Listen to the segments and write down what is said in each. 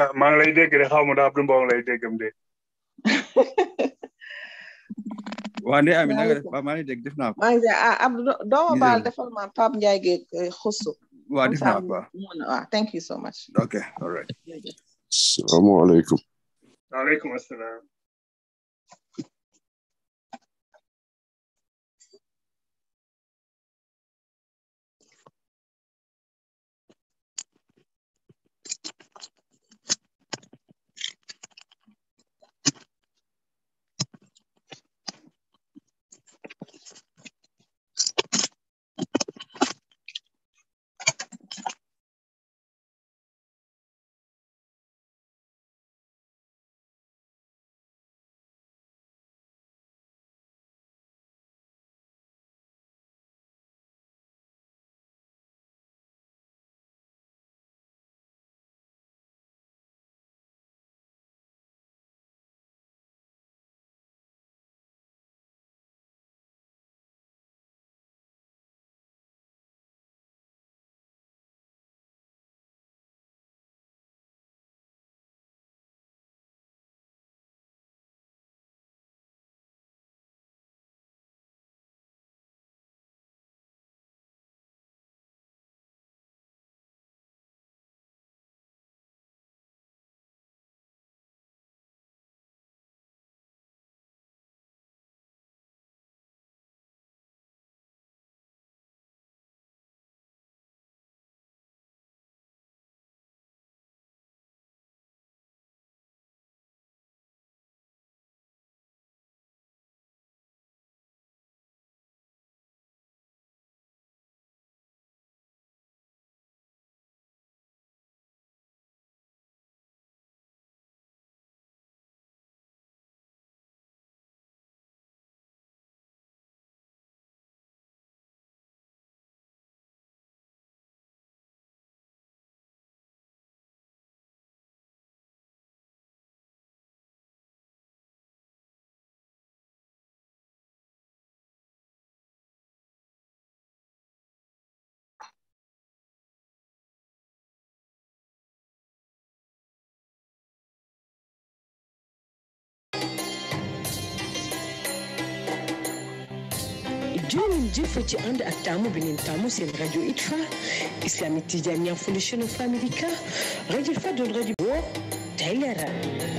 ah maa ngi lay dégg de xaw ma daa Abdou Mbow lay déggam de. waa ndey Ami na nga def maa ngi dégg def naa ko. maa ngi lay ah Abdou eh, def naa ko waaw thank you so much. ok all right. salaamaaleykum. waaleykum asalaam. jërë ngeen jëf ci ànd ak taamu bi ngeen taamu seen rajo ITFA Islamic Tijaniya Foundation of America rajo ITFA doon rajo boo tey leeral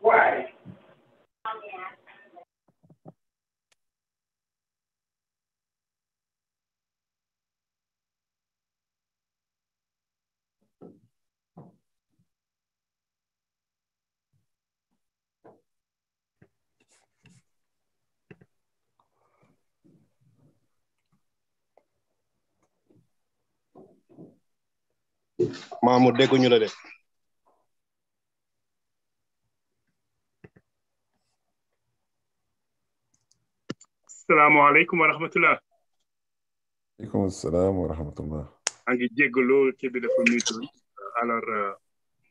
Why? Mahmoud dégguñu la de salaamaaleykum wa rahmatulah. waaleykum salaam wa rahmatulah. maa ngi jégalu kii alors euh,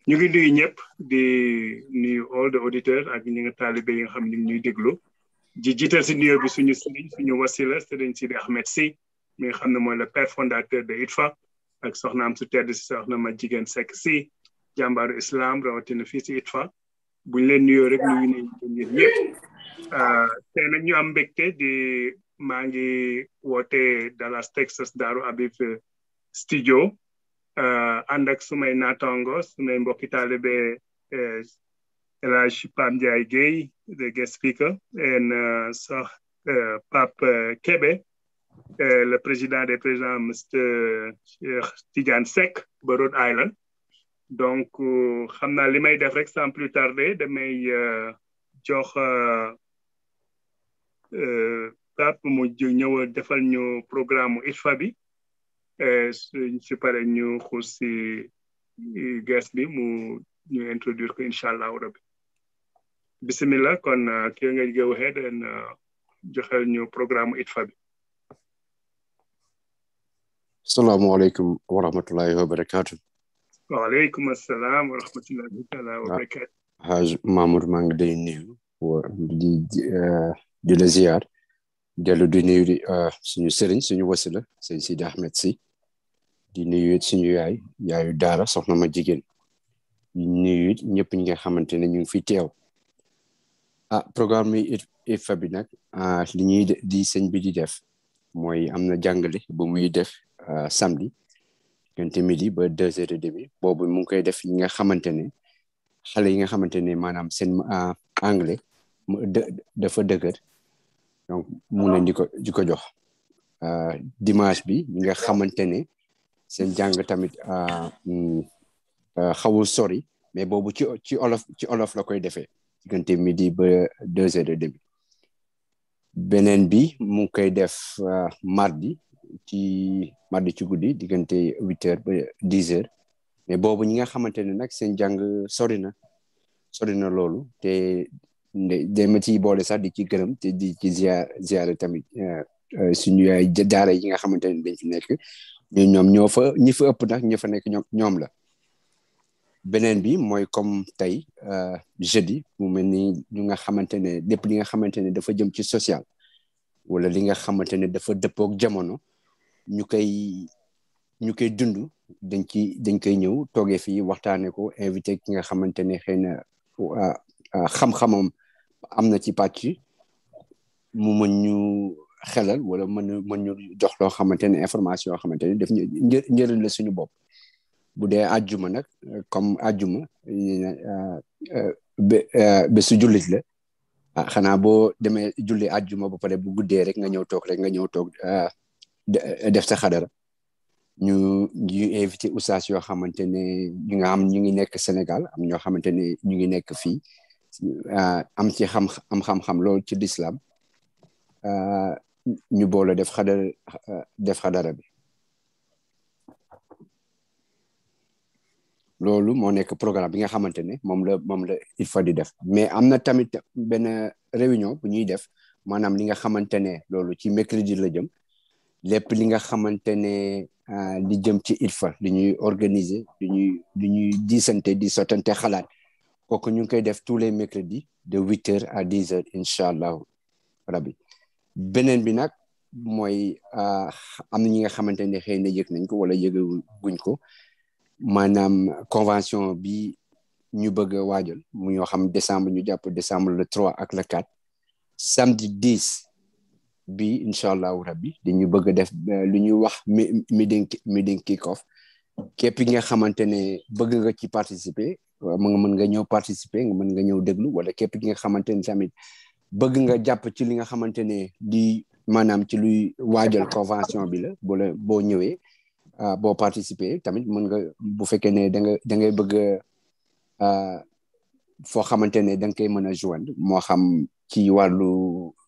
ñu ngi nuyu ñëpp di nuyu all the auditeurs ak ñi nga taalibe yi nga xam ne ñu ngi ñuy déglu. di jiital si nuyoo bi suñu sëriñ suñu wasila sëriñ Sidi Ahmed Sy mi nga xam ne mooy le père fondateur de fa ak soxnaam su tedd si soxna ma sek si Sy jàmbaaru islam rawatina fii si fa buñ leen nuyoo rek nuyu nañu ñëpp. Ah, tey nag ñu am mbégte di maa ngi woote Dallas Texas Daaru Habib studio ah, ànd ak sumay naataango sumay mbokki taalibe eh, El Hadj Pam Ndiaye Guèye the guest speaker and ah, sax eh, Pape Kebe eh, le président des présidents monsieur Tidiane Seck ba Rhode Island donc euh, xam naa li may def rek sans plus tarder damay euh, jox euh, Euh, Pape mu ñëw defal ñu programme mu ITFA bi euh, si ñu xuus si bi mu ñu introduire ko incha allah rabbi bisimilah kon euh, ki nga go ahead and ñu programme ITFA bi. salaamaaleykum wa rahmatullahi wa barakaatu. waaleykum asalaam wa wa ah, barakaatu. Haj Mamour maa ngi day nuyu di la ziar dellu di nuyu di euh, suñu sëriñ suñu wasila sëñ Sidi Ahmed si di nuyu it suñu yaay yaayu daara soxna ma jigéen di nuyu it ñëpp ñi nga xamante ne ñu ngi fi teew ah programme yi ITFA bi nag ah, li ñuy di sëñ bi di def mooy am na jàngale ba muy def ah, samedi diggante midi ba deux heures et demi boobu mu ngi koy def ñi nga xamante ne xale yi nga xamante ne maanaam seen ah, anglais dafa dëgër donc mu leen di ko di ko jox euh, dimanche bi nga xamante ne seen jàng tamit euh, hmm, euh, xawu sori mais boobu ci ci olof ci olof la koy defee diggante midi ba deux heures de demi beneen bi mu ngi koy def mardi ci mardi ci guddi diggante huit heures ba dix heures mais boobu ñi nga xamante ne nag seen jàng sori na sori na loolu day ma ciy boole sax di ci gërëm te di ci ziar ziare tamit euh, euh, suñu yaay daara yi nga xamante ne dañ nekk ñoom ñoo fa ñi fa ëpp nag ñi fa nekk ñoom ñoom la beneen bi mooy comme tey euh, jeudi mu mel ni ñu nga xamante ne lépp li nga xamante ne dafa jëm ci social wala li nga xamante ne dafa dëppook jamono ñu koy ñu koy dund dañ ci dañ koy ñëw toogee fii waxtaanee ko invité ki nga xamante ne xëy na xam-xamam amna ci pàcc mu mën ñu xelal wala mën mën ñu jox loo xamante ne information yoo xamante ne daf ñu njëriñ la suñu bopp bu dee àjjuma nag comme àjjuma euh, euh, euh, su jullit la ah xanaa boo demee julli àjjuma ba pare bu guddee rek nga ñëw toog rek nga ñëw toog def sa xadara ñu ñu invité oustaz yoo xamante ne ñu nga am ñu ngi nekk Sénégal am ñoo xamante ne ñu ngi nekk fii Euh, am ci xam am xam-xam loolu ci lislaam euh, ñu boola def xadara euh, def xadara bi loolu moo nekk programme bi nga xamante ne moom la moom la il faut di def mais am na tamit benn réunion bu ñuy def maanaam li nga xamante ne loolu ci mercredi la jëm lépp li nga xamante ne li jëm ci ITFA li ñuy organiser li ñuy li ñuy diisante di sottante xalaat ñu tous les mercredis de 8h à 10h, Inch'Allah, rabbi benen bi nak moy amna ah, ñi nga ne yek nañ ko wala convention bi ñu bëgg décembre ñu décembre le 3 ak le samedi 10, bi rabbi bëgg def euh, meeting meeting kick off képp nga participer mu nga mën nga ñëw participer nga nga ñëw déglu wala képp ki nga xamante ni tamit bëgg nga jàpp ci li nga xamante ne di maanaam ci luy waajal convention bi la bu la boo ñëwee ah, boo participer tamit mën nga bu fekkee ne da nga da ngay bëgg ah, foo xamante ne da nga koy mën a joindre moo xam ci wàllu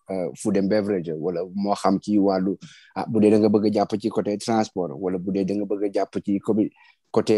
ah, food and beverage wala moo xam ci wàllu ah bu dee da nga bëgg jàpp ci côté transport wala bu dee da nga bëgg a jàpp ci côté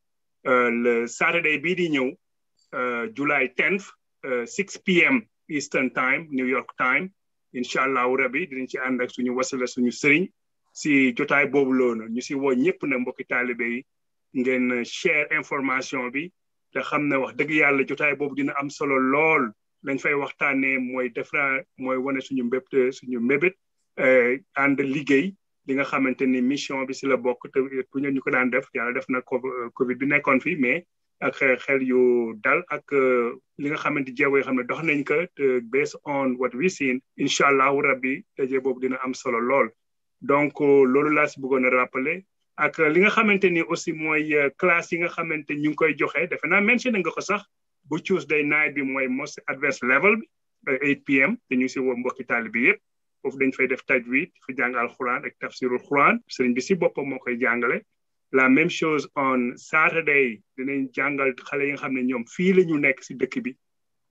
Euh, le Saturday bii di ñëw euh, July 10th 6 p.m. Eastern Time New York Time incha allahu rabi dinañ ci ànd ak suñu wasila suñu sëriñ si jotaay boobu loonu ñu si woo ñëpp na mbokki taalibe yi ngeen share information bi te xam ne wax dëgg yàlla jotaay boobu dina am solo lool lañ fay waxtaanee mooy defra mooy wane suñu mbéb suñu mbébét euh, ànd liggéey li nga xamante ni mission bi si la bokk te bu ñu ñu ko daan def yàlla def na euh, covid bi nekkoon fi mais ak xel yu dal ak euh, li nga xamante jéego yoo xam ne dox nañ ko te based on what we seen incha allahu rabbi daje boobu dina am solo lool donc euh, loolu laa si bëggoon a rappeler ak li nga xamante ni aussi mooy classe yi nga xamante ni ñu ngi koy joxe defe naa mentionné nga ko sax bu Tuesday night bi mooy most advanced level bi 8 pm te ñu si woo mbokki bi yëpp foofu dañ fay def tajwid fa jàng alxuraan ak tafsirul xuraan sëriñ bi si boppam moo koy jàngale la même chose on Saturday dinañ jàngal xale yi nga xam ne ñoom fii la ñu nekk si dëkk bi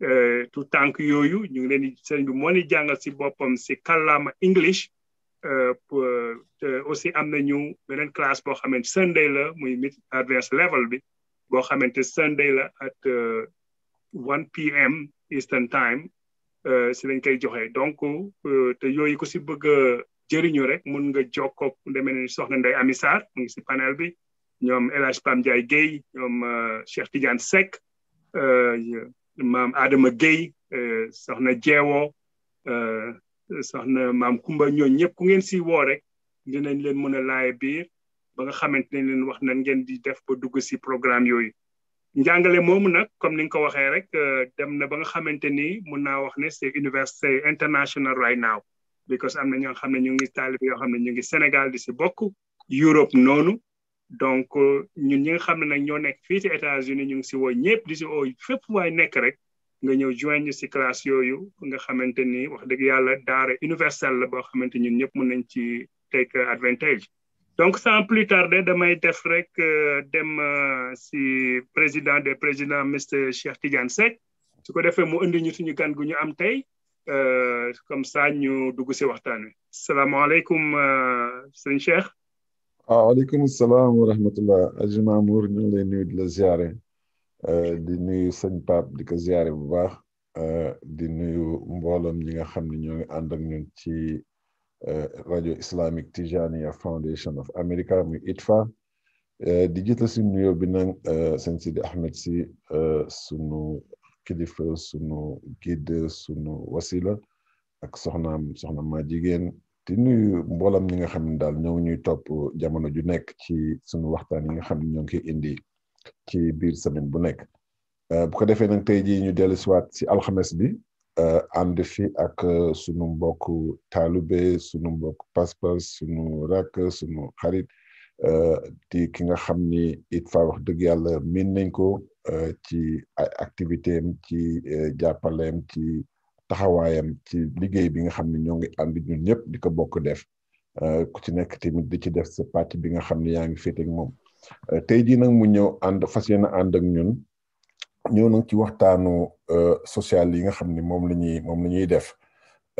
euh, tout tànk yooyu ñu ngi leen di sëriñ bi moo ni jàngal si boppam si kàllaama English euh, euh, aussi am ñu beneen classe boo xamante Sunday la muy mid advanced level bi boo xamante Sunday la at 1 pm Eastern time Euh, si lañ koy joxe donc euh, te yooyu ku si bëgg a jëriñu rek mun nga jokkoo demee ni soxna Ndeye Amy Sarr mu ngi si panel bi ñoom El Hadj Pam Ndiaye ñoom euh, Cheikh Tidiane Seck maam Adama Guèye soxna Jeewoo soxna maam Kumba ñooñ ñëpp ku ngeen si woo rek dinañ leen mën a laaj biir ba nga xamante ne leen wax nan ngeen di def ba dugg si programme yooyu. njàngale moomu nag comme ni nga ko waxee rek euh, dem na ba nga xamante ni mun naa wax ne c'est université international right now because am na ñoo xam ne ñu ngi taalibe yoo xam ne ñu ngi Sénégal di si bokk Europe noonu donc euh, ñun ñi nga xam ne nag ñoo nekk fii ci États-Unis ñu ngi si wo ñëpp di si woo fépp waay nekk rek nga ñëw join ñu si classe yooyu nga xamante ni wax dëgg yàlla daara universelle la boo xamante ñun ñëpp mun nañ ci take advantage donc sans plus tarder damay def rek euh, dem euh, si président de président monsieur Cheikh tijan Seck su ko defee mu indi ñu suñu gan gu ñu am tey euh, comme ça ñu dugg si waxtaan wi salaamaaleykum sëñ Cheikh. waaw ah, waaleykum salaam wa rahmatullah Aji ñu ngi lay nuyu di la ziare di nuyu sëñ Pape di ko ziare bu baax di nuyu mbooloom ñi nga xam ne ñoo ngi ànd ak ñun ci. Eh, radio islamic tijaniya foundation of america muy ITFA eh, di jiital si nuyoo bi nag eh, sëñ Sidi Ahmed si sunu kilifa sunu guide sunu wasila ak soxnaam soxna ma jigéen di nuyu mboolam ñi nga xam ne daal ñoo ñuy topp jamono ju nekk ci sunu waxtaan yi nga xam ne ñoo ngi koy indi ci biir semaine bu nekk bu ko defee nag tey jii ñu dellusiwaat si alxames bi Euh, ànd fi ak euh, sunu mbokk taalube sunu mbokk pas-pas sunu rak sunu xarit euh, di ki nga xam ni it fa wax dëgg yàlla miin nañ ko ci ay activité am ci jàppaleem ci taxawaayam ci liggéey bi nga xam ne ñoogi ngi ñun ñëpp di ko bokk def ku ci nekk tamit di ci def sa parti bi nga xam ne yaa ngi féete ak moom tey jii nag mu ñëw ànd fas na ànd ak ñun. ñëw nañ ci waxtaanu euh, social yi nga xam ni moom la ñuy moom la ñuy def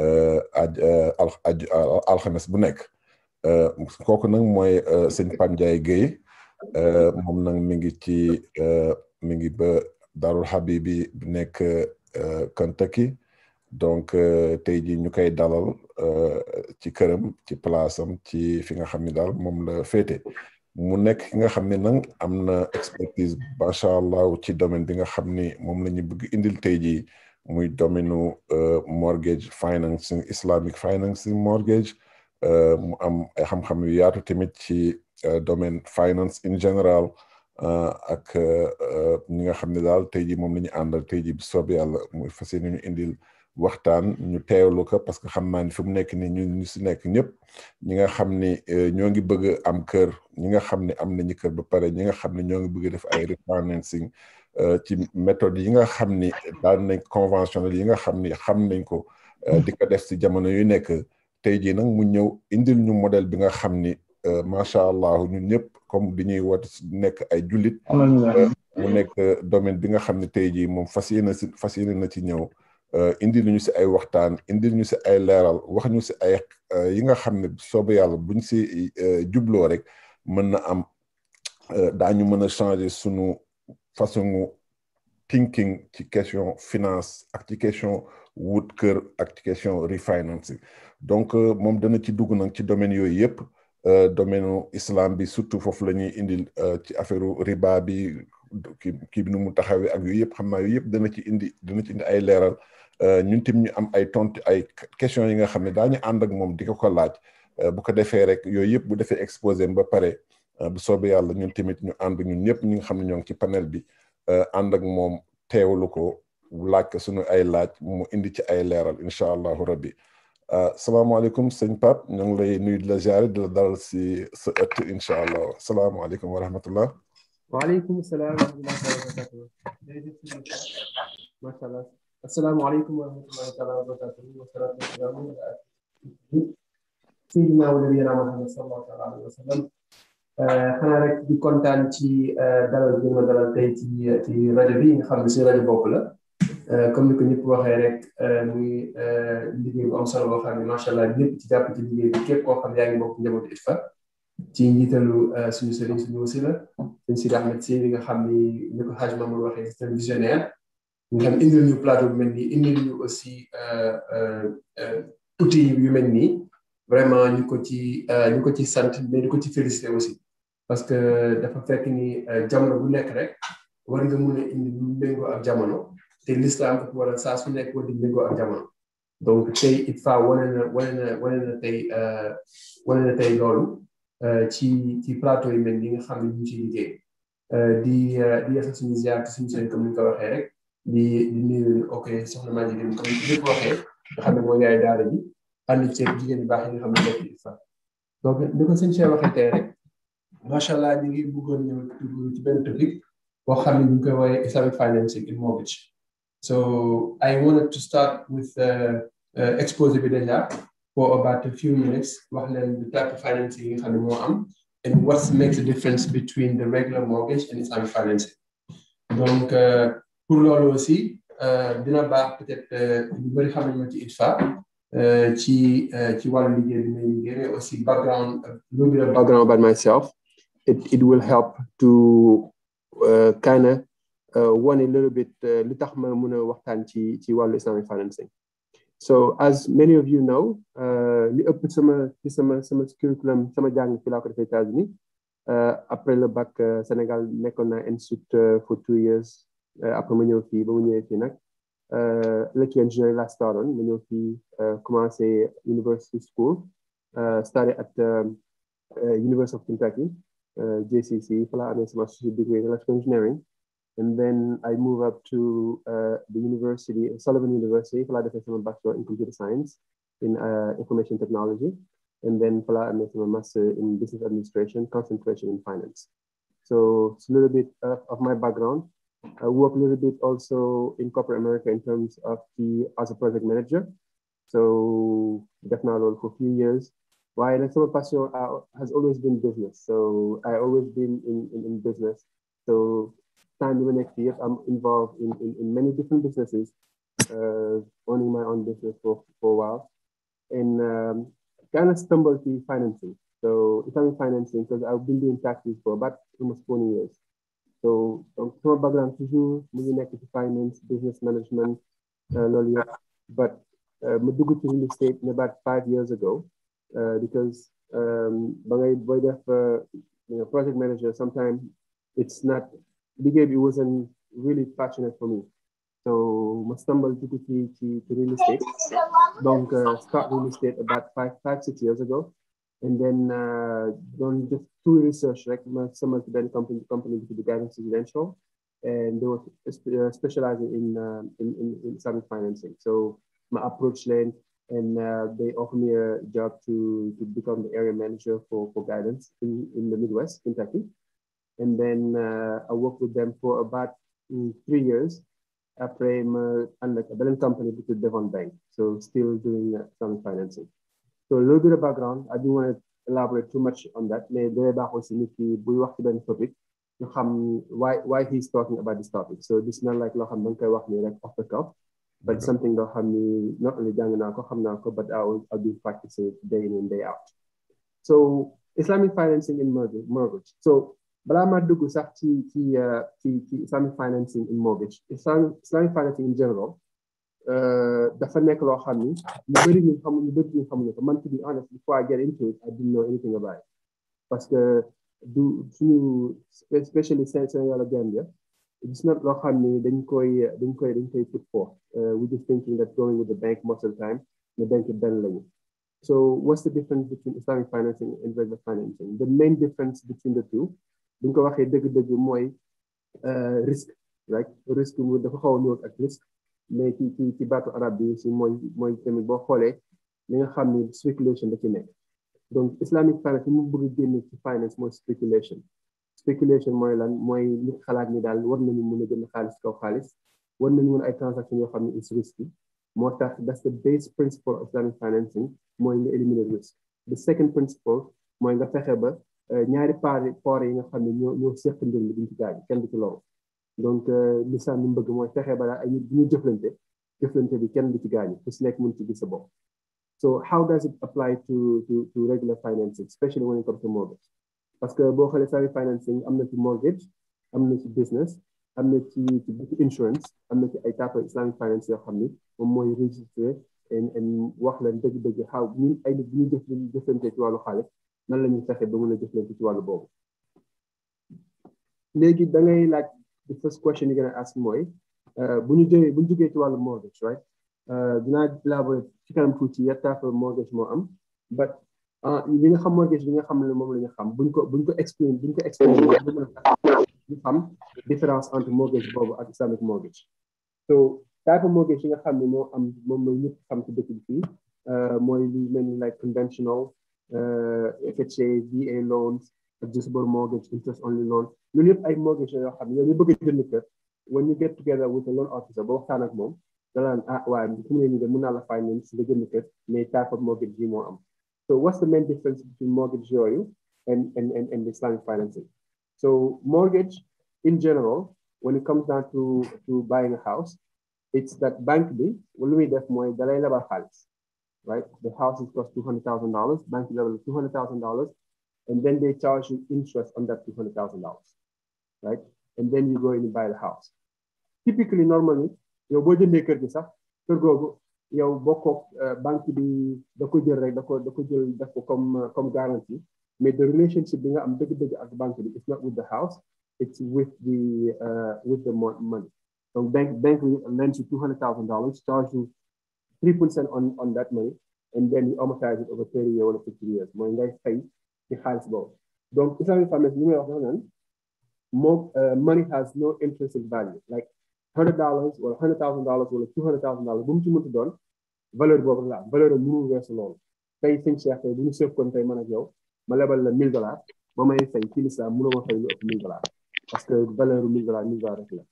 euh, aj euh, alxames bu nekk kooku nag mooy sëñ Pape Ndiaye Guèye moom nag mi ngi ci mi ngi ba Darul Habibi bi nekk Kentucky donc tey jii ñu koy dalal ci këram ci place am ci fi nga xam ni daal moom la féete. mu nekk ki nga xam ne nag am na expertise macha allah ci domaine bi nga xam ni moom la ñu bëgg indil tey jii muy domaine u euh, mortgage financing islamic financing mortgage euh, mu am ay xam-xam yu yaatu tamit ci euh, domaine finance in general ak ni nga xam ne daal tey jii moom la ñu àndal tey jii bu soobee yàlla muy fas ñu indil. waxtaan ñu teewlu ko parce que xam naa ni fi mu nekk ni ñun ñu si nekk ñëpp ñi nga xam ni euh, ñoo ngi bëgg am kër ñi nga xam ni am nañu kër ba pare ñi nga xam ni ñoo ngi bëgg def ay refinancing euh, ci méthode yi nga xam ni daan nañ conventionnel yi nga xam ni xam nañ ko euh, di ko def si jamono yu nekk tey jii nag mu ñëw indil ñu model bi nga xam ni macha allahu ñun ñëpp comme di ñuy woote nekk ay jullit mu nekk domaine bi nga xam ni tey jii moom fas yéene na ci ñëw Euh, indi ñu si ay waxtaan indi ñu si ay leeral wax ñu si ay euh, yi nga xam ne soobu yàlla buñ si euh, jubloo rek mën na am daa ñu mën a changer sunu façon thinking ci question finance ak ci question wut kër ak ci question refinancing donc moom dana ci dugg nag ci domaine yooyu yëpp domaine islam bi surtout foofu la ñuy indil ci affaire riba bi ki kii bi nu mu taxawee ak yooyu yëpp xam naa yëpp dana ci indi dana ci indi ay leeral Euh, ñun tim ñu am ay tont ay questions yi nga xam ne daañu ànd ak moom di ko ko laaj euh, bu ko defee rek yooyu yëpp bu defee exposé ba pare euh, bu soobee yàlla ñun tamit ñu ànd ñun ñëpp ñu nga xam ne ñoo ngi ci panel bi ànd ak moom teewlu ko laaj ko suñu ay laaj mu indi ci ay leeral incha allahu rabbi salaamaaleykum sëñ Pape ñu ngi lay nuyu di la ziare di la dalal si sa ëtt incha allah salaamaaleykum wa السلام عليكم ورحمة الله وبركاته والصلاة والسلام على سيدنا ونبينا محمد صلى الله عليه وسلم آه، خلينا رك دي كونتان تي دال دي ما دال تي تي تي راجي بي خام سي راجي بوكلا كوم نيكو نيب واخا رك مي لي دي ام سالو خام ما شاء الله نيب تي جاب تي لي دي كيب كو خام ياغي بوك نيبو تي فات تي نيتالو سوني سيرين سوني وسيلا سيدي احمد سي لي خام نيكو حاج مامور واخا تي فيزيونير ngeen indil ñu plateau bu mel nii indil ñu aussi euh, euh, euh, outils yu mel ni vraiment ñu ko ci ñu ko ci sant mais di ko ci félicité aussi parce que dafa fekk ni jamono bu nekk rek war nga mun indi lu méngoo ak jamono te l'islam dafa war saa su nekk war di méngoo ak jamono donc tey it fa wane na wane na wane wane na tey loolu ci ci plateau yu mel nii nga xam ñu ngi ciy liggéey di di yasa suñu ziar suñu seen comme ni ko waxee rek di di nuyu ok soxna maa comme ni ko waxee nga xam ne mooy daara ji ànd jigéen yu baax yi nga xam ne nekk ci fa donc ni ko Cheikh waxee tey rek macha allah ñu ngi bëggoon ñëw dugg ci benn topic boo xam ne ñu koy Islamic financing in mortgage so I wanted to start with uh, uh, exposé bi déjà for about a few minutes wax leen the type of financing yi nga xam ne moo am and what makes the difference between the regular mortgage and Islamic financing donc uh, pour loolu aussi eh, dina baax peut-être eh, ñu bëri xam nañ ma ci ITFA eh, ci ci wàllu liggéey bi aussi background little background about myself it it will help to uh, kind of uh, one a little bit li tax ma mën the waxtaan ci ci wàllu islamic financing so as many of you know li ëpp sama ci sama sama curriculum sama jàng fi laa ko defee États-Unis après le bac Sénégal nekkoon naa institute for two years Eh, après ma fi ba ma ñëwee fii nag eh, le 15 juin laa staroon eh, commencé university school staré at University of Kentucky JCC fa laa amee sama associate degree in electrical engineering and then I move up to the university Sullivan University fa laa defee sama bachelor in computer science in information technology and then fa laa amee sama master in business administration concentration in finance so it's a little bit of my background I work a little bit also in corporate America in terms of the as a project manager. So definitely role for a few years. My Summer Passion has always been business. So I always been in, in, in business. So time the next year, I'm involved in, in, in many different businesses, uh, owning my own business for, for a while. And um, kind of stumbled to financing. So Islamic financing, because I've been doing taxes for about almost 20 years. So from a background to you, moving equity finance business management eh, loolu yëpp but ma dugg ci real estate in about five years ago eh, because ba ehm, ngay you know, project manager sometimes it's not liggéey it wasn't really passionate for me so I stumbled to to ci real estate donc eh, start real estate about five five six years ago and then don't just two research like some of the company company to is guidance residential and they were uh, specializing in, uh, in, in, in Islamic financing. So my approach then, and uh, they offered me a job to, to become the area manager for, for guidance in, in the Midwest, Kentucky. And then uh, I worked with them for about mm, three years. After I'm uh, under a Belgian company with the Devon Bank, so still doing uh, some financing. So a little bit of background. I do want to elaborate too much on that mais day topic why why he's talking about this topic so this is not like loo xam da off the cuff but something that xam not only jàng but I will I'll be practicing day in and day out so Islamic financing in mortgage so balaa maa euh, Islamic financing in mortgage Islamic financing in general uh, dafa nekk loo xam ni ñu bëri ñu xamu ñu bëri ñu xamuñu ko man to be honest before I get into it I didn't know anything about it parce que du suñu especially Sénégal ak Gambia it's not loo xam ni dañ koy dañ koy dañ koy put for uh, we just thinking that going with the bank most of the time the bank benn lañu so what's the difference between Islamic financing and regular financing the main difference between the two buñ ko waxee dëgg-dëgg mooy risk right risk mu dafa xaw a ak risk mais ci ci baatu arab bi si mooy mooy tamit boo xoolee li nga xam ni spéculation da ci nekk donc islamic finance bi mu bëgg a génn ci finance mooy spéculation spéculation mooy lan mooy nit xalaat ni daal war na nañu mun a jënd xaalis kaw xaalis war nañu mun ay transaction yoo xam ne is risky moo tax that's the base principle of islamic financing mooy nga éliminer risk the second principle mooy nga fexe ba euh, ñaari part port yi nga xam ne ñoo ñoo seq mbir mi duñ ci gaañ kenn du ci loolu donc lislaam euh, li mu bëgg mooy fexe balaa ay nit bu jëflante jëflante bi kenn du ci gaañu ku si nekk mu mën ci gis sa bopp so how does it apply to to to regular financing especially when it mortgage parce que boo xoolee salary financing am na ci mortgage am na ci business am na ci ci insurance am na ci ay type of islamic finance yoo xam ni moom mooy registré en wax la dëgg-dëgg xaw ñun ay nit bu ñu jëf jëflante ci wàllu xaalis nan la ñuy fexe ba mën a jëflante ci wàllu boobu the first question you're going uh, to ask mooy bu ñu jëlee bu ñu jógee ci wàllu mortgage right dinaa élaborer ci kanam tuuti yan type of mortgage more am um, but li nga xam mortgage bi nga xam ne moom la ñu xam buñ ko buñ explain when ko explain ñu xam différence entre mortgage boobu ak islamic mortgage so type of mortgage you nga more ne am more la come to ci dëkk bi fii mooy li like conventional uh, FHA VA loans adjustable mortgage, interest only loan You need a mortgage la yoo xam ne yow mi bëgg when you get together with a loan officer both waxtaan ak moom dalaan ah waaye fu mu ne nii de mën naa la finance nga jënd kër type of mortgage yi moo so what's the main difference between mortgage yooyu and and and and Islamic financing so mortgage in general when it comes down to to buying a house it's that bank bi will be def mooy dalay lebal xaalis right the house is cost two hundred thousand dollars bank level two hundred thousand dollars and then they charge you interest on that $200,000, right? And then you go and buy the house. Typically, normally, your body maker kër gi sax kër googu yow bank euh, banque the da ko jël rek da ko come guarantee. jël euh, the relationship bi nga am degg bank ak it's not with the house it's with the euh, with the money So bank bank lends you two hundred thousand dollars charge you three percent on on that money and then you amortize it over thirty years or fifty years mooy ngay fay ci xaalis boobu donc islamic finance li may wax dafa uh, money has no intrinsic value like hundred dollars or hundred thousand dollars or two hundred thousand dollars bu mu ci valeur boobu la valeur am mënul weesu loolu tey sëñ Cheikh tey bu ñu seef kon tey man ak yow ma lebal la dollars ba may fay ci lislaam mënoo ma fay lu ëpp mille dollars parce que valeur mille dollars dollars rek la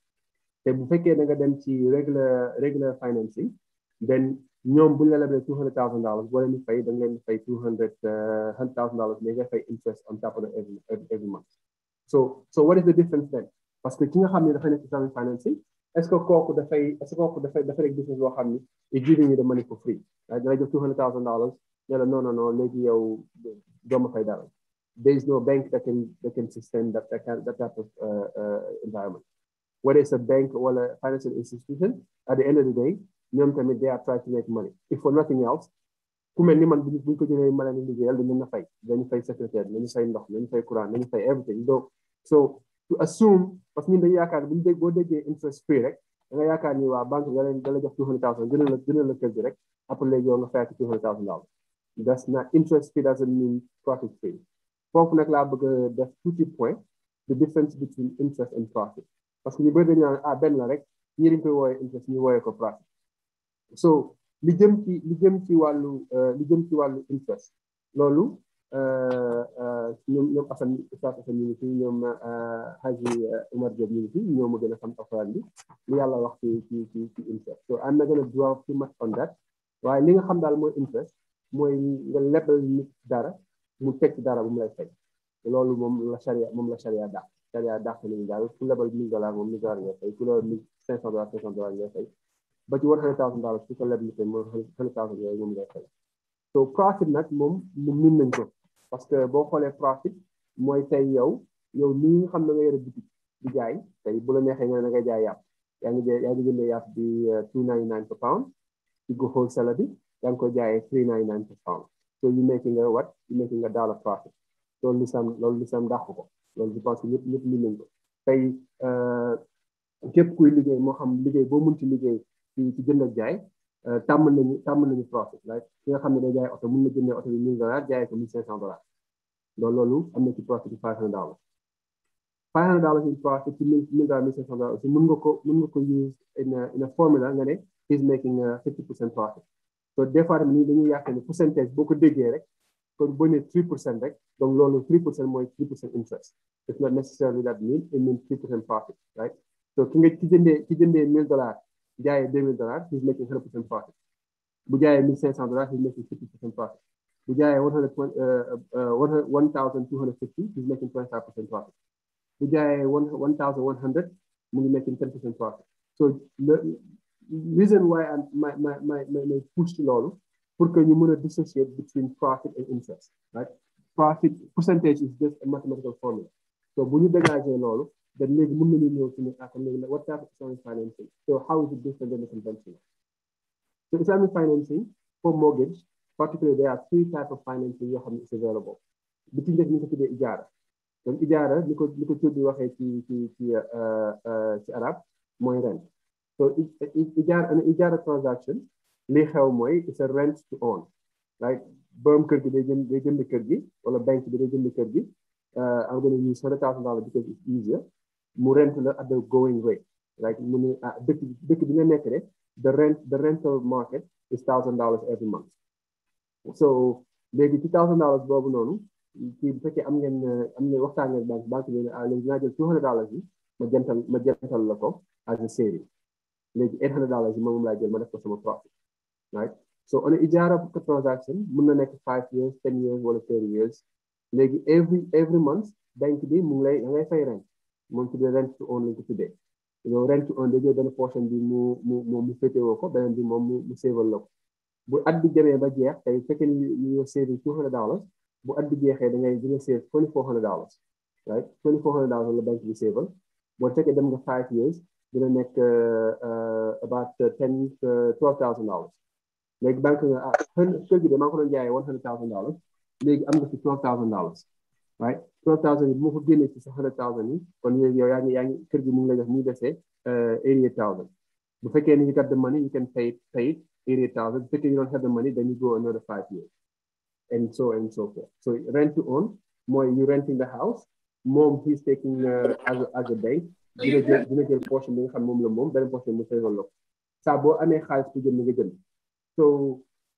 te bu fekkee da nga dem ci regular regular financing then ñoom bu ñu la leblee two hundred thousand dollars boo leen di fay da nga leen di fay two hundred uh, hundred thousand dollars mais nga fay interest on top of every every month so so what is the difference then parce que ki nga xam ne dafa nekk islamic financing est ce que kooku dafay est ce que kooku dafay dafa nekk business boo xam ne it's giving you the money for free da lay jox two hundred thousand dollars ne la non non non léegi yow doo ma fay dara there is no bank that can that can sustain that that, that type of uh, uh, environment whether it's a bank or a financial institution at the end of the day ñoom tamit they are trying to make money if for nothing else ku mel ni man bu ñu ko jëlee ma leen liggéeyal dañu na fay dañu fay secrétaire dañu fay ndox dañu fay courant dañu fay everything donc so to assume parce que ñun dañu yaakaar bu ñu dégg boo déggee interest free rek da nga yaakaar ni waa banque nga leen da la jox two hundred thousand gënal la gënal la kër gi rek après léegi yow nga fay ak two hundred thousand dollars that's not interest free doesn't mean profit free foofu nag laa bëgg a def tuuti point the difference between interest and profit parce que ñu bëri dañu naan ah benn la rek ñii dañ koy wooyee interest ñu wooyee ko profit so li jëm ci li jëm ci wàllu euh, li jëm ci wàllu interest loolu euh, euh, ñoom ñoom Assane Oustaz Assane ñu ngi fi ñoom Haji Omar Diop ñu ngi fi ñoo ma gën a xam alxuraan bi lu yàlla wax ci ci ci ci interest so I'm not gonna dwell too waaye li nga xam daal mooy interest mooy nga lebal nit dara mu teg dara bu mu lay fay loolu moom la charia moom la charia dàq charia dàq nañu daal ku lebal mille dollars moom mille dollars ngay fay ku lebal mille cinq cent dollars cinq cent ba ci one hundred thousand dollars su ko leblite mooy hundred thousand yooyu profit nag moom mu min nañ ko parce que boo xoolee profit mooy tey yow yow ni nga xam ne nga yore bitik di jaay tey bu la neexee nga ne nga jaay yàpp yaa ngi yaa ngi jëndee yàpp bi euh, two ninety nine per pound ci go wholesale bi yaa ngi ko jaayee three ninety nine per pound so you making a what you making a dollar profit loolu lislam loolu lislam dàq ko loolu je pense que ñëpp ñëpp mën nañ ko tey euh, képp liggéey moo xam liggéey boo munti liggéey fii ci jënd ak jaay euh, tàmm nañu tàmm nañu profit right ki nga xam ne day jaay oto mën na jëndee oto bi 1000 jaayee ko 1500 dollars loolu loolu am na ci profit bi 500 dollars 500 dollars in profit ci 1000 dollars 1500 dollars aussi mën nga ko mën nga ko use in a a formula nga ne is making 50 profit so des fois tamit dañuy yaakaar ne pourcentage boo ko déggee rek kon boo nee 3 rek donc loolu 3 percent interest it means 3 percent bu jaayee 2000 dollars he's making 100% profit bu jaayee 1500 dollars he's making 50% profit bu jaayee 1250 uh, uh, he's making 25% profit bu jaayee 1100 mu ngi making 10% profit so the reason why I'm my my my my push loolu pour que ñu mën a dissociate between profit and interest right profit percentage is just a mathematical formula so bu ñu dégagé loolu then maybe mun nañu ñëw ci ne ah comme léegi what type of islamic financing so how is it different than the conventional so islamic financing for mortgage particularly there are three types of financing yoo xam ne is available bi the njëkk ñu ko tuddee ijaara donc ijaara ni ko ni ko tur bi waxee ci uh ci arab mooy rent so ijaara an ijaara transaction li xew mooy it's a rent to own right borom kër gi day jënd day jënd kër gi wala bank bi day jënd kër gi I'm going to use hundred thousand dollars because it's easier mu rent la at the going rate Like mu ne ah dëkk bi nga nekk de the rent the rental market is thousand dollars every month so léegi ci thousand dollars boobu noonu ci bu fekkee am ngeen am ngeen waxtaan ngeen banque banque bi ne ah léegi dinaa jël two hundred dollars yi ma jëntal ma jëntal la ko as a saving léegi eight hundred dollars yi moom laa jël ma def ko sama profit right so on ijaara transaction mën na nekk five years ten years wala thirty years léegi every every month banque bi mu ngi lay da ngay fay rent moom rent to own lañ ko tuddee rent to own dajee benn portion bi mu mu mu mu féetewoo ko beneen bi moom mu mu séeval la ko bu at bi demee ba jeex tey fekkee ni yow saving two hundred dollars bu at bi jeexee da ngay di nga save twenty four hundred dollars right twenty four hundred dollars la banque bi séeval boo fekkee dem nga five years dina nekk uh, about ten uh, twelve thousand dollars léegi banque nga ah kër gi de maa ko doon jaayee one hundred thousand dollars léegi am nga fi twelve thousand dollars right twelve thousand bi moo ko génnee ci sa hundred thousand When you are yaa ngi yaa ngi kër gi mu you euh, got the money you can pay it pay it eighty thousand if you don't have the money then you go another five years and so and so forth so rent to own you you renting the house mom, he's taking uh, as a as a bank so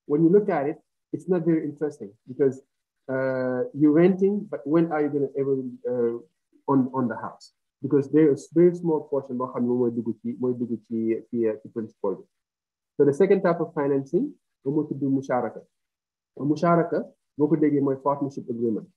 when you look at it it's not very interesting because uh, you're renting, but when are you going to ever uh, on on the house? Because there is very small portion of mooy dugg ci mooy dugg ci ci uh, ci police So the second type of financing moom to tudd musharaka. Musharaka boo could déggee my partnership agreement.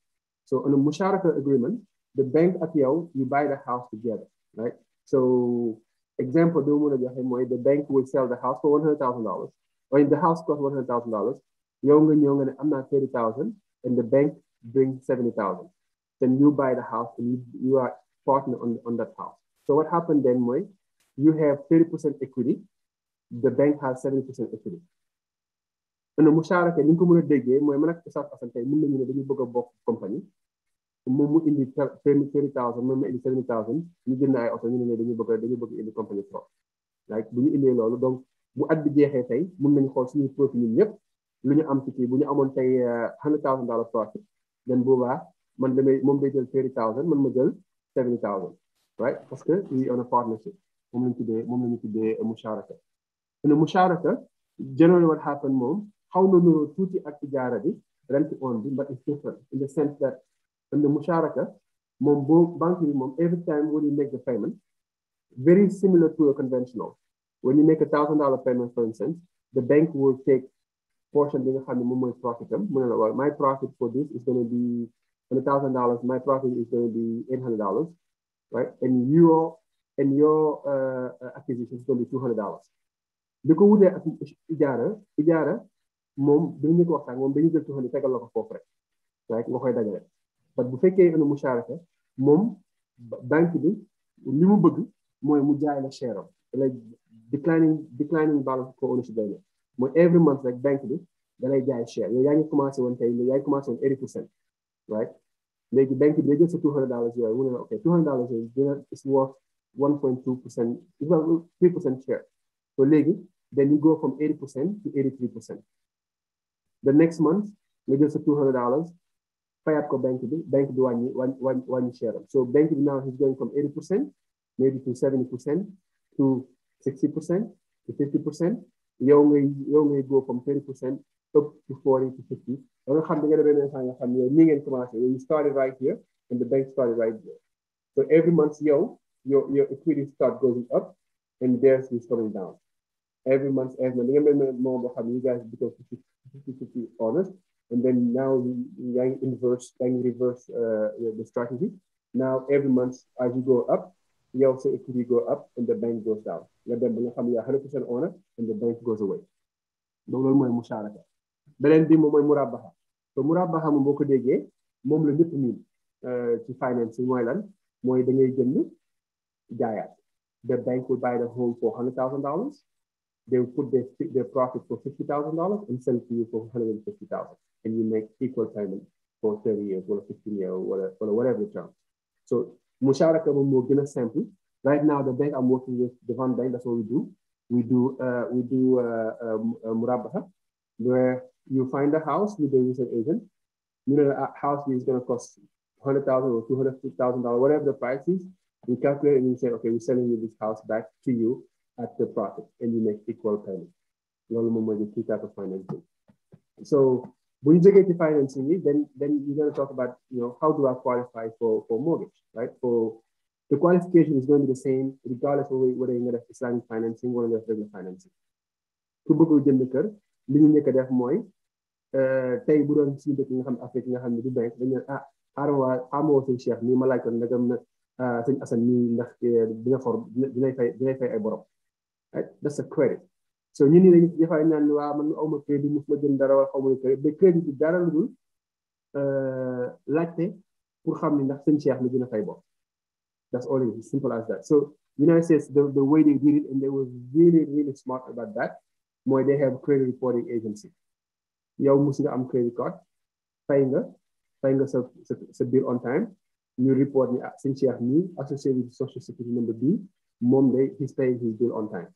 So on a musharaka agreement, the bank ak yow you buy the house together, right? So example the bank will sell the house for one hundred thousand dollars. Or if the house costs one hundred thousand dollars, yow and ñëw nga ne am not thirty thousand and the bank brings 70,000. Then you buy the house and you, you are partner on, on that house. So what happened then was you have 30% equity, the bank has 70% equity. And the musharaka ni ko mëna déggé moy man ak Oustaz Assane tay mën nañu né dañu bëgg bokk compagnie moom mu indi 30000 mumu mu indi 70000 ñu jënd ay auto ñu ne dañu bëgg dañu bëgg indi compagnie pro like bu ñu indee loolu donc bu at bi jeexee tey mën nañu xool suñuy profil ñun ñëpp lu ñu am ci kii bu ñu amoon tey euh, hundred thousand dollars profit den boobaa man damay moom day jël thirty thousand man ma jël seventy thousand right parce que we on a partnership moom today, tuddee moom lañu tuddee musharaka ne musharaka generally what happen moom xaw na nuroo tuuti ak tijaara bi rent on bi but it's different in the sense that in the musharaka moom boo banque bi moom every time when you make the payment very similar to a conventional when you make a thousand dollar payment for instance the bank will take portion bi nga xam ne moom mooy profit am mu ne la waaw my profit for this is going to be hundred thousand dollars my profit is going to hundred dollars right and your and uh, is going to two hundred dollars li ko wutee ak ijaara ijaara moom bi ñu ko waxtaan moom dañu jël two hundred tegal la ko bu fekkee une musharaka moom banque bi li mu bëgg mooy mu jaay la share am la declining declining balance co-ownership lay nekk mooy every month rek bank bi da lay jaay share yooyu yaa ngi commencé woon tey yaa ngi commencé woon eighty percent right léegi bank bi day jël sa two hundred dollars yooyu mu ok two hundred dollars is worth one point two percent three percent share so léegi then you go from eighty percent to eighty three percent the next month nga jël sa two hundred dollars Pay up ko bank bi bank bi wàññi wàññi share so bank bi now he's going from eighty percent maybe to seventy percent to sixty percent to fifty percent yow ngay yow ngay go from 20 percent up to 40 to 50 da nga xam ne nga demee instant yoo xam ne yow nii ngeen commencé you started right here and the bank started right there so every month yow your your equity start going up and theirs is coming down every month every month da nga mel moom boo xam ne you guys become 50 50 honest and then now yaa ngi inverse yaa ngi reverse uh, the strategy now every month as you go up yow equity go up and the bank goes down Let the ba nga 100% owner and the bank goes away loolu mooy musharaka beneen bi moom murabaha so murabaha moom boo ko déggee la ñëpp miin euh, ci finance mooy lan mooy da ngay jënd jaayaat the bank will buy the home for hundred thousand dollars they will put their, their profit for fifty thousand dollars and sell to you for hundred and fifty thousand dollars and you make equal payment for thirty years or fifteen years or whatever term so Mushawara Kabul moo gën right now the bank I'm working with the Van Bank that's what we do we do uh, we do uh, uh where you find a house with the real agent you know a house is going to cost hundred thousand or two hundred fifty thousand dollars whatever the price is we calculate and we say okay we're selling you this house back to you at the profit and you make equal payment loolu moom the key type of financing so when you get the financing is, then, then you're going to talk about, you know, how do I qualify for, for mortgage, right? For the qualification is going to be the same regardless of whether you are def islamic financing or nga def regular financing ku bëggul jënd kër li ñu njëkk a def mooy euh, tey bu doon si dëkk nga xam afrique nga xam ne du bank dañu ah arwa amoo sëñ cheikh nii ma laajoon ndagam na ah, sëñ asan nii ndax eh, dina for dinay fay dinay fay ay borom that's a credit so ñun ñi dañu si jafe naan man aw crédit mos ma jël dara wala xaw crédit mais crédit dara lu dul euh, laajte pour xam ndax seen cheikh mi dina fay bokk that's all it is simple as that so United States the, the way they did it and they were really really smart about that mooy they have credit reporting agency yow mus nga am credit card fay nga fay nga sa sa sa bill on time ñu report ni ah seen cheikh mi associé with social security number b moom day he's paying his bill on time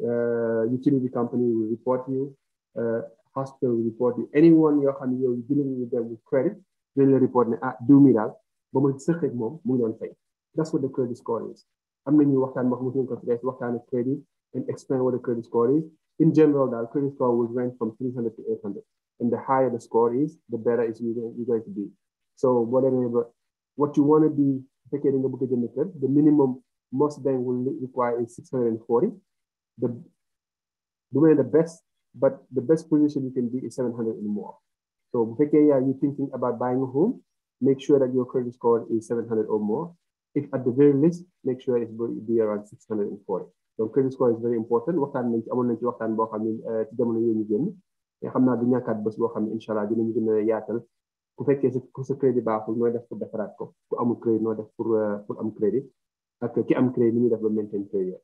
uh, utility company will report you, uh, hospital will report you, anyone you are dealing with them with credit will la report ne ah diw mi daal ba ma sëq ak moom mu that's what the credit score is am nañu waxtaan boo xam ne ko fi waxtaan ak credit and explain what the credit score is in general that credit score will range from 300 to 800 and the higher the score is the better is you going, are going to be so boo what you want to be fekkee da nga bëgg a jënd the minimum most bank will require is 640 the domain the best, but the best position you can be is 700 and more. So Bukekeya, you're thinking about buying a home, make sure that your credit score is 700 or more. If at the very least, make sure it will be around 640. So credit score is very important. waxtaan nañ ci amoon nañ ci waxtaan boo xam ne euh, ci jamono yooyu ñu génn te xam naa du ñàkkaat bés boo xam ne incha allah dinañu gën a yaatal ku fekkee sa ku sa crédit baaxul nooy def pour defaraat ko ku amul crédit noo def pour euh, pour am crédit ak ki am crédit ni ñuy def ba maintain crédit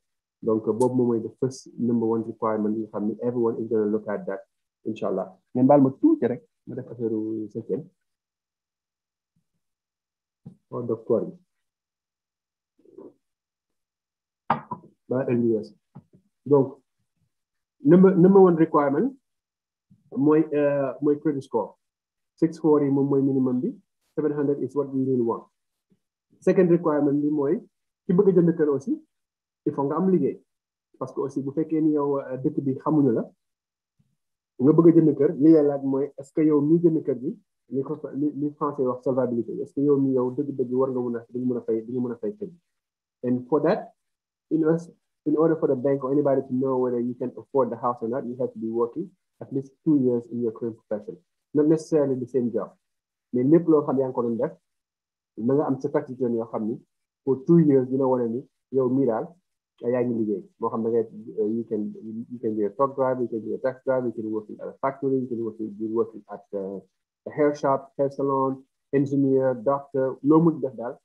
donc boobu moom mooy the first number one requirement yi nga xam ne everyone is gonna look at that incha allah ngeen baal ma tuuti rek ma def affaire septième o oh, docteur bi ba LUS donc number number one requirement mooy euh, mooy credit score six four yi moom mooy minimum bi seven hundred is what we really want second requirement bi mooy ki bëgg a jënd kër aussi il faut am parce que aussi bu fekkee ni yow euh, dëkk bi xamuñu la nga bëgg a jënd kër li lay laaj mooy est ce que yow mi jënd kër gi li ko li français wax solvabilité est ce que yow mi yow dëgg-dëgg war nga mën a di nga mën a fay di nga mën a fay kër and for that in us in order for the bank or anybody to know whether you can afford the house or not you have to be working at least two years in your current profession not necessarily the same job mais lépp loo xam yaa ko doon def na nga am sa tax yoo xam ni for two years dina wane ni yow mii daal yaa ngi liggéey moo xam da ngay you can you can be a truck driver you can be a taxi driver you can work in a factory you can work you work at a hair shop hair salon engineer doctor loo mën def daal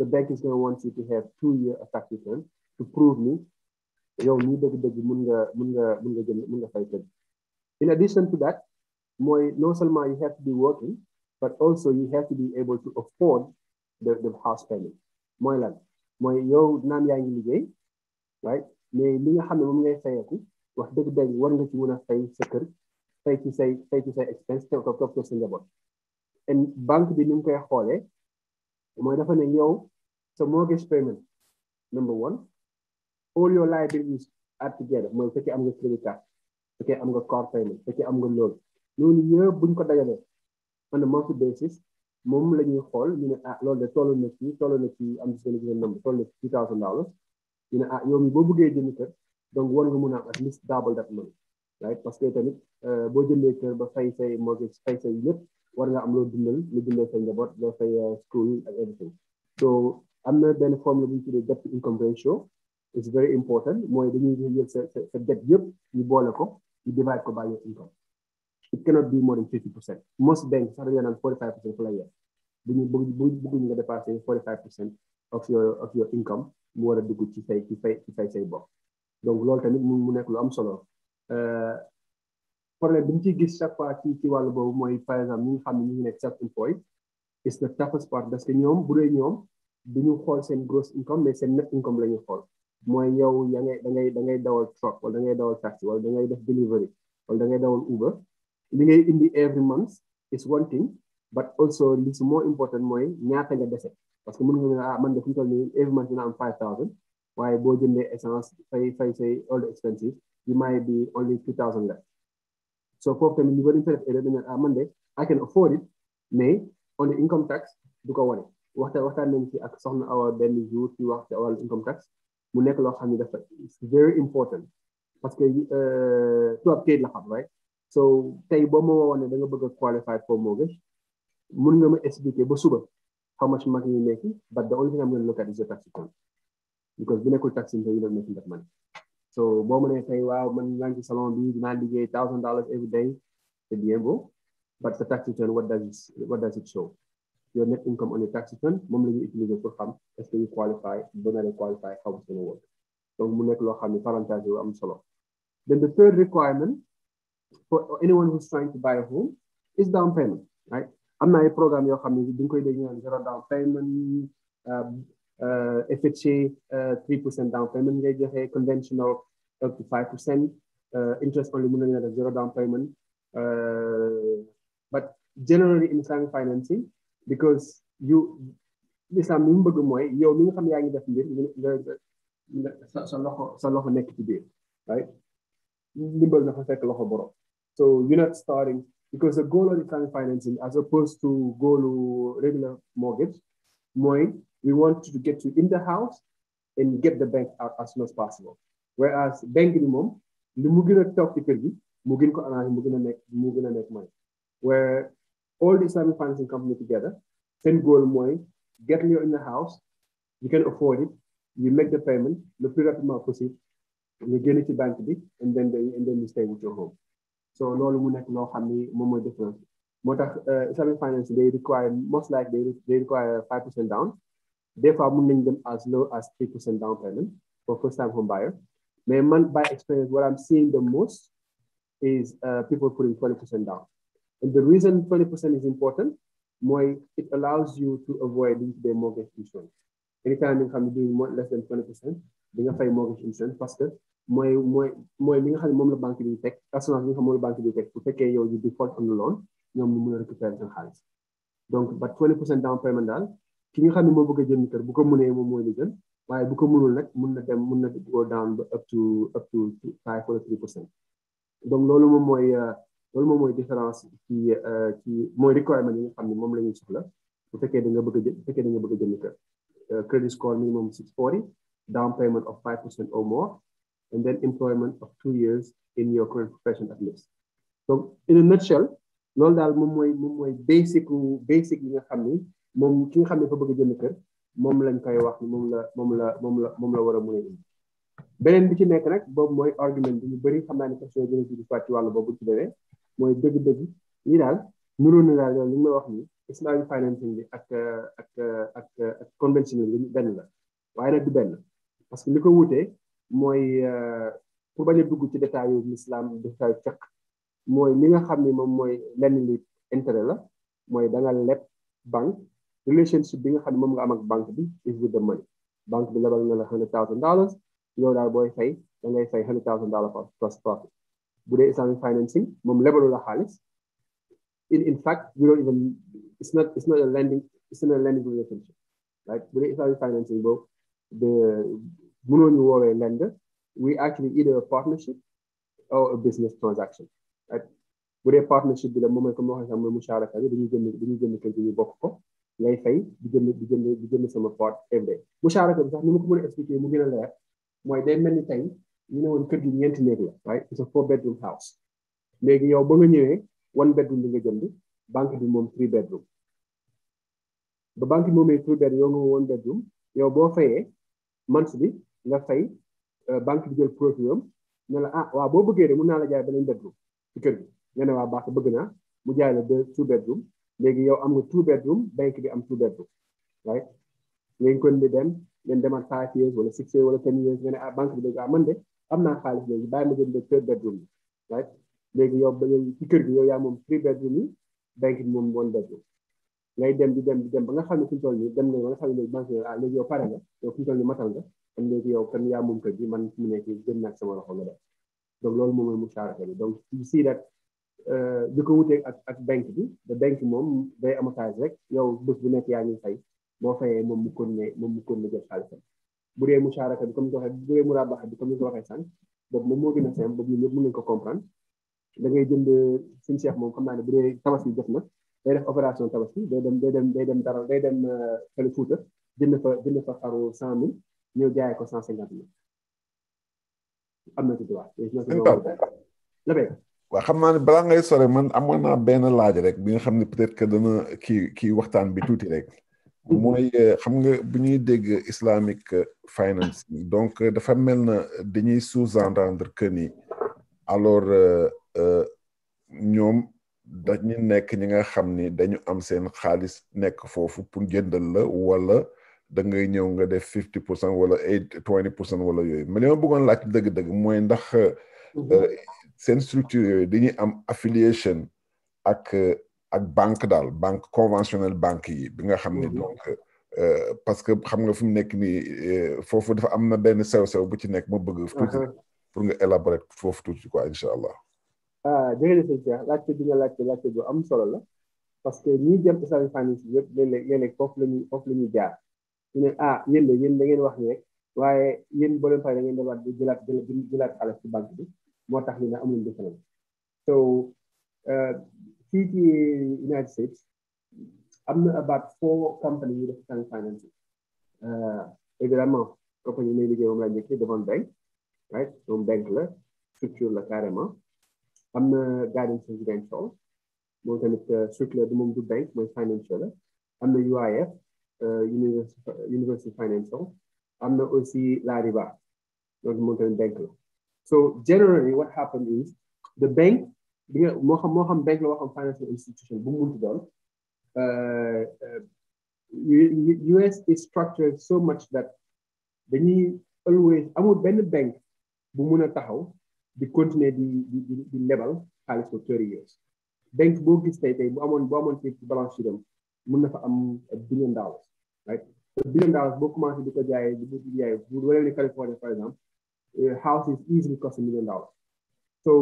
the bank is going to want you to have two year of tax return to prove me yow nii dëgg-dëgg mun nga mun nga mun nga jënd mun nga fay tëdd in addition to that mooy non seulement you have to be working but also you have to be able to afford the the house payment mooy lan mooy yow naam yaa ngi liggéey waaye mais li nga xam ne moom ngay fayeeku wax dëgg-dëgg war nga ci mën a fay sa kër fay ci say fay ci say expense te topp sa njaboot banque bi ni mu koy xoolee mooy dafa ne yow sa mortgage payment number one all your liabilities are together mooy fekkee am nga credit card fekkee am nga car payment fekkee am nga loan loolu yëpp buñ ko dajalee on a monthly basis moom la ñuy xool ñu ne ah loolu de toll na ci toll na ci am na seen number toll na ci two thousand dollars ñu ne ah yow mii boo bëggee jënd kër donc war nga mun a at least double that money right parce que tamit euh, boo jëndee kër ba fay say mortgage fay say lépp war nga am loo dundal lu dundal say njaboot loo fay euh, school ak everything so am na benn formule bu ñu tuddee debt income ratio is very important mooy dañuy jël sa sa debt yëpp ñu boole ko ñu divide ko by your income it cannot be more than fifty percent most banks sax dañoo naan forty five percent fa la yem bu ñu bëgg bëgguñu nga dépasser forty five percent of your of your income mu war a dugg ci fay ci fay ci fay say bopp donc loolu tamit mu mu nekk lu am solo euh, problème bi ñu ciy gis chaque fois ci ci wàllu boobu mooy par exemple ñi nga xam ne ñu ngi nekk self employed is the toughest part que ñoom bu dee ñoom du ñu xool seen gross income mais seen net income la ñuy xool mooy yow ya da ngay da ngay dawal truck wala da ngay dawal taxi wala da ngay def delivery wala da ngay dawal Uber li ngay indi every month is one thing but also li su moo important mooy ñaata nga dese parce que mën nga ne ah man de fi every month dina am five thousand waaye boo jëndee essence fay fay say all the expenses you might be only two thousand left so foofu tamit ñu bëri ñu fay def ah, I can afford it mais on the income tax du ko wane waxtaan waxtaan nañ ci ak soxna awa benn jour ci wax ci income tax mu nekk loo xam ne dafa very important parce que euh, tubaab kayit la xam right so tey boo ma woo ne da nga bëgg a qualify for mortgage mun nga ma expliquer ba suba how much money you're making, but the only thing I'm going to look at is your tax return. Because when I could tax you're not making that money. So, I say, wow, man, ranking salon, be $98,000 every day at the end. But the tax return, what does, it, what does it show? Your net income on your tax return, normally it will go for if you qualify, when I qualify, how it's going to work. So, mu nek lo xamni parentage am solo then the third requirement for anyone who's trying to buy a home is down payment right am na ay programme yoo xam ne di nga koy dégg naan zero down payment euh, euh, FHA euh, three percent down payment ngay joxe conventional up to five percent interest only mën nañu def zero down payment but generally in Islamic financing because you islam li mu bëgg mooy yow mi nga xam yaa ngi def mbir sa sa loxo sa loxo nekk ci biir right ndimbal na fa fekk loxo borom so you're not starting because the goal of Islamic financing, as opposed to go to regular mortgage, moi, we want to get you in the house and get the bank out as soon as possible. Whereas bank ni the lu talk gëna tok ci kër ko analyse, nek, mu Where all the Islamic financing company together, send goal money, get you in the house, you can afford it, you make the payment, le plus the possible, you get it to bank bi, and then they, and then you stay with your home so loolu mu nekk loo xam ni moom mooy différence moo tax euh, finance They require most like they they require five percent down des fois mun nañ dem as low as three percent down payment for first time home buyer mais man by experience what I'm seeing the most is euh, people putting twenty percent down and the reason twenty percent is important mooy it allows you to avoid the mortgage insurance anytime you xam ne doing less than twenty percent you're gonna pay mortgage insurance faster. mooy mooy mooy li nga xam ne moom la banque bi teg assurance bi nga xam moom la banque bi teg bu fekkee yow di default a récupérer seen xaalis donc daal ki nga xam ne moo bëgg a bu ko mënee moom mooy li jël waaye bu ko mënul nag mun na dem mun na go down ba up to up to 5 wala loolu moom mooy euh, loolu moom mooy différence ci euh, ci mooy requirement yi nga xam moom la ñuy soxla bu fekkee da nga bëgg a jënd bu fekkee da nga bëgg a jënd kër euh, credit score minimum 640 down payment of 5 pour cent or more and then employment of two years in your current profession at least. in a nutshell loolu daal moom mooy moom mooy basic basic yi nga xam ni moom ki nga xam ne fa bëgg a jënd kër moom lañ koy wax moom la moom la moom la moom la war a a beneen bi ci nekk rek boobu mooy argument bi mu bëri xam naa ne question yi dina ci boobu ci demee mooy dëgg-dëgg yi daal nuroo na daal yow li ma wax ni islamic financing bi ak ak ak ak conventional bi benn la waaye nag du benn parce que li ko wutee mooy euh, pour bañ a dugg ci détail yu l'islam détail fiqh mooy li nga xam ne moom mooy lenn li intérêt la mooy da nga leb banque relationship bi nga xam ne nga am ak banque bi is with the money Bank bi lebal na la hundred thousand dollars yow daal boy fay da ngay fay hundred thousand dollars plus profit bu dee islamic financing moom lebalu la xaalis in in fact you don't even it's not it's not a lending it's not a lending relationship right bu dee islamic financing boobu the mënoo ñu woowee lender we actually either a partnership or a business transaction bu dee partnership bi la moom mooy comme waxee sax mooy musharaka bi dañuy jënd dañuy jënd kër gi ñu bokk ko ngay fay di jënd di jënd di jënd sama part every day musharaka bi sax ni ma ko mën a expliquer mu gën a leer mooy day mel ni tey ñu ne woon kër gi ñeenti néeg la right it's four bedroom house léegi yow ba nga ñëwee one bedroom bi nga jënd banque bi moom three bedroom ba banque bi moomee three bedroom yow nga one bedroom yow boo fayee month bi nga fay euh, banque bi jël profit am ne la ah, boo bëggee de mun naa la jaay beneen bedroom ci kër gi nga ne waa baax bëgg naa mu jaay la deux two bedroom léegi yow am nga two bedroom banque bi am two bedroom right ngeen di dem ngeen demal five years wala six years wala ten years nga ah, ah, naa xaalis léegi bàyyi ma jël de third bedroom bi right léegi yow ci kër gi yow yaa moom three bedroom yi banque bi moom one bedroom ngay dem di dem ba nga xam ne fi mu toll nii dem nga ba nga xam ne léegi banque ah léegi yow pare nga yow fi kon léegi yow kan yaa moom kër gi man fi mu nekk gën naa sama loxo nga def donc loolu moom mu musharaka bi donc si nag euh, di ko wuteeg ak ak banque bi da banque moom day amotage rek yow bés bu nekk yaa ngi fay boo fayee moom mu kon ne moom mu kon ne jot xaalisam bu dee musharaka bi comme ni ko waxee bu bi ko waxee sànq boobu moom moo gën a simple boobu ñun ñëpp mën nañu ko comprendre da ngay jënd suñu seex moom xam naa ne bu dee tabaski jot na day def opération tabaski day dem day dem day dem dara day dem euh, fële Fuuta jënd fa jënd fa xaru cent mille ñëw jaay ko 150 000 am na ci droit la bay wa xam naa bala ngay sore man amona ben laaj rek bi nga xamni peut-être que dana ki ki waxtaan bi tuuti rek moy xam nga bu ñuy dégg islamic finance donc dafa mel na dañuy sous-entendre que ni alors euh, euh, ñoom dañu nekk ñi nga xam ni dañu am seen xaalis nekk foofu pour jëndal la wala da ngay ñëw nga def fifty pour cent wala eight twenty pour cent wala yooyu mais li ma bëggoon laaj dëgg-dëgg mooy ndax mhm. euh, seen structure yooyu dañuy am affiliation ak ak banque daal banque conventionnelle banque yi bi nga xam ni mhm. donc euh, parce que xam nga fi mu nekk nii euh, foofu dafa am na benn sew-sew bu ci nekk ma bëgg mhm. tuuti pour nga élaborer foofu tuuti quoi incha allah ah bi nga laajte laajte bu am solo la parce que ñiy jëm ci service finance yëpp foofu la jaar ñu ne ah yéen de ngeen wax ni rek waaye yéen boo leen fay da ngeen demaat di jëlaat jëlaat xaalis ci banque bi moo tax ñu ne amuñu différence so euh, fii ci United am na about four company yu def tànk financing euh, évidemment compagnie may liggéey moom laa njëkkee defoon bank right moom bank la structure la carrément am na guidance residential moom tamit euh, structure du moom du bank mooy financial la am na UIF Uh, university university financial am na aussi Lariba loolu moom tamit bank so generally what happened is the bank bi nga bank la moo financial institution bu mu munti US uh, uh, is structured so much that they need always amul benn bank bu mun a taxaw di the the level, di lebal for thirty years bank boo gis tey tey bu amoon balance sheet am mën na fa am billion dollars right A billion dollars boo commencé di ko jaayee di ko jaayee bu wala ni California for example eh, house is easily cost a million dollars so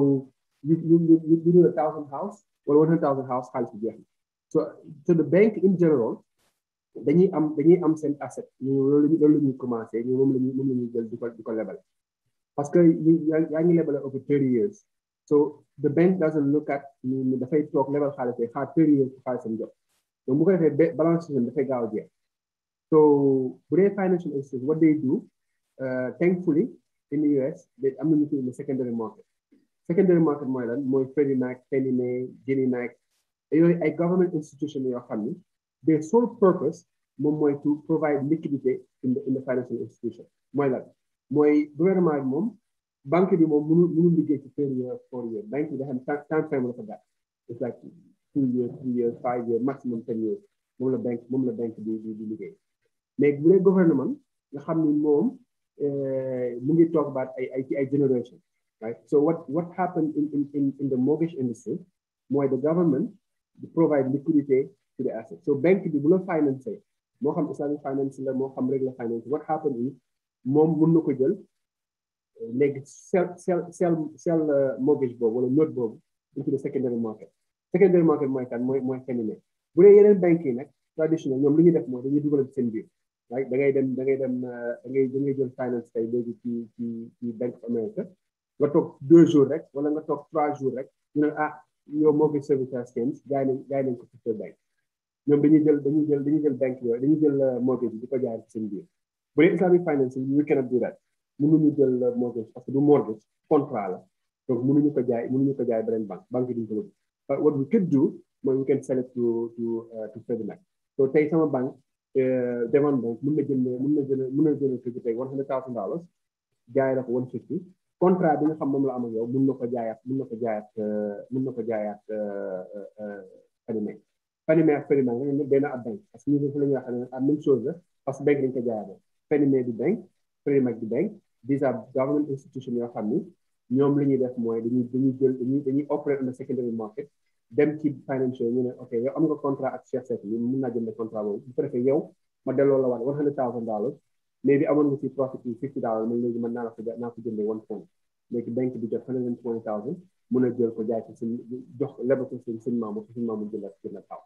you you you, you do a thousand house wala one hundred thousand house xaalis bi jeex na so so the bank in general dañuy am dañuy am seen asset ñu loolu loolu la ñuy commencé ñu moom la ñuy moom la ñuy jël di ko di ko lebal parce que yaa ngi lebal over thirty years so the bank doesn't look at dafay toog lebal xaalis xaar thirty years xaalisam jot donc bu ko defee balance season dafay gaaw a jeex so bu dee financial institutions what they do uh, thankfully in the US they are nañu ko the secondary market secondary market mooy lan mooy Freddie Mac Fannie Mae Ginnie Mac A government institution in your ni their sole purpose moom mooy to provide liquidity in the in the financial institution mooy lan mooy gouvernement bi moom banque bi moom mënul mënul liggéey ci three years four years banque bi dafa time frame la fa it's like two years three years five years maximum ten years Mom la bank, mom la bank bi di di liggéey mais bu dee gouvernement nga xam ni moom eh, mu ngi talk about ay ay ci ay generation right so what what happened in in in the mortgage industry mooy the government di provide liquidity to the asset so banque bi bu la finance moo xam islamic finance la moo xam regular finance what happened is moom mën na ko jël eh, léegi sell sell sell eh, mortgage boobu wala note boobu into the secondary market secondary market mooy kan mooy mooy féminin bu dee yeneen banques yi nag traditionnel ñoom li ñuy def mooy dañuy dugalal seen biir right dem da ngay dem euh, da ngay jël finance tey léegi ci ci ci Bank of America nga toog deux jours rek wala nga toog trois jours rek ñu ne ah yow mortgage services schemes gaay nañ gaay ko ci seen banque ñoom dañuy jël dañuy jël dañuy jël banque yooyu dañuy jël euh, mortgage bi di ko jaar ci seen biir bu dee islamic finance we cannot do that mënuñu jël euh, mortgage parce que du mortgage contrat la donc mënuñu ko jaay mënuñu ko jaay beneen banque banque duñ ko But what we could do, well, we can sell it to to uh, to Fedbank. So bank, uh, Bank, mun na jënd mun na jën mun na jënd kër gi tey one hundred thousand dollars jaay la ko one fifty bi xam moom la am ak mun na ko jaayaat mun na ko jaayaat uh, mun na ko jaayaat uh, uh, Fannie Mae Fannie Mae ak Freddie Mac ñoom ñëpp benn ab bank parce que ñun dafa la ñuy wax la même bank dañ ko jaayaatee Fannie Mae bank Freddie Mac bank these are government institution yoo xam ni ñoom li ñuy def mooy dañuy dañuy jël dañuy dañuy opérer le secondary market dem ci financier ñu ne ok yow am nga contrat ak Cheikh Seck ñun mun naa jënd contrat boobu bu fekkee yow ma delloo la waat one hundred thousand dollars léegi amoon nga ci profit yi fifty dollars man léegi man naa la ko naa ko jëndee one point léegi bank bi jot hundred twenty thousand mun a jël ko jaay ko suñ jox lebal ko suñ suñ maamu suñ maamu jënd ak jënd taw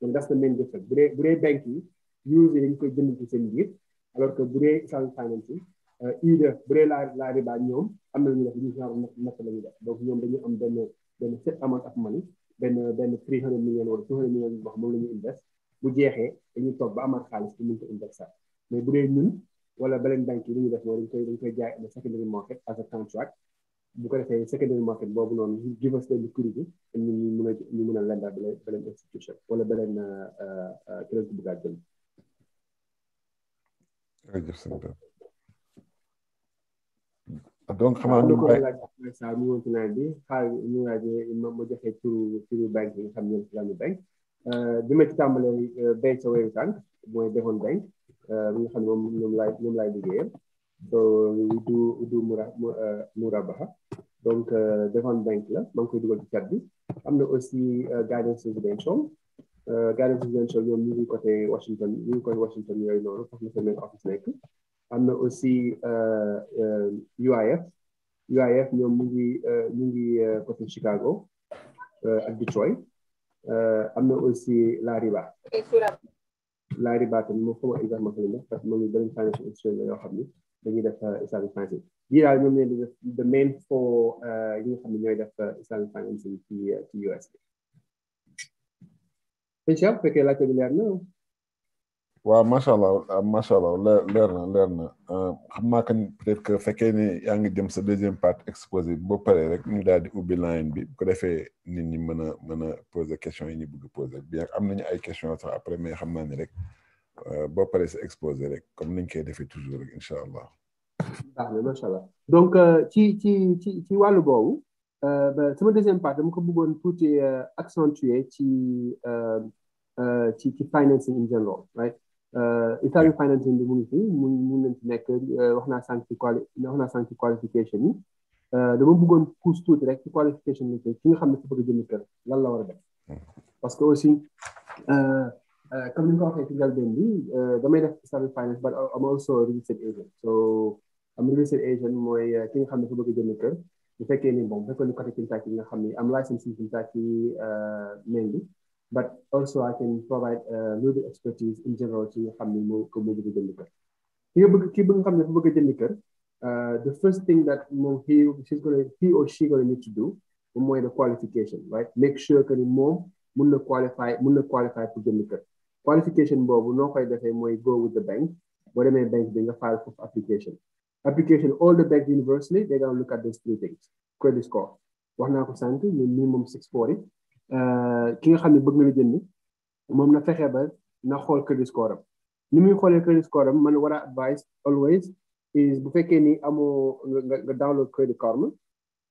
donc that's the main bu dee bu dee bank yi use dañ koy jënd ci seen biir alors bu dee isaan finance yi Ida bu dee laa laa riba ak ñoom am na lu ñuy def ñu genre natt la ñuy def donc ñoom dañuy am benn benn set amount of money benn benn three hundred million wala two hundred million boo xam moom la ñuy invest bu jeexee dañuy toog ba amaat xaalis pour mun ko investar mais bu dee ñun wala beneen banque yi li ñu def mooy dañ koy dañ koy jaay na secondary market as a contract bu ko defee secondary market boobu noonu give us the liquidity te ñu ñu mun a ñu mun a lendal beneen beneen institution wala beneen keneen ku bëgg a jënd. jërëjëf sëñ Ah, donc xamaa ah, nu koy sa mu woon finance bi xaal ñu laajee moom ma joxe turu turu banque yi nga xam ne Islamic Bank euh, bi ma ci tàmbalee bank sa wéyu tànk mooy defoon euh, bank mi nga xam ne moom ñoom laay ñoom laay liggéeyam du du mura euh, mura baxa donc defoon bank la maa ngi koy dugal ci cat bi am na aussi Guardians Residential Guardians Residential ñoom ñu ngi côté Washington ñu ngi koy Washington yooyu noonu foofu la seen office nekk am na aussi UIF UIF ñoom mu ngi mu ngi côté Chicago ak Detroit am na aussi Lariba Lariba tamit moom xama exactement fa lañ def parce que moom ñu beneen financial institution la yoo xam dañuy def islamic financing di la ñoom leen the main four yi nga xamni ñoy def islamic financing ci ci US bi incha allah bu fekkee laajte waaw macha allah macha allah leer na leer na euh, xam naa peut-être que fekkee ni yaa ngi jëm sa deuxième part exposé bi ba pare rek ñu daal di ubbi line bi bu ko defee nit ñi mën a mën a poser question yi ñu bëgg poser bien am nañu ay question sax après mais xam naa ni rek euh, boo pare sa exposé rek comme niñ koy defee toujours rek incha allah. baax na macha allah donc euh, ci ci ci ci wàllu boobu sama deuxième part dama ko bëggoon tuuti accentuer ci ci ci financing in general right état euh, yu financing bi mu ngi fi mu mu nañ nekk euh, wax naa sànq ci wax naa sànq ci qualification yi euh, dama bëggoon pousse tuuti rek ci qualification ki nga xam ne ku bëgg a jënd kër lan la war a def parce que aussi comme ni nga ko waxee damay def islamic finance but I'm also so am real estate agent mooy ki nga xam ne ku bëgg a jënd kër bu fekkee ni bon bu fekkee ni côté Kentucky nga xam ne am licence Kentucky main bi but also I can provide uh, a little bit expertise in general to your family ne moo ko uh, the first thing that he she's gonna he or she gonna need to do moom the qualification right make sure that you moom mun na qualify mun na qualify for the kër qualification boobu noo koy defee mooy go with the bank boo demee bank bi a file foofu application application all the banks universally they are gonna look at these three things credit score One hundred percent minimum 640 Euh, ki nga xam ne bëgg na la jënd moom na fexe ba na xool credit score am ni muy xoolee credit score am man war a advice always is bu fekkee ni amoo nga download credit karma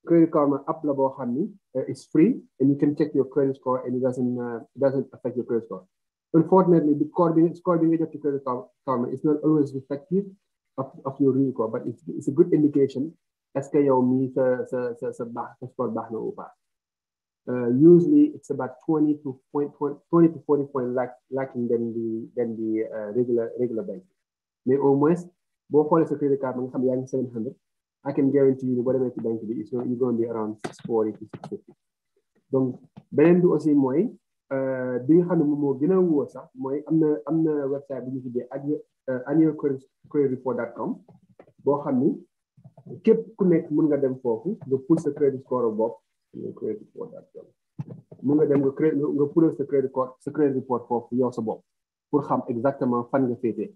credit karma app la boo xam ni euh, is free and you can check your credit score and it doesn't uh, doesn't affect your credit score unfortunately the score bi score bi nga jot ci credit karma is not always reflective of of your real score but it's a good indication est-ce que yow mii sa sa sa sa baax sa score baax na ou pas uh, usually it's about 20 to 20, to 40 points lacking than the than the uh, regular regular bank May almost, both boo the credit card ba nga xam ne yaa 700 I can guarantee you whatever the bank ci it's you're going to be around 640 to 650 donc beneen bi aussi mooy uh, bi nga xam ne moom moo gën a wóor sax mooy am na am na website bu ñu tuddee uh, annual credit report dot com boo xam ni képp ku nekk mën nga dem foofu nga pull sa credit score bopp yow credit mun nga dem nga cré nga puudar sa credit report sa credit foofu yow sa bopp pour xam exactement fan nga féetee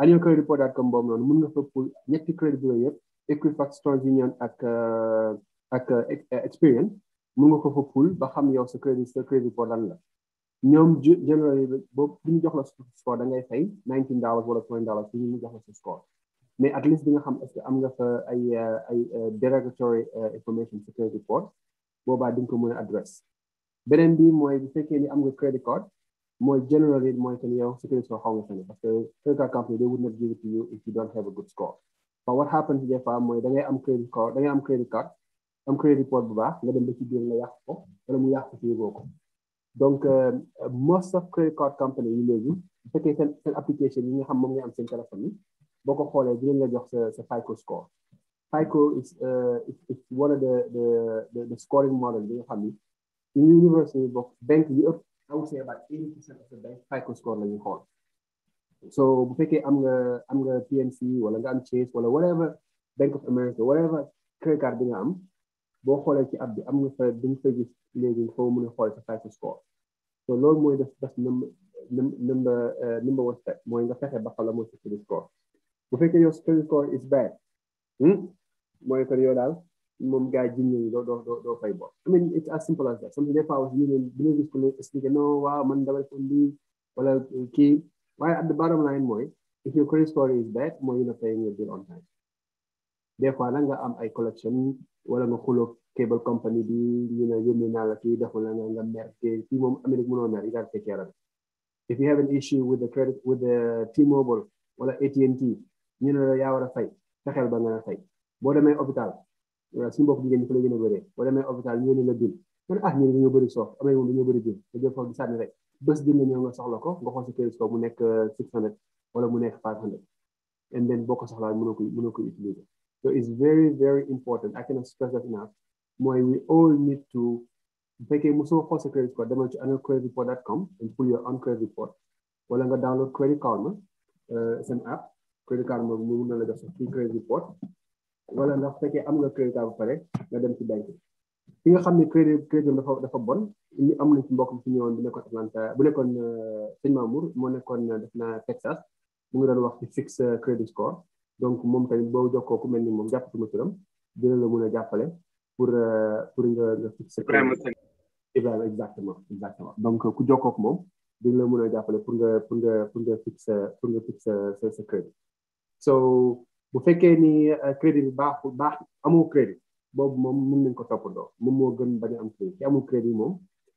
Aliou credit report com boobu noonu mun nga fa pour ñetti credit bureau yëpp Equifax TransUnion ak euh, ak euh, euh, Experian mun nga ko fa pool ba xam yow sa credit sa credit report lan la ñoom général boobu bu ñu jox la score da ngay fay 19 dollars wala 20 dollars si ñu jox la sa score mais at least bi nga xam est que am nga fa ay ay derogatory information sa credit boobaa di ko mën a adresse beneen bi mooy bu fekkee ni am nga credit card mooy general rate mooy que ni yow security score xaw nga seen parce que credit card company they a good score but what mooy da ngay am credit card da ngay am credit card am credit report bu baax nga dem ba ci biir nga yàq ko wala mu yàq ko yëgoo ko donc euh, most of credit card company yi léegi bu fekkee seen application yi nga xam moom ngay am seen téléphone yi boo ko xoolee dinañ la jox sa sa FICO score Haiku is, uh, it's, it's one of the, the, the, the scoring models in the family. In university, bank Europe, I would say about 80% of the bank FICO score la ñu so if fekkee am nga am nga PNC wala nga am Chase or whatever Bank of America whatever credit card bi nga am boo xoolee ci app am nga fa di fa gis léegi foo mën a xool sa FICO score so loolu mooy def def number number uh, number one step mooy nga fexe ba xam la mooy sa credit score bu fekkee yow score is bad hmm? mooy que daal moom gars yi jiw doo doo doo fay bor. I mean it's as simple as that some des aussi waaw man dama defoon lii wala kii waaye at the bottom line mooy if your credit score is bad mooy you na paying your bill on time. des fois am ay collection wala nga xuloo cable company bi ñu ne yónnee naa la kii deful la nga mer te fii moom Amérique mënoo mer you got to take care of it. if you have an issue with the credit mobile wala AT&T ñu ne la yaa war a fay fexeel ba nga fay. boo demee hôpital si mbokk jigéen ñi fa la gën a bëree boo demee hôpital ñu ne la bil nga ah ñu dañoo bëri soof amee moom dañoo bëri bil nga jël foofu di sànni rek bés bi nga ñëw nga soxla ko nga xool si kër mu nekk 600 wala mu nekk 500 and then boo ko soxlaa mënoo ko mënoo ko utiliser so it's very very important I cannot stress that enough mooy we all need to bu fekkee mosoo xool sa credit score demal ci annual credit report dot com and pull your own credit report wala nga download credit karma seen app credit karma mu mun na la def sa free credit report wala ndax fekkee am nga crédit ba pare nga dem ci banque fi nga xam ne crédit crédit dafa dafa bon ñu am nañ ci mbokk mi ci ñëwoon bu nekkoon bu nekkoon euh, sëñ Mamour moo nekkoon euh, def na Texas mu ngi doon wax ci fixe euh, credit score donc moom tamit boo jokkoo ku mel ni moom jàpp sama turam dina la mën a jàppale pour pour nga nga fixe Ibrahima eh exactement exactement donc ku jokkoo ak moom dina la mën a jàppale pour nga pour nga pour nga fixe pour nga fixe sa sa crédit so bu fekkee ni eh, crédit bi baaxul baax amoo crédit boobu moom mën nañ ko toppandoo moom moo gën bañ a am crédit ci amul crédit moom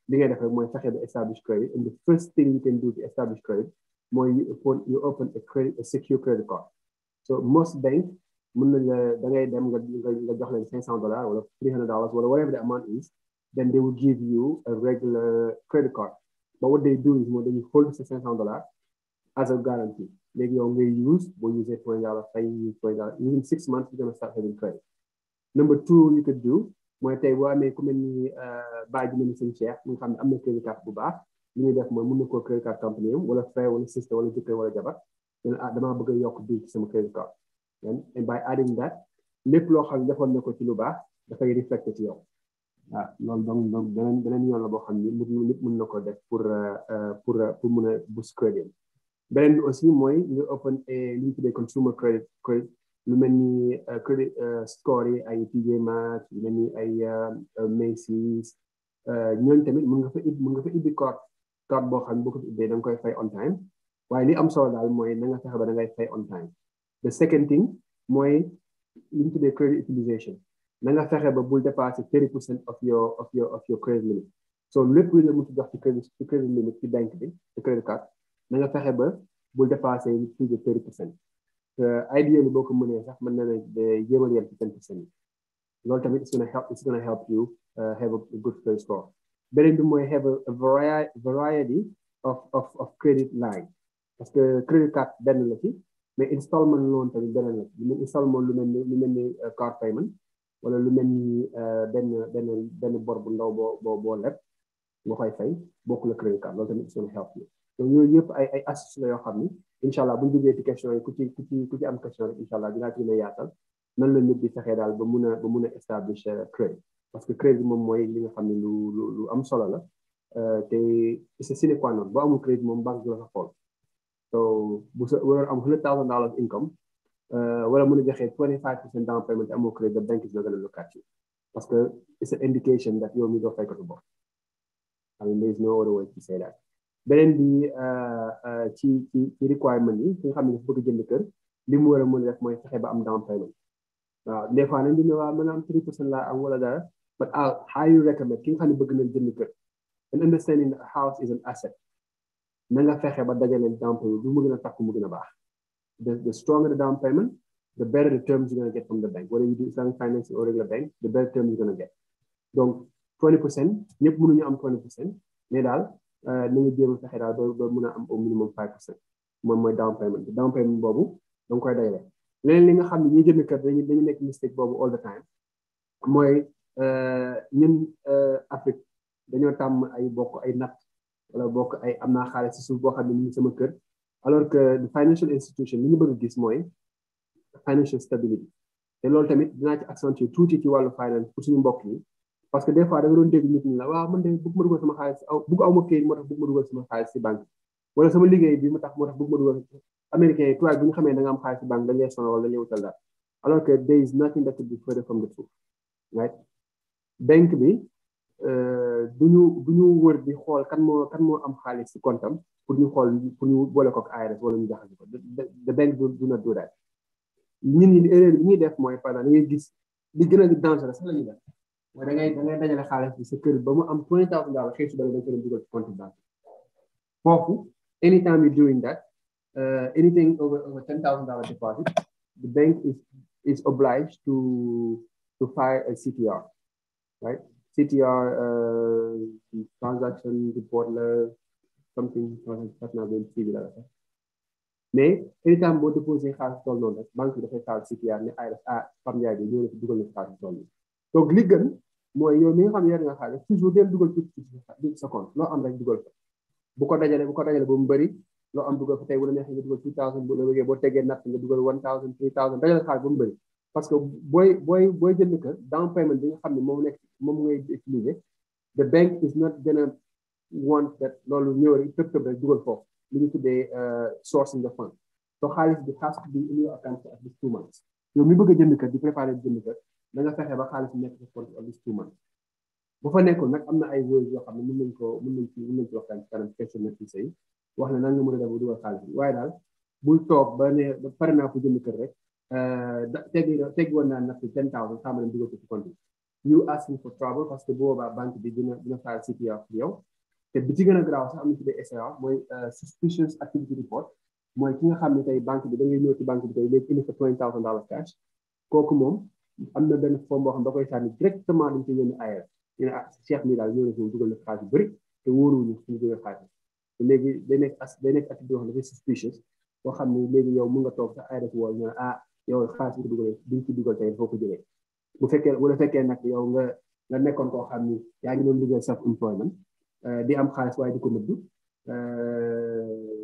li ngay def rek mooy fexe ba establish credit and the first thing you can do to establish credit mooy you open you open a credit a secure credit card so most bank mën nañ la da ngay dem nga nga jox leen cinq cent dollars wala three hundred dollars wala whatever the amount is then they will give you a regular credit card but what they do is mooy dañuy hold sa cinq cent dollars as a guarantee léegi yow ngay use boo usee point dollar fay use point dollar within six months you're number two you could do mooy tey boo amee ku mel ni uh, bàyyi mel ni seen Cheikh mu nga xam ne am na crédit card bu baax li ñuy def mooy mun na koo crédit card wala frère wala sister wala jëkkër wala jabar ah damaa bëgg a yokk diw ci sama crédit card and by adding that lépp loo xam ne defoon na ko ci lu baax dafay reflecté ci yow waaw ah, loolu donc donc beneen beneen yoon la boo xam ni nit mën na ko def pour uh, uh, pour pour mun a boost crédit beneen bi aussi mooy ñu open eh, li ñu tuddee consumer credit credit lu mel ni eh, credit eh, score yi ay TJ Maxx lu mel ni ay Macy's ñooñu tamit mën nga fa ib mën nga fa ibbi carte carte boo xam ne boo ko ibbee da nga koy fay on time waaye li am solo daal mooy na nga fexe ba da ngay fay on time the second thing mooy li ñu tuddee credit utilisation na nga fexe ba bul dépasser 30 pour cent of your of your of your credit limit so lépp lu la mënti jox ci credit ci credit limit ci banque bi ci credit card na nga fexe ba bul dépassé plus de thirty pour cent ideally boo ko mënee sax mën na ne jéemal yem ci ten pour cent yi loolu tamit it's gonna help it's gonna help you uh, have a, good credit score beneen bi mooy have a, a variety, variety of, of, of credit line parce que credit card benn la ci mais installment loan tamit benn la ci installment lu mel ni lu mel uh, car payment wala lu mel ni uh, benn benn benn bor bu ndaw boo boo boo leb nga koy fay bokkul la credit card loolu tamit it's gonna help you donc yooyu yëpp ay ay astuces la yoo xam ni incha allah bu ñu duggee ci question yi ku ci ku ci ku ci am question rek incha allah dinaa ci mën a yaatal nan la nit di fexee daal ba mun a ba mun a establish euh, crédit parce que crédit moom mooy li nga xam ne lu lu lu am solo la euh, te c'est sine qua non boo amul crédit moom banque la sa xool so bu sa war am hundred thousand dollars income euh, wala mun a joxe twenty five percent down payment amoo crédit da banque dina gën a lokaat ci parce que it's an indication that yow mi doo faykatu bor I mean there is no other way to say that beneen bi euh, euh, ci ci ci requirement yi ki nga xam ne dafa bëgg li mu war a mën mooy fexe ba am down payment waaw des ñu ne waa mën a am 3 pour cent laa am wala dara but ah how you nga ne bëgg na jënd kër and understanding that house is an na nga fexe ba dajaleen down payment bu mu mu gën a baax the the stronger to get from the bank whether you do Islamic financing or regular bank the better terms you're going to get donc 20 pour am 20 pour cent mais daal Euh, na nga jéem a fexe daal doo doo mën a am au minimum five pour cent moom mooy down payment bi down payment boobu da nga koy dajale leneen li nga xam ne ñi jënd kër dañu dañu nekk mistake boobu all the time mooy euh, ñun euh, Afrique dañoo tàmm ay bokk ay natt wala bokk ay am naa xaalis si suuf boo xam ne sama kër alors que financial institution li ñu bëgg gis mooy financial stability te loolu tamit dinaa ci accentuer tuuti ci wàllu finance pour suñu mbokk yi parce que des fois da doon dégg nit ñi la waaw man de bëgg ma dugal sama xaalis aw bëgg aw sama liggéey bi ma tax moo tax bëgg ma dugal américain yi tubaab bi ñu xamee da nga am wutal daal alors que there is nothing that could be further from the truth right bi euh, du ñu du ñu wër di xool kan moo kan moo am xaalis si kontam pour ñu xool pour ñu boole ko ak ARS wala ñu jaxase ko the bank do not do that ñun ñi erreur bi ñuy def mooy par exemple ngay gis li gën a dangereux mooy da ngay da ngay dajale xaalis bi sa kër ba mu am twenty thousand dollars xëy si dara da nga dugal ci compte banque foofu anytime you doing that uh, anything over over ten thousand dollar deposit the bank is is obliged to to file a CTR right CTR uh, transaction report la something transaction bi ci bi la mais anytime boo déposé xaalis tool noonu rek banque bi dafay taal CTR ne ay ah Pape Ndiaye bi ñëw na fi dugal na xaalis tool bi donc li gën mooy yow mi nga xam ne nga xaalis toujours del dugal tuuti am rek dugal fa bu ko dajale bu ko dajale mu bëri loo am dugal fa tey bu la neexee nga dugal two thousand que booy booy booy jënd kër down payment bi nga xam moom nekk moom ngay utiliser the bank is not gonna want that loolu ñëw rek tëb tëb rek dugal foofu li ñu tuddee euh, sourcing the fund so xaalis bi xaas bi in your account at least two months yow mi bëgg a jënd kër di préparer jënd kër na nga fexe ba xaalis nekk ci compte at least two months bu fa nekkul nag am na ay wóor yoo xam ne mën nañ ko mën nañ ci mën nañ ci waxtaan ci kanam question maîtrise yi wax na nan nga mën a def ba dugal xaalis bi waaye daal bul toog ba ne ba pare naa ko jënd kër rek teggi teggi woon naa nag ten thousand xaaral ma dugal ci compte you asking for trouble parce que boobaa banque bi dina dina fayal CPA pour yow te bi ci gën a garaaw sax am na ci des SAA mooy suspicious activity report mooy ki nga xam ne tey banque bi da ngay ñëw ci bank bi tey léegi indi fa twenty thousand dollars cash kooku moom am na benn forme boo xam da koy sànni directement dañ koy yónni AES ñu ne ah mi daal ñëw na suñu dugal na te wóoruwuñu suñu dugal xaalis léegi day as day nekk activité boo xam dafay suspicious boo xam ne léegi yow mun nga toog sa AES woo ñu ne ah yow xaalis bi ko dugalee bi bu fekkee wala fekkee nag yow nga nga nekkoon koo xam ni yaa ngi doon liggéey self employment bi euh, am xaalis waaye di ko nëbb euh,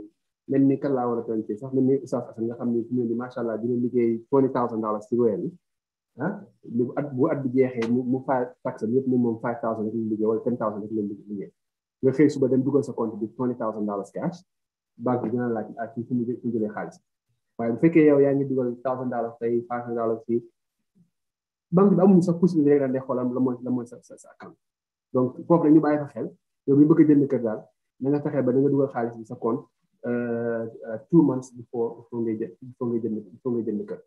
mel ni kan laa war a sax mel ni Oustaz Assane nga xam ne fi allah dina liggéey twenty thousand dollars ci weer ah bu at bu at bi jeexee mu mu fay taxam yëpp ne moom five thousand rek lañ liggéey wala ten thousand rek lañ nga xëy suba dem dugal sa compte bi twenty thousand dollars cash banque bi dina laaj ak fu mu jëlee xaalis bu fekkee yow yaa ngi dugal thousand dollars tey five thousand dollars fii banque bi amuñu sax possibilité rek daal de xoolam la mooy la mooy sa sa sa account donc foofu la ñu bàyyi fa xel yow mi bëgg a jënd kër daal na nga fexe ba da nga dugal xaalis bi sa compte euh, euh, two months foo before ngay jënd before ngay jënd kër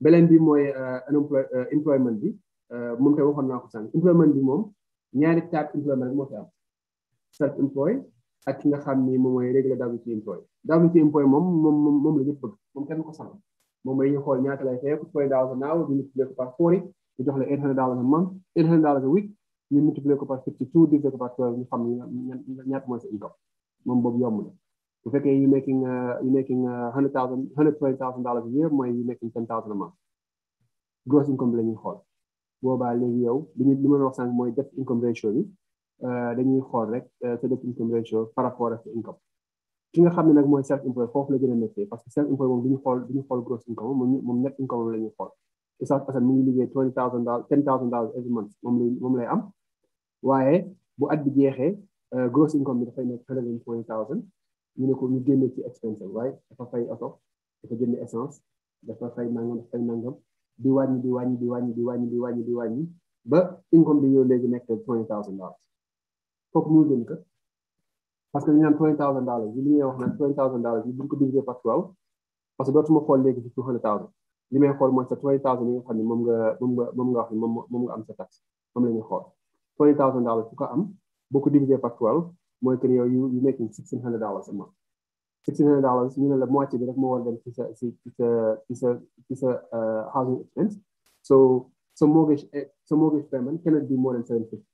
beneen bi mooy euh, euh, employment bi euh, moom koy waxoon na ko sànq employment bi moom ñaari type employment moo fi am self employ ak ki nga xam ni moom mooy regular W2 employ W2 employ moom moom moom la bëgg moom kenn ko sànq moom mooy ñu xool ñaata lay fay twenty dollars an hour ñu multiplier ko par forty ñu jox la eight hundred dollars a month eight hundred dollars a week ñu multiplier ko par fifty two divisé ko par twelve ñu xam ñaata mooy sa moom boobu yomb bu fekkee you making uh, you making uh, a year mooy you making ten thousand a month gross income bi la ñuy xool boobaa léegi yow li ñu li ma wax sànq mooy debt income ratio bi uh, dañuy xool rek sa debt income ratio par rapport ak ki nga xam ne nag mooy self employed foofu la gën a parce que self employed moom du ñu xool du ñu xool gross income moom moom net income la ñuy xool lay am waaye bu at bi jeexee gross income bi dafay nekk hundred and twenty thousand ñu ne ko ñu génne ci expense waaye dafa fay oto dafa jënd essence dafa fay nangam dafa fay nangam di wàññi di wàññi di wàññi bi wàññi bi wàññi bi wàññi ba income bi yow léegi nekk twenty thousand dollars foofu mu gën ko parce que ñu naan twenty thousand dollars yi li ñuy wax naan twenty thousand dollars yi que dootuma xool léegi ci two hundred thousand li may xool mooy sa twenty thousand yi nga xam ne moom nga moom nga moom nga wax ne moom moom nga am sa tax moom la ñuy xool twenty thousand dollars ku ko am boo ko divisé par twelve mooy que yow you you making sixteen hundred dollars a month sixteen hundred dollars ñu ne la moitié bi rek moo war dem ci sa ci sa ci sa ci uh, housing expense so so mortgage eh, so mortgage payment cannot be more than seven fifty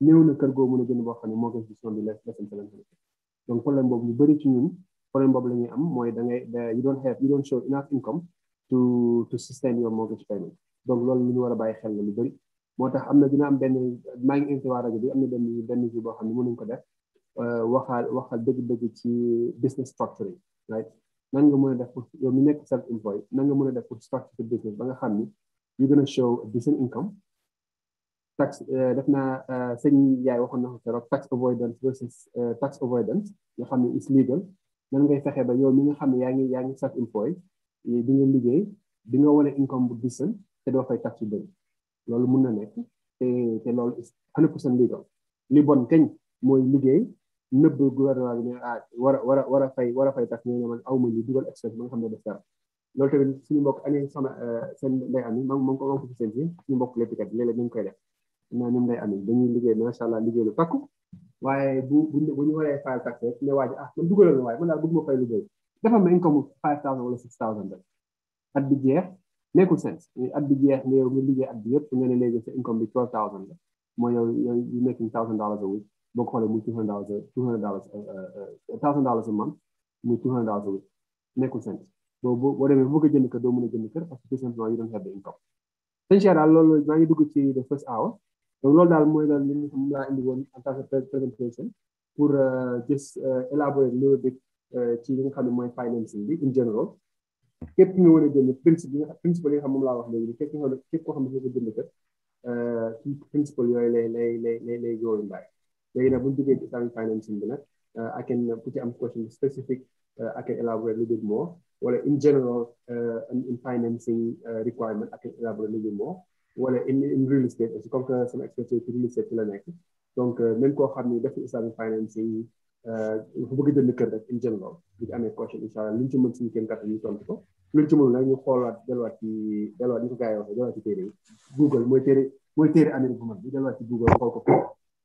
néew na kër go, mën a jënd boo xam ne mortgage bi son bi less than seven fifty donc problème boobu ñu bëri ci ñun problème boobu la ñuy am mooy da ngay you don't have you don't show enough income to to sustain your mortgage payment donc loolu lu ñu war a bàyyi xel la lu bëri moo tax am na dina am benn maa ngi invité waa rajo bi am na benn benn ji boo xam ne mënuñ ko def euh, waxaal waxal dëgg-dëgg ci business structuring right nan nga mën a def pour yow mi nekk self employed nan mën a def pour structure business ba nga xam ni you gën a show a decent income tax euh, def naa euh, sëñ yaay waxoon na ko keroog tax avoidance versus tax avoidance nga xam ne is legal nan ngay fexe ba yow mi nga xam ne yaa ngi yaa ngi self employed di nga liggéey bi nga wane income bu decent te doo fay tax yu bëri loolu mun na nekk te te loolu hundred percent legal li bon kañ mooy liggéey nëbb gouvernement bi ne ah war a war a war a fay war a fay tax ñoo man aw ma ñu dugal express ba nga xam ne def dara loolu tamit suñu mbokk ani sama euh, seen nday am yi ko ma ko mbokk léppkat bi léeg-léeg ñu koy def naa ñoom nday am dañuy liggéey macha allah liggéey lu takku waaye bu bu ñu waree fayal tax rek ne waa ji ah man dugaloon na waaye man daal bëgg ma fay liggéey dafa mel comme five thousand wala six thousand rek at bi jeex nekkul sens at bi jeex nga yow bi yëpp su nga ne léegi sa income bi twelve thousand la mooy yow yow you making thousand dollars a week boo ko xoolee muy two uh, uh, uh, thousand dollars a month muy two hundred dollars a week nekkul sens boo boo boo demee bëgg a jënd kër doo mën a jënd kër parce que tout simplement daal ngi dugg ci the first hour loolu daal mooy daal li nga xam laa indi woon en tant pour euh, just euh, élaborer loolu euh, ci li nga xam ne mooy financing bi in general képp nga war a jënd principe yi nga principal yi xam moom laa wax léegi képp nga képp koo xam ne dafa ko jënd kat euh, ci principal bi nag I euh, can ku ci am question specific I can elaborate euh, a little bit more wala in general in financing requirement I can elaborate a little bit more wala in real estate comme que sama expertise ci la nekk donc même koo xam ne def islamic financing ku euh, bëgg jënd kër rek ñu jël lool bu ñu amee caution incha allah luñ ci mën suñu kenn kàttan ñu tontu ko luñ ci mënul nag ñu xoolaat delluwaat ci delluwaat ñu ko gars yi waxee delluwaat ci téere yi Google mooy téere mooy téere Amérique bu mag bi delluwaat ci Google xool ko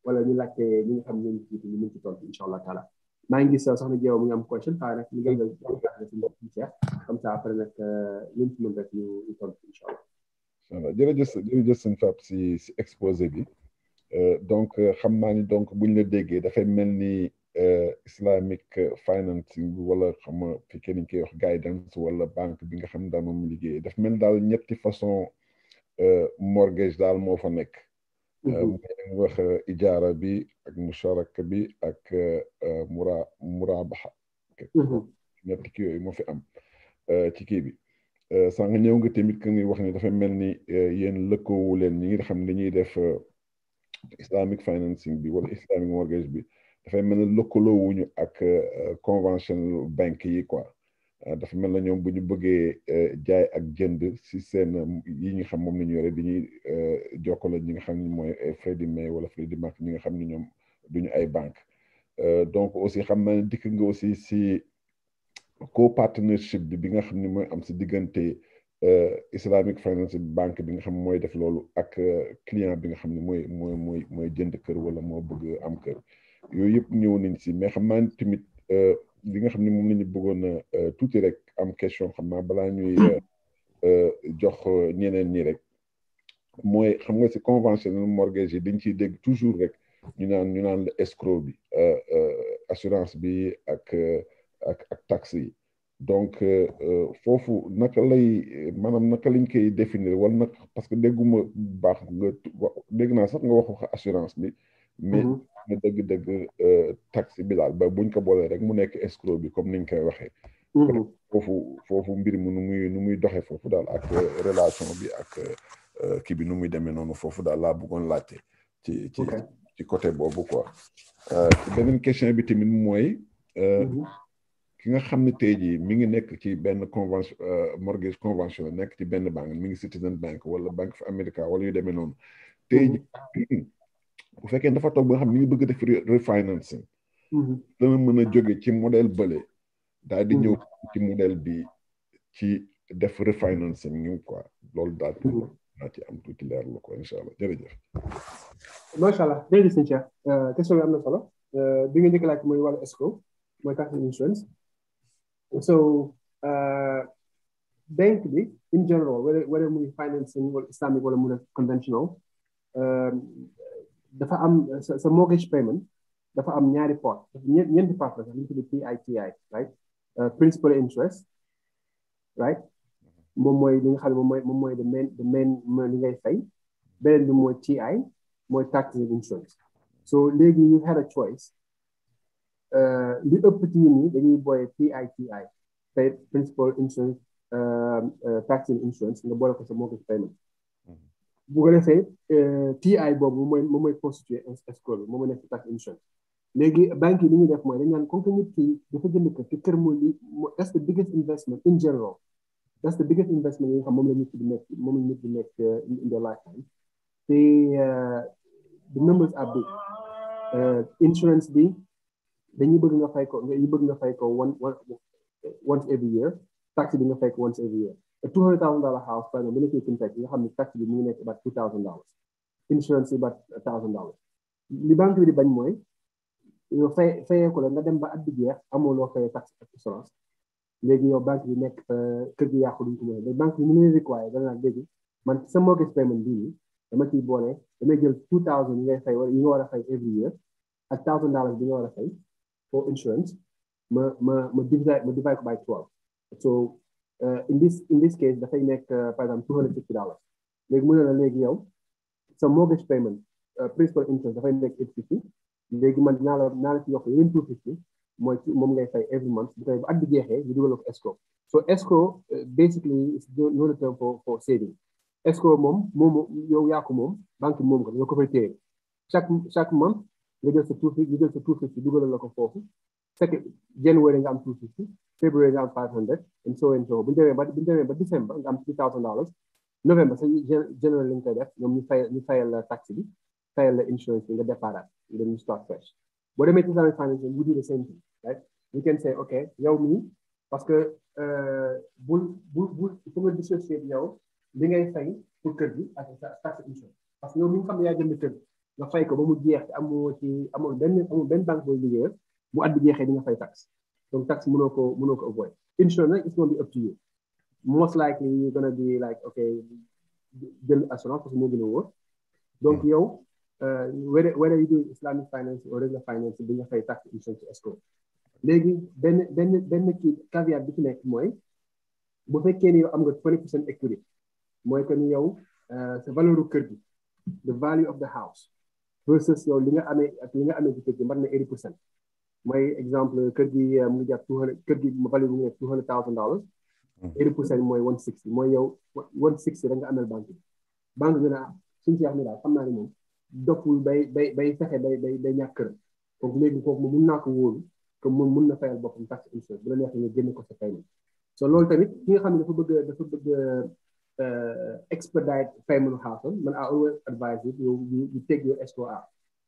wala ñu laajte ñi nga xam ñooñu jiitu ñu mën ci tontu incha allah taala maa ngi gis soxna Diaw mu ngi am caution waaye nag ñu gën a Cheikh comme ça après nag euh, luñ ci mën rek ñu ñu tontu incha allah. voilà jërëjëf jërëjëf sëñ Fap si si exposé bi euh, donc xam naa ni donc buñ la déggee dafay mel ni islamic financing bi wala xam fi fekkee ni ñu koy wax guidance wala banque bi nga xam ne daal moom liggéey daf mel daal ñetti façon mortgage daal moo fa nekk. mooy wax ijaara bi ak musharaka bi ak mura murabaha. ñetti ki yooyu moo fi am ci kii bi. sànq ñëw nga tamit que ngay wax ni dafa mel ni yéen lëkkoowu leen ñi nga xam ne dañuy def islamic financing bi wala islamic mortgage bi. dafay mel ne lëkkaloo wuñu ak euh, convention banque yi quoi euh, dafa mel na ñoom bu ñu bëggee euh, jaay ak jënd si seen yi ñu xam moom la ñu yore dañuy jokkale ñi nga xam ne mooy Freddie Mac wala Freddie Mac ñi nga xam ni ñoom du ñu ay banque donc aussi xam na dikk nga aussi si co-partnership bi nga xam ni mooy am si diggante Islamic Finance banque bi nga xam mooy def loolu ak client bi nga xam ni mooy mooy mooy mooy jënd kër wala moo bëgg am kër. yooyu yëpp ñëw nañ si mais xam naa ni tamit euh, li nga xam ne moom la ñu bëggoon a euh, tuuti rek am question xam naa balaa ñuy euh, jox ñeneen ñi rek mooy xam nga si conventionnel mortgage yi dañ ciy dégg toujours rek ñu naan ñu naan la escroc bi assurance bi ak ak ak taxe yi donc foofu naka lay maanaam naka lañ koy définir wala nag parce que dégguma baax nga dégg naa sax nga wax wax assurance bi mais mhm. ne dëgg-dëgg euh, taxe bi daal ba buñ ko boolee rek mu nekk escroc bi comme niñ koy waxee mhm. foofu foofu mbir mu nu muy nu muy doxe foofu daal ak euh, relation bi ak euh, kii bi nu muy demee noonu foofu daal laa bëggoon laajte ci ci ci côté boobu quoi beneen question bi tamit mooy mhm. ki nga xam ni tey jii mi ngi nekk ci benn convention mortgage convention nekk ci benn banque mi ngi Citizen Bank wala Bank fu America wala yu demee noonu tey bu fekkee dafa toog ba xam mi ngi bëgg def refinancing dana mm-hmm. mën a jóge ci modèle bële daal di ñëw mm-hmm. ci modèle bi ci def refinancing ñu quoi loolu daal mm-hmm. naa ci am tuuti leer lu ko incha allah jërëjëf macha allah jërëjëf sëñ Cheikh euh, question bi am na solo euh, bi nga njëkk laaj mooy wàllu escrow mooy carte insurance so euh, bank bi in general wala wala muy financing wala islamique wala mu conventional dafa am sa mortgage payment dafa am ñaari part ñeenti part la sax ñu tudd PITI right uh, principal interest right moom mooy li nga xam ne moom mooy moom mooy the main the main li ngay fay beneen bi mooy TI mooy taxes and insurance so léegi you had a choice uh, li ëpp ci ñun ñi dañuy booyee PITI pay principal insurance um, uh, taxes and insurance nga boole ko sa mortgage payment bu ko defee euh, TI boobu moom mooy moom mooy constituer escrow bi moom mooy nekk tax insurance léegi banque yi li ñuy def mooy dañ naan comme que nit ki dafa jënd kër te kër mooy li that's the biggest investment in general that's the biggest investment yi nga xam moom la nit ki di nekk moom la nit di nekk euh, in their lifetime te euh, the numbers are big insurance bi dañuy bëgg nga fay ko dañuy bëgg nga fay ko one once every year Taxi bi nga fay ko once every year a $200,000 house by the Military You have to mu the nekk about $2,000. Insurance is about $1,000. The bank will di bañ mooy yow pay fayee ko la nga dem ba at bi jeex amoo loo fayee tax ak assurance léegi yow banque bi nekk euh, kër gi yàqu duñ ko mën mais banque require mortgage payment bii nii dama ciy boole damay jël two thousand ngay fay every year thousand dollars bi nga for insurance ma ma ma divide divide by twelve so uh, in this in this case dafay nekk par exemple two hundred fifty dollars léegi mu ne la léegi yow sa mortgage payment uh, principal interest The dafay nekk eight fifty léegi man naa la naa la ci yokk two fifty mooy ci moom ngay every month bu koy bu at bi jeexee ñu dugal escrow so escrow uh, basically is the no term for for saving escrow mom mom yow yaa ko mom bank mom. moom ko dañoo ko fay chaque chaque month nga just two fifty. two just two fifty. sa two fifty dugalal la ko foofu January nga am two fifty February around 500 and so and so on. but demee ba December, I'm am 3000 dollars November so général li ñu koy def ñoom file, fay ñu insurance bi nga déparaat nga dem start fresh But the Islamic financing we do the same thing right we can say ok you me parce que euh, bul bul bul if you nga dissocier bi yow li ngay fay pour kër gi insurance parce que yow mi nga xam ne yaa jënd kër nga fay ko ba mu jeex te amoo banque booy liggéeyal taxe donc tax mënoo ko avoid insurance nag it's gonna be up to you most likely you're gonna be like okay jël assurance parce que moo gën a wóor donc hmm. yow euh, whether whether you do islamic finance or regular finance bi nga fay tax insurance ci escrow Legi, benn benn benn kii caveat bi ci nekk mooy bu fekkee ni yow am nga 20 percent equity mooy que ni yow euh, sa valeur kër the value of the house versus yow li nga amee ak li nga amee ci 80 percent mooy exemple kër gi euh, mu ngi jar two hundred kër gi valeur mu ngi nekk two hundred thousand dollars hmm. eighty mooy one sixty mooy yow one sixty da nga amel banque bi banque bi naa ah, suñu ni daal xam naa ne moom doppul bay bay bay bay bay bay ñàkk kër donc léegi kooku moom mun naa ko wóolu que mun na fayal boppam tax insurance bu la neexee nga ko sa paiement so loolu tamit ki nga xam ne dafa bëgg dafa bëgg euh, expedite payment xaasam man I always advise you you take your SOR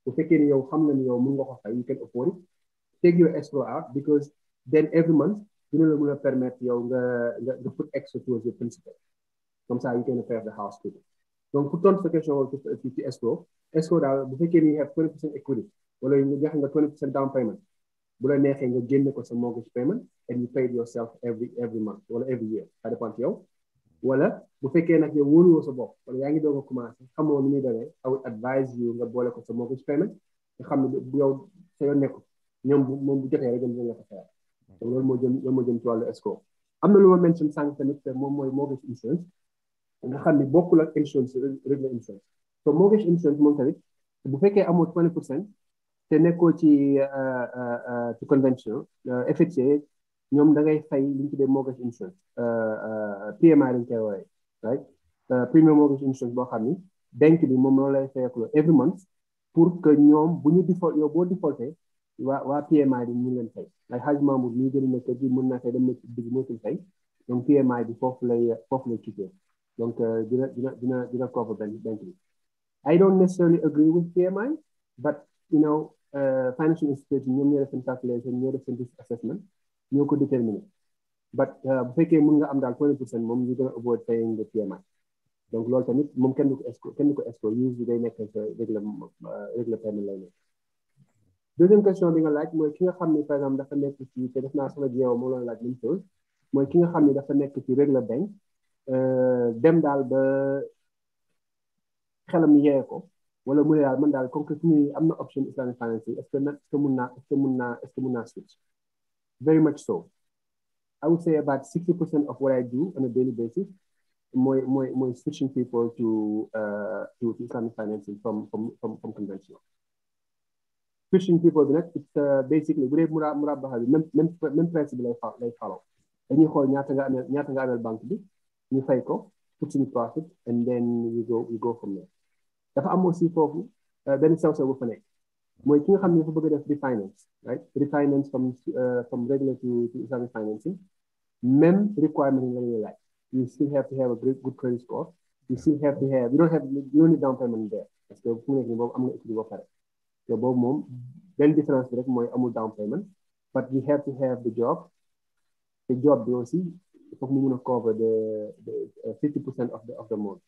bu fekkee ni yow xam nga ni yow mun nga ko fay you can afford it take your escrow out because then every month you la mën permit permettre yow nga nga put extra towards your principal comme ça you can affect the house too donc pour tontu sa question woon ci ci escrow escrow daal bu fekkee ni you have twenty percent equity wala nga have a twenty percent down payment bu la neexee nga génne ko sa mortgage payment and you pay yourself every every month or every year ça dépend ci yow wala bu fekkee nag yow wóoluwoo sa bopp wala yaa ngi doog a commencé xamoo ni muy demee I would advise you nga boole ko sa mortgage payment nga xam ne yow sa yoon nekkul ñoom bu moom bu jotee rek ñoom ñoo loolu moo jëm loolu moo ci wàllu escrow am na lu ma mention sànq tamit moom mooy mortgage insurance nga xam ni bokkul ak insurance regular insurance so mortgage insurance moom tamit bu fekkee amoo 20 pour cent te nekkoo ci euh, euh, euh, ci convention FHA ñoom da ngay fay li ñu tuddee mortgage insurance PMI dañ koy wooye right premier mortgage insurance boo xam ni banque bi moom loolu lay fayeeku every month pour que ñoom bu ñu default yow boo defaultee waa PMI bi ñu leen fay like Hadj Mahmoud mi jël na kër mën naa fay dem na ci digg mosul fay donc PMI bi foofu lay foofu lay kickee donc euh, dina dina dina dina cover benn benn I don't necessarily agree with PMI but you know euh, financial institution ñoom ñoo def seen calculation ñoo def seen risk assessment ñoo déterminer but euh, bu fekkee mën nga am daal 20 percent moom ñu gën a avoid paying the PMI donc loolu tamit moom kenn du ko escrow kenn du ko use day nekk règle règle paiement lay nekk deuxième question bi nga laaj mooy ki nga xam ni par exemple dafa nekk ci te def naa sama jiew moom la laaj même chose mooy ki nga xam ni dafa nekk ci rek la benn euh, dem daal ba xelam yee ko wala mu ne daal man daal comme que suñuy am na option islamic financing est ce que nag est ce que mun naa est ce que mun naa est ce que mun naa switch very much so I would say about 60% of what I do on a daily basis mooy mooy mooy switching people to uh to islamic financing from from from from conventional Christian people bi nag it's uh, basically bu dee murabaha bi même même même principe lay fa lay follow dañuy xool ñaata nga amee ñaata nga amee banque bi ñu fay ko put in profit and then you go you go from there dafa am aussi foofu euh, benn sew sew bu fa nekk mooy ki nga xam ne dafa bëgg a def refinance right refinance from euh, from regular to to islamic financing même requirement la ñuy laaj you still have to have a great good credit score you still have to have you don't have you don't need down payment there parce que fu mu nekk nii boobu am nga étude ba pare te boobu moom benn différence bi rek mooy amul down payment but we have to have the job te job bi aussi il faut que mu mun a cover the the uh, fifty percent of the of the month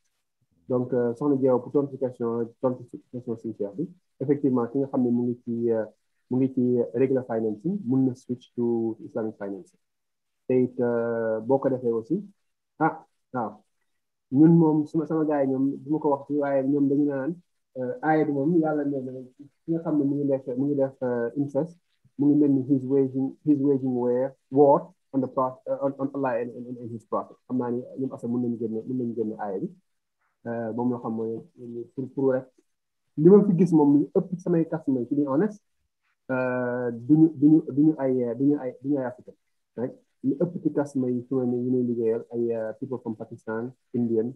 donc euh, soxna Diaw pour tonification tonification sincère bi effectivement ki nga xam ne mu ngi ci euh, mu ngi ci regular financing mun na switch to islamic financing te it euh, boo ko defee aussi ah waaw ñun moom suma sama gars yi ñoom bu ma ko wax ci waaye ñoom dañu naan Euh, aaya bi moom yàlla nee na ki nga xam ne mu ngi def mu ngi def euh, incest mu ngi mel ni his waging his waging war on the prophet uh, on on Allah and his prophet xam naa ni ñoom asa mën nañu génne mën nañu génne aaya bi euh, moom loo xam mooy pour pour rek li ma fi gis moom li ëpp samay customer ci di honest duñu duñu duñu ay duñu ay duñu ay africain rek li ëpp ci customer yi suwene yu ñuy liggéeyal ay people from Pakistan Indian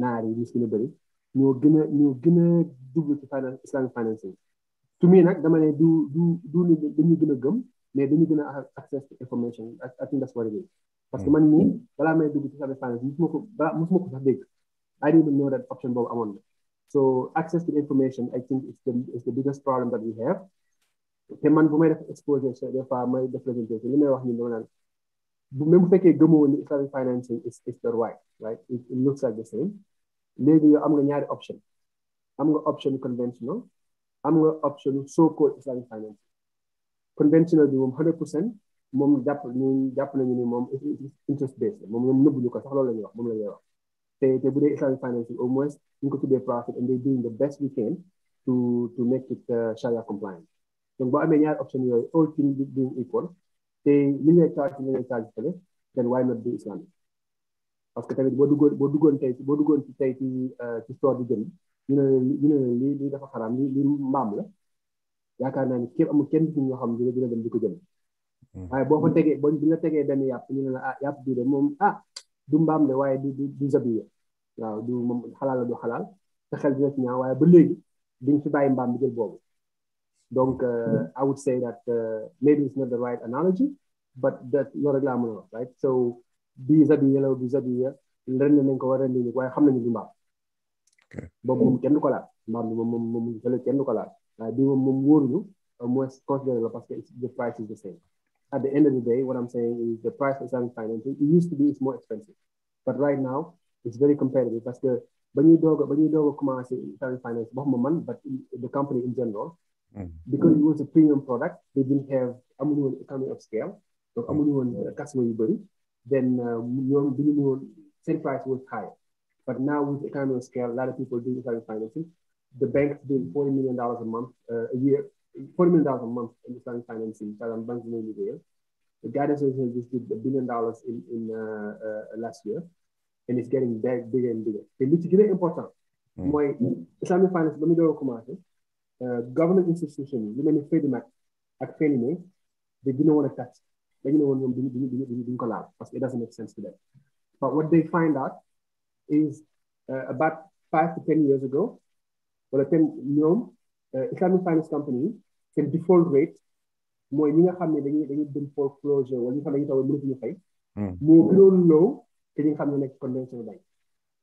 naar yi ñu si gën a bëri ñoo gën a ñoo gën a ci finance islamic financing su mii nag dama ne du du du dañu gën a gëm mais dañu gën a access to information I think that's what it is parce que man nii balaa may dugg ci islamic finance musuma ko balaa musuma ko sax dégg I didn't even know that option boobu amoon so access to information I think is the is the biggest problem that we have te man bu may def exposé des fois may def présentation li may wax ñun dama naan bu même bu fekkee gëmoo ni islamic financing is is the right right it looks like the same léegi yow am nga ñaari option am nga option conventional am nga option so called islamic finance conventional bi moom 100 percent mom. moom jàpp ñun jàpp nañu ni moom interest based Mom moom ñoom nëbbuñu ko sax loolu la ñuy wax moom la wax te te bu dee islamic finance au moins ñu ko tuddee profit and they doing the best we can to to make it uh, sharia compliant donc boo amee ñaari option yooyu all things being equal te li ngay charge li ngay charge fële then why not do islamic parce que tamit boo duggoon boo duggoon tey boo duggoon ci tey ci euh, ci store di jënd ñu ne ñu lii dafa xaraam lii lii mbaam la yaakaar naa ni képp amul kenn ci ñoo xam ne dina dem di ko jënd. Mm-hmm. waaye boo ko tegee boo dina tegee benn yàpp ñu ne la ah yàpp bii moom ah du mbaam de waaye du du du waaw moom xalaal la du xalaal te xel dina ci ñaaw waaye ba léegi diñ fi bàyyi mbaam bi jël boobu. donc euh, mm-hmm. I would say that euh, maybe it's not the right analogy but that loolu rek laa right so. Bisa habillé la bisa habillé ya. len nañ ko war a indi waaye xam nañu du mbaam boobu moom kenn du ko laal mbaam bi moom moom moom fële kenn ko laal nah, waaye bi moom moom wóoruñu mooy uh, considéré la parce que the price is the same at the end of the day what I'm saying is the price is on finance, it used to be it's more expensive but right now it's very competitive parce que ba ñuy doog a ba ñuy doog a commencé man but the company in general hmm. because it was a premium product they didn't have amuñu woon economy of scale donc amuñu woon customer yu bari then ñoom duñu mënoon price was higher. But now with economy of scale, a lot of people do economic financing. The bank's doing $40 million a month, uh, a year, $40 million a month in Islamic financing, but I'm banking in the The guidance agency just did a billion dollars in, in uh, uh, last year, and it's getting big, bigger and bigger. The li ci gën important My mm. Islamic finance let me do a commencé government institution you many mel ni Freddie Mac ak Fannie Mae da gën a war dañu ne woon ñoom duñu duñu duñu duñu ko laal parce it doesn't make sense to them but what they find out is uh, about five to ten years ago wala ten ñoom uh, Islamic finance company seen default rate mooy ñi nga xam ne dañuy dañuy dem foreclosure wala ñi nga xam ne dañuy taw mënatuñu fay hmm. moo gënoon low te ñi nga xam ne nekk conventional bank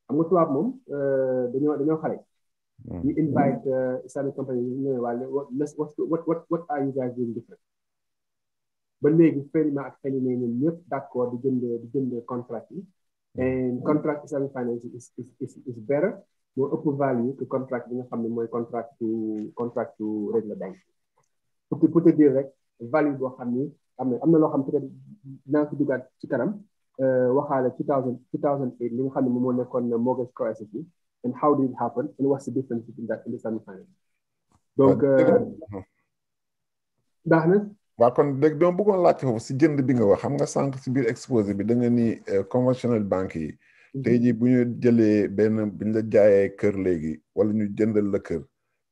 xam nga tubaab moom uh, dañoo dañoo xale ñu hmm. invite uh, Islamic company ñu ne waa what what what are you guys doing different ba léegi Ferima ak Ferime ñoom ñëpp d' accord di jëndee di jëndee contract yi hmm. and contract islamic finance is is is better moo ëpp value que contract bi nga xam ne mooy contract u contract u régler bank pour pour te dire rek value boo xam ni am na am na loo xam peut-être dinaa ko dugaat ci kanam euh, waxaale 2000 2008 li nga xam ne moom moo nekkoon mortgage crisis bi and how did it happen and what's the difference between that and islamic finance donc ah, euh, baax na waaw kon léegi dama bëggoon laajte foofu si jënd bi nga wax xam nga sànq si biir exposé bi da nga ni euh, conventionnel banque yi mhm. tey jii bu ñu jëlee benn bu ñu la jaayee kër léegi wala ñu jëndal la kër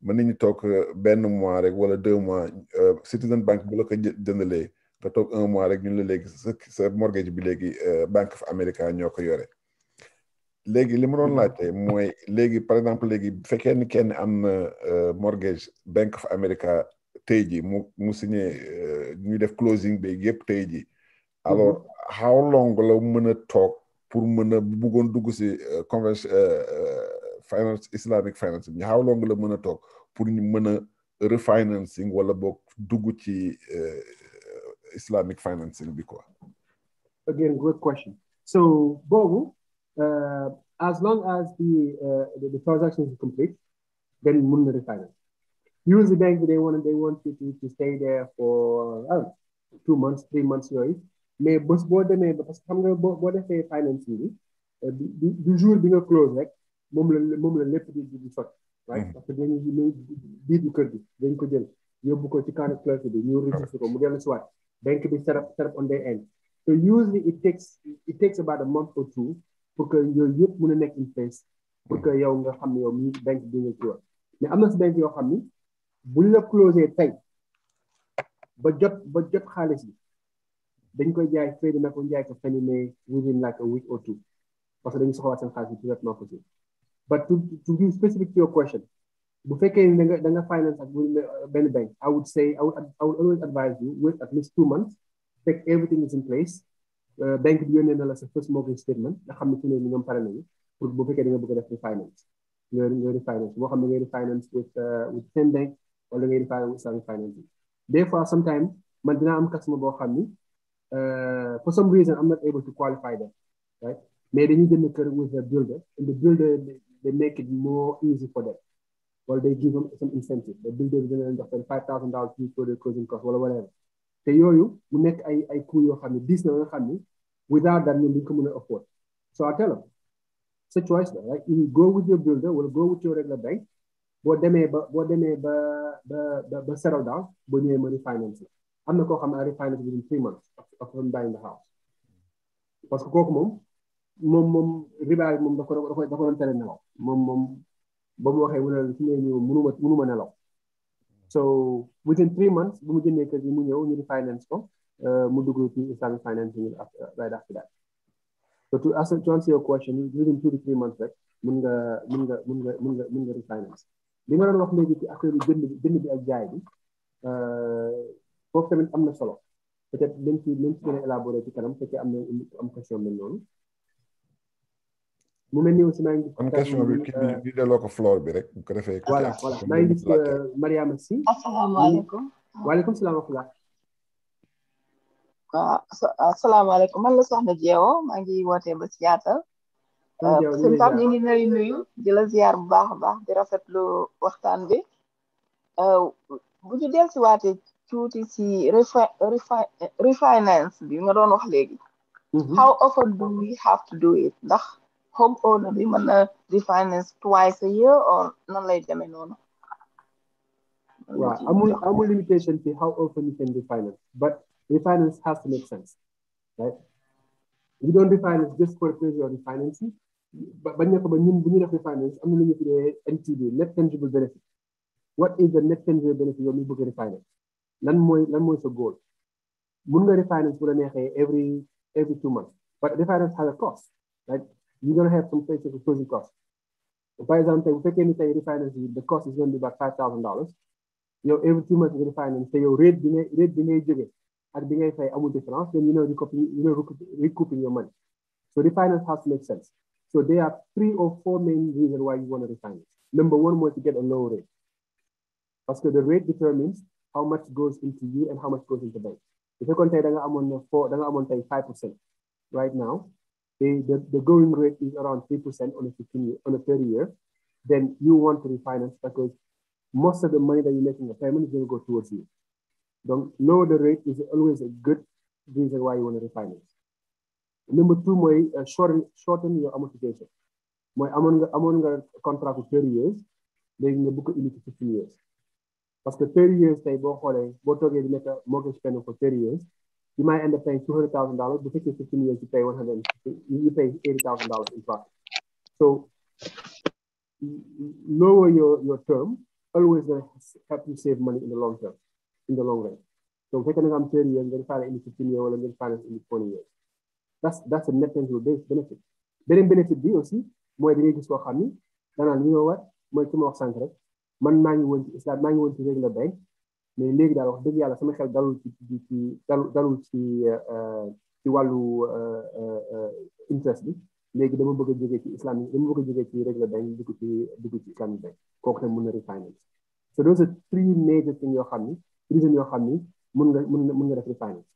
mën ñu toog euh, benn mois rek wala deux mois euh, citizen banque bu la ko jëndalee nga toog un mois rek ñu la léegi sa sa mortgage bi léegi banque of America ñoo ko yore léegi li ma doon mhm. laajte mooy léegi par exemple léegi bu fekkee ni kenn am na mortgage banque of America tey ji mu mu signé euh, ñuy def closing ba yëpp tey ji mhm. alors how long la mën a toog pour mën a bëggoon dugg si euh, convention euh, finance islamic financing bi how long la mën a toog pour ñu mën a refinancing wala boog dugg ci islamic financing bi quoi. again great question so boobu as long as the the transaction is complete then mën na refinance Usually, bank they want they want you to, to stay there for two months, three months yooyu mais bés boo demee ba parce que xam nga financing bi euh, du jour bi nga close rek moom la la lépp di di right mm-hmm. parce que you dañuy biir kër gi dañ ko jël yóbbu ko ci carnet clerk bi ñu registré ko mu dellu si waat bank bi set up set up on the end so usually it takes it takes about a month or two pour que yooyu yëpp mën a nekk in place pour que yow nga xam yow mi bank bi nga ci war mais bank yoo xam ni buñ la closé tey ba jot ba jot xaalis bi dañ koy jaay fee dina ko jaay ko feni ne within like a week or two parce que dañu soxlawaat seen xaalis bi directement possible but to to be specific to your question bu fekkee ne danga danga finance ak benn bank I would say I would I would always advise you wait at least two months check everything is in place euh, bank bi yónnee na la sa first mortgage statement nga xam ne fi ne ni ñoom pare nañu pour bu fekkee da nga bëgg a def refinance nga nga refinance boo xam ne nga refinance with euh, with seen bank wala ngay def islamic financing des fois sometimes man i am customer boo xam ni euh, for some reason I'm not able to qualify them right mais dañuy jënd kër with a builder and the builder they make it more easy for them well they give them some incentive the builder dina leen jox seen five thousand dollars for the closing cost wala whatever te yooyu mu nekk ay ay coûts yoo xam ne diis na nga xam without that ñun duñ ko mën a afford so I tell them it's a choice right you go with your builder or go with your regular bank boo demee ba boo demee ba ba ba settle down boo ñëwee ma refinance la am na koo xam ne refinance within three months of him buying the house parce que kooku moom moom moom ribaay moom da ko da ko da ko doon tere nelaw moom moom ba mu waxee mu ne su ñëwee ñëw mënuma mënuma nelaw so within three months bu mu jëndee kër gi mu ñëw ñu refinance ko euh, mu dugg ci islamic financing right after that so to answer to answer your question within two to three months rek mun nga mun nga mun nga mun nga mun nga refinance li ma doon wax léegi ci affaire bi jënd jaay bi euh, foofu tamit am na solo peut-être dañ a élaborer am question mel noonu mu mel ni aussi maa ngi. am question bi gis euh, Mariama Sy. asalaamaaleykum. waaleykum ah, man la soxna Jeewo maa ngi ba si sëñ Pape ñu ngi nuyu di la ziar bu baax baax di rafetlu waxtaan bi euh, bu ñu dellusiwaatee tuuti si refinance bi nga doon wax léegi. Mhm. how often do we have to do it ndax home owner bi mën na refinance twice a year or nan lay demee noonu. waaw amul amul limitation fi how often you can refinance but refinance has to make sense right. You don't refinance just for pleasure of refinancing bañ na ko ba ñun bu ñu def refinance am lu ñu tuddee NTB net tangible benefit what is the net tangible benefit yow mi bëgg refinance lan mooy lan mooy sa goal mun nga refinance bu la neexee every every two months but refinance has a cost like you gonna have some places of closing cost For example, if bu fekkee ni tey refinance the cost is gonna be about five thousand dollars yow every two months you refinance te yow rate bi ngay rate bi ngay jóge ak bi ngay fay amul différence then you know recouping you know recouping your money so refinance has to make sense so there are three or four main reasons why you want to refinance. Number one was to get a low rate. because the rate determines how much goes into you and how much goes into the bank. If you contact danga amon four, danga amon tay five percent right now. The, the, the going rate is around three percent on a fifteen year, on a thirty year. Then you want to refinance because most of the money that you're making a payment is going to go towards you. Donc, lower the rate is always a good reason why you want to refinance number two my uh, shorten shorten your amortisation My amoon nga amoon nga contrat bu thirty years léegi nga bëgg ko indi ci fifteen years parce que thirty years tey boo xoolee boo toogee di a mortgage payment for thirty years you might end up paying two hundred thousand dollars bu fekkee fifteen years you pay one hundred you pay eighty thousand dollars in profit so lower your your term always help you save money in the long term in the long run so bu fekkee nga am thirty years nga di faale indi fifteen years wala nga faale indi twenty years that's that's a net tangible benefit beneen benefit bi aussi mooy da ngay gis koo xam ni danaan li nga war mooy ki ma wax sànq rek man maa ngi woon ci islam maa ngi woon ci regular bank mais léegi daal wax dëgg yàlla sama xel dalul ci ci dalul ci euh, euh, ci wàllu euh, interest bi léegi dama bëgg a ci islam dama bëgg a jógee ci regular bank dugg ci dugg ci islamic bank kooku tam mën na refinance so those are three major things yoo xam ni reason yoo xam ni nga mun nga def refinance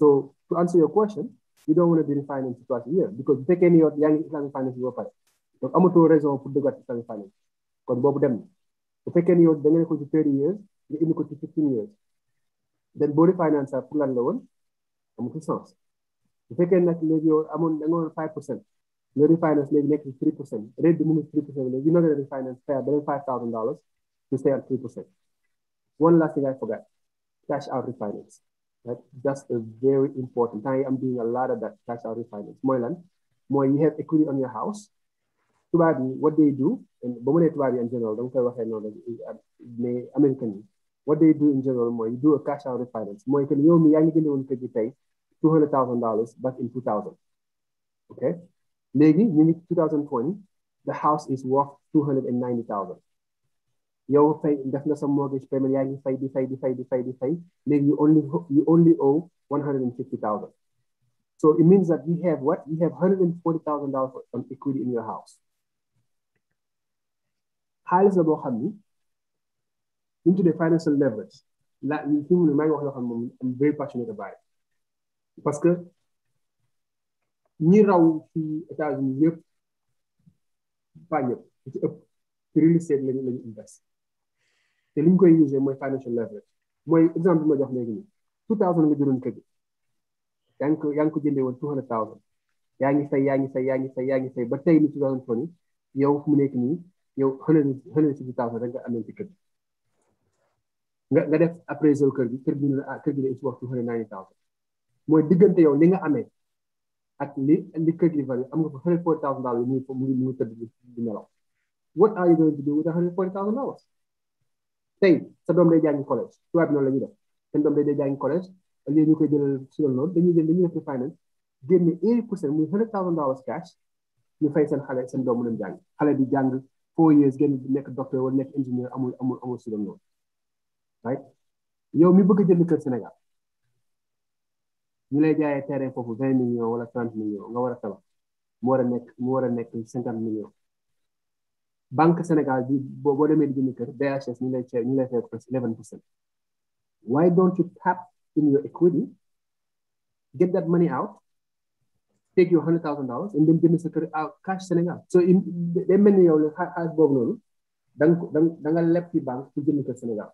so to answer your question you don't want to be refinancing finance situation here because take any ni yow yaa ngi islamic finance bi I'm donc amatoo raison pour dëggaat islamic finance kon boobu dem na bu fekkee ni yow da nga thirty years nga indi ko ci fifteen years then boo di finance pour lan la woon amatul sens bu fekkee nag léegi yow amoon da nga woon five percent nga refinance maybe nekk ci three percent rate bi mu three percent léegi you know to refinance fay beneen five thousand dollars to stay at three percent one last thing I forgot cash out refinance Right? That's a very important. I am doing a lot of that cash out refinance. Mooy lan you have equity on your house tubaab what they do and do mu in general Don't care what I know. mais américain American. what they do in general more you do a cash out refinance mooy can yow mi yaa ngi jëndewoon kër gi two hundred thousand dollars back in two thousand okay Maybe, Maybe two thousand twenty the house is worth two hundred and ninety thousand yow fay def na sa mortgage payment yaa ngi fay di fay di fay di fay di fay léegi you only you only owe one hundred and fifty thousand so it means that you have what you have hundred and forty thousand dollars on equity in your house xaalis la boo xam ni li ñu tuddee financial leverage la fi mu ne maa ngi wax loo xam moom I'm very passionate about it parce que ñi raw ci États-Unis yëpp ba ñëpp ci ëpp ci real estate lañu lañu invest te li ñu koy usé mooy financial leverage mooy exemple bi ma jox léegi nii two thousand nga jëloon kër gi yaa ngi ko yaa ngi jëndee woon two hundred thousand yaa ngi fay yaa ngi fay yaa ngi fay yaa ngi fay ba tey ni two thousand twenty yow fu mu nekk nii yow hundred hundred sixty thousand rek nga amee ci kër nga nga def appraisal kër gi kër gi ne ah kër gi ne it's worth two hundred ninety thousand mooy diggante yow li nga amee ak li li kër gi value am nga fa hundred forty thousand dollars mu ngi mu ngi tëdd thousand dollars tey sa doom day jàngi collège tubaab bi noonu la ñuy def seen doom day day jàngi collège léegi ñu koy jëlal si loolu dañuy jël dañuy def ni finance génne eighty percent muy hundred thousand dollars cash ñu fey seen xale seen doom mu dem jàng xale bi jàng four years génn nekk docteur wala nekk ingénieur amul amul amul si loolu right yow mi bëgg a jënd kër Sénégal ñu lay jaayee terrain foofu vingt millions wala trente millions nga war a tabax mu war a nekk mu war a nekk cinquante millions banque Sénégal bi boo boo demee di jënd kër BHS ñu lay ñu lay fay eleven percent why don't you tap in your equity get that money out take your hundred thousand dollars and then jënd sa kër out cash Sénégal so in day mel ni yow la xaalis boobu noonu da nga da da nga leb ci banque ci jënd kër Sénégal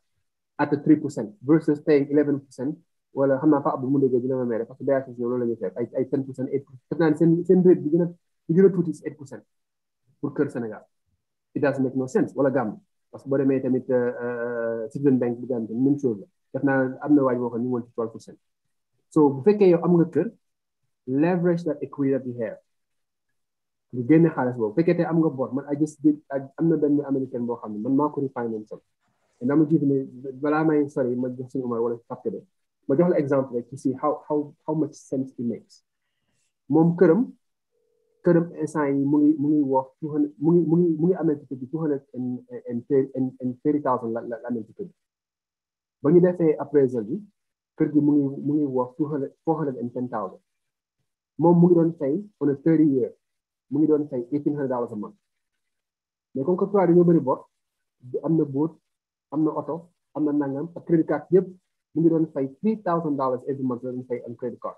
at three percent versus paying eleven percent wala xam naa fa ab bu mu déggee dina ma mere parce que BHS yow loolu la ay ay ten percent eight percent def naa ne rate bi gën a bi gën a eight percent pour kër Sénégal it doesn't make no sense wala Gambie parce que boo demee tamit euh, euh, Citizen Bank bu Gambie tamit même chose la def naa am na waaj boo xam ñu woon ci 12 bu fekkee yow am nga kër leverage that equity that you have lu génne xaalis boo bu fekkee te am nga bor man I just did am na benn américain boo xam ne man maa ko refinance am te dama gis ne balaa may sori ma jox suñu Omar wala fàtte de ma jox la exemple rek to see how how how much sense it makes moom këram këram instant yi mu ngi mu ngi wax mu ngi mu ngi mu ngi amee ci kër gi two hundred and thirty thousand la amee ci kër gi ba ñu defee appraisal bi kër gi mu ngi mu ngi wax two hundred four hundred and ten thousand moom mu ngi doon fay on a thirty year mu ngi doon fay eighteen hundred dollars a month mais comme que trois dañoo bëri bor am na boot am na oto am na nangam ak crédit card yëpp mu ngi doon fay three thousand dollars every month la doon fay am crédit card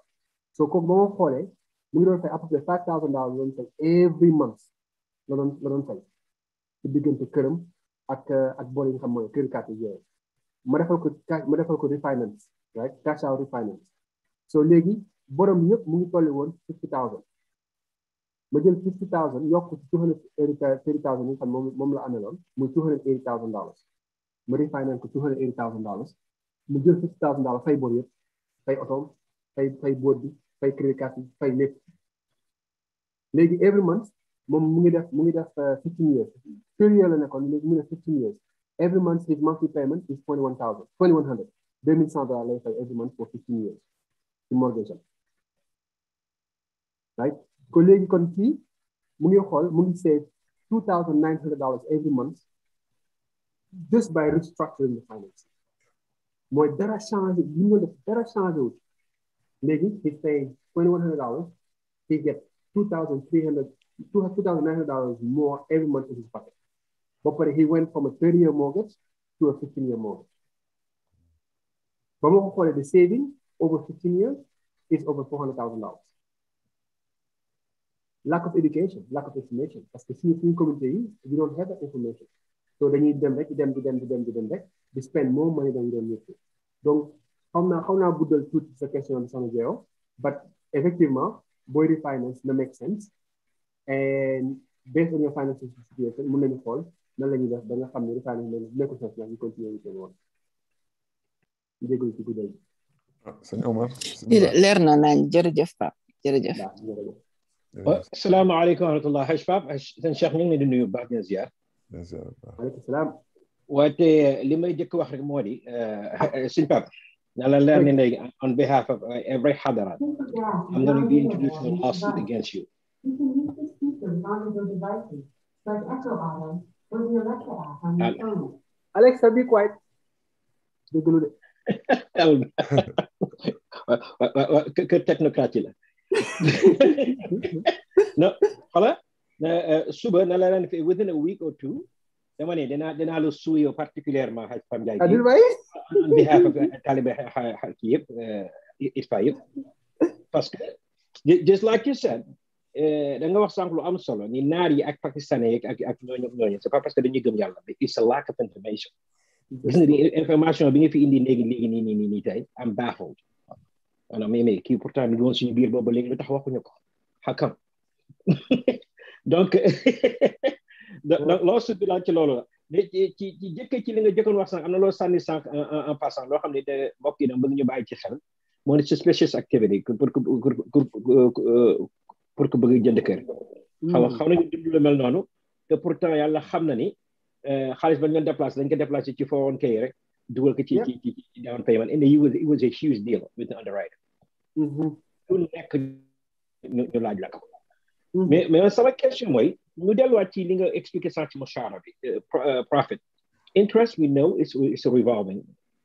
so kooku ba ma xoolee mu ngi doon fay à peu près five thousand dollars la doon fay every month la doon la fay ci ak ak boor yi xam mooy kër ma defal ko ma defal ko refinance right cash out léegi borom yëpp mu ngi woon fifty ma jël fifty yokk ci two hundred xam moom moom la ameloon muy two hundred eighty thousand dollars ma refinance ko two hundred eighty thousand mu jël fifty thousand dollars fay yëpp fay otoom fay fay bi fay crédit fay lépp léegi every month moom mu ngi def mu ngi def uh, fifteen years période la nekkoon léegi mu ngi def fifteen years every month his monthly payment is twenty one thousand twenty one hundred deux mille cent dollars lay fay every month for fifteen years ci mortgage am right ko léegi kon kii mu ngi xool mu ngi save two thousand nine hundred dollars every month just by restructuring the finance mooy dara changé li mu def dara changé Maybe he's paying $2,100. He gets $2,300, $2,900 more every month in his pocket. But, but he went from a 30 year mortgage to a 15 year mortgage. But what we the saving over 15 years is over $400,000. Lack of education, lack of information. As the senior community, communauté, we don't have that information. So they need them, they them, them, them, them, them, They spend more money than we don't need to. Don't. xaw naa xaw naa guddal tuuti sa question bi sama jeew but effectivement booy refinance na make sense and based on your financial situation mun nañu xool nan la ñuy def ba nga xam ne refinance nañu nekkul sa ñu continuer ñu seen woon jégalu ci guddal bi. Ah, sëñ Omar. leer na naañ jërëjëf Pape jërëjëf. Oh, salaamaaleykum wa rahmatulah Haji Pape seen Cheikh ñu ngi leen di salaam. waaye li may jëkk wax rek moo di eh, sëñ Pape. on behalf of uh, every Hadarat. I'm going to be introducing a lawsuit against you. Alexa, be quiet. que technocrate la non suba na within a week or two dama ne dina dina la suyo particulièrement xaj Pam on behalf of Taliban Kiev, if Taif, parce que just like you said da nga wax sànq lu am solo ni naar yi ak pakistanais yi ak ak ñooñu ñooñu c'est pas parce que dañuy gëm yàlla mais it's a lack of information. gis nga bi nga fi indi léegi léegi nii nii nii tey am baaxul. non mais mais kii pourtant ñu doon suñu biir boobu léegi lu tax waxuñu ko xakam donc. loo suddi laa ci loolu la. ci ci ci jëkkee ci li nga jëkkoon wax sànq am na loo sànni sànq en en passant loo xam ne te mbokk yi dama bëgg ñu bàyyi ci xel moo ne suspicious activity pour pour que bëgg jënd kër. Hmm. xaw xaw nañu dund lu mel noonu te pourtant yàlla xam na ni euh, xaalis ba ñu doon déplacé dañu ko déplacé ci 401k rek dugal ko ci ci ci down payment and it was it was a huge deal with the underwriter. lu mm-hmm. nekk ñu laaj la ko. Mm-hmm. mais mais sama question mooy. modèle waati li nga expliqué sànq mo chara bi euh, euh, profit interest we know is is a revolving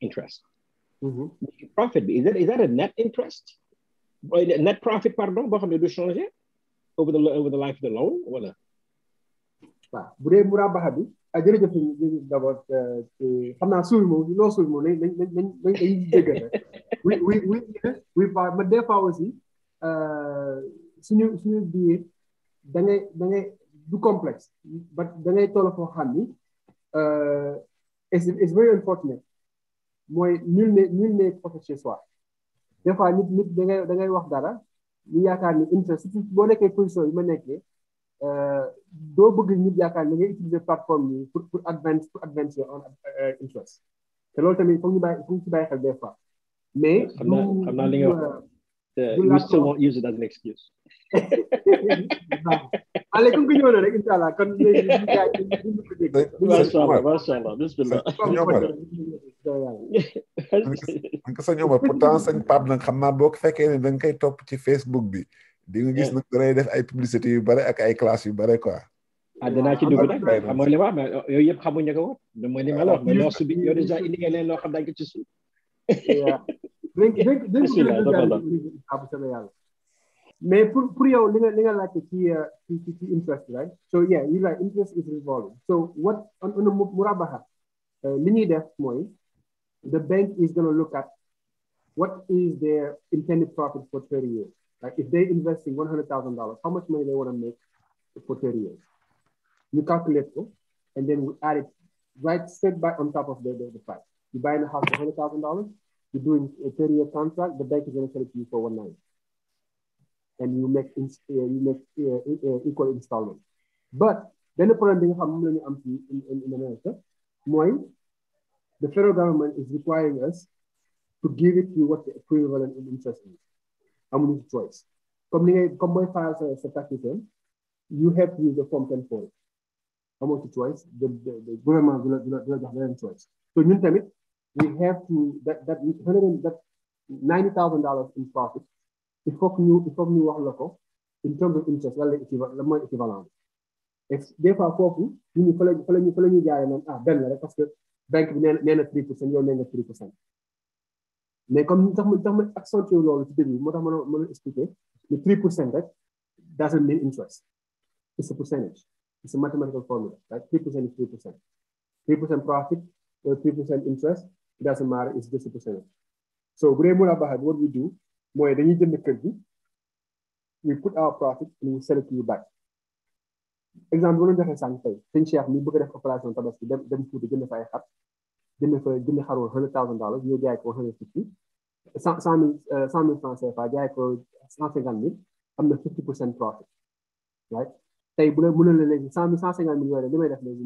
interest mm-hmm. profit is that is that a net interest net profit pardon boo xam ne du changer over the over the life of the loan wala waaw bu dee murabaha bi ah jërëjëf jërëjëf d' abord euh, xam naa suul moom loo suul moom nañ nañ nañ nañ ay déggal rek oui oui oui oui pas mais des fois aussi suñu suñu biir da ngay da ngay du complex ba da ngay toll foo xam ni euh, it's very unfortunate mooy nul ne nul ne prophète chez soi des nit nit da ngay da ngay wax dara ñu yaakaar ni interest surtout boo nekkee position yi ma nekkee euh, doo bëgg nit yaakaar ni da ngay utiliser yi pour pour advance pour advance your own euh, te loolu tamit foog ñu bàyyi foog ñu ci bàyyi xel des mais xam naa li nga wax uh, we still won't use it as an excuse. inshallah Facebook bi di nga gis nag danay def ay publicité yu bare ak ay yu quoi ah ci dugg wax ko woon mooy ma wax mais loo subi yow déjà indi nga leen xam dañ ko ci dinañ dinañ ko sama yàlla interest right so yeah you right interest is revolving so what on on a murabaha li uh, def the bank is going to look at what is their intended profit for 30 years like if they're investing $100,000 how much money they want to make for 30 years you calculate it and then we add it right straight back on top of the, the, the price you buy in a house for $100,000 you do a 30 year contract, the bank is going to sell it to you for one night. And you make, uh, you make uh, uh, equal installment. But then the problem in, in, in America, why the federal government is requiring us to give it you what the equivalent in interest is. I'm going to choice. Comme mooy file and sa tax return you have to use the form 1040 amoo ci choice the the government du not du not have any choice so ñun tamit we have to, that, that with 100, that $90,000 in profit, il faut que ñu il local in terms of interest Well, la équivalent lan mooy équivalent bi des fois foofu ñu ñu fa follow fa follow ñu guy. la ah benn rek because bank banque bi nee 3 percent, cent yow nee 3 percent. cent mais comme tax ma tax ma accentué loolu ci début moo tax ma la le 3 percent right doesn't mean interest it's a percentage it's a mathematical formula right 3 percent is 3 percent. 3 percent cent profit uh, 3 percent interest it doesn't matter it's just a percentage so what we do we put our profit and we sell it to you back exemple bu la joxee sànq tey sëñ Cheikh mi bëgg a def opération tabaski dem dem for jënd fa ay hundred thousand dollars ñu jaay for hundred fifty cent cent mille euh, cent mille francs CFA jaay ko cent am the fifty percent profit right They will la mën na la léegi cent They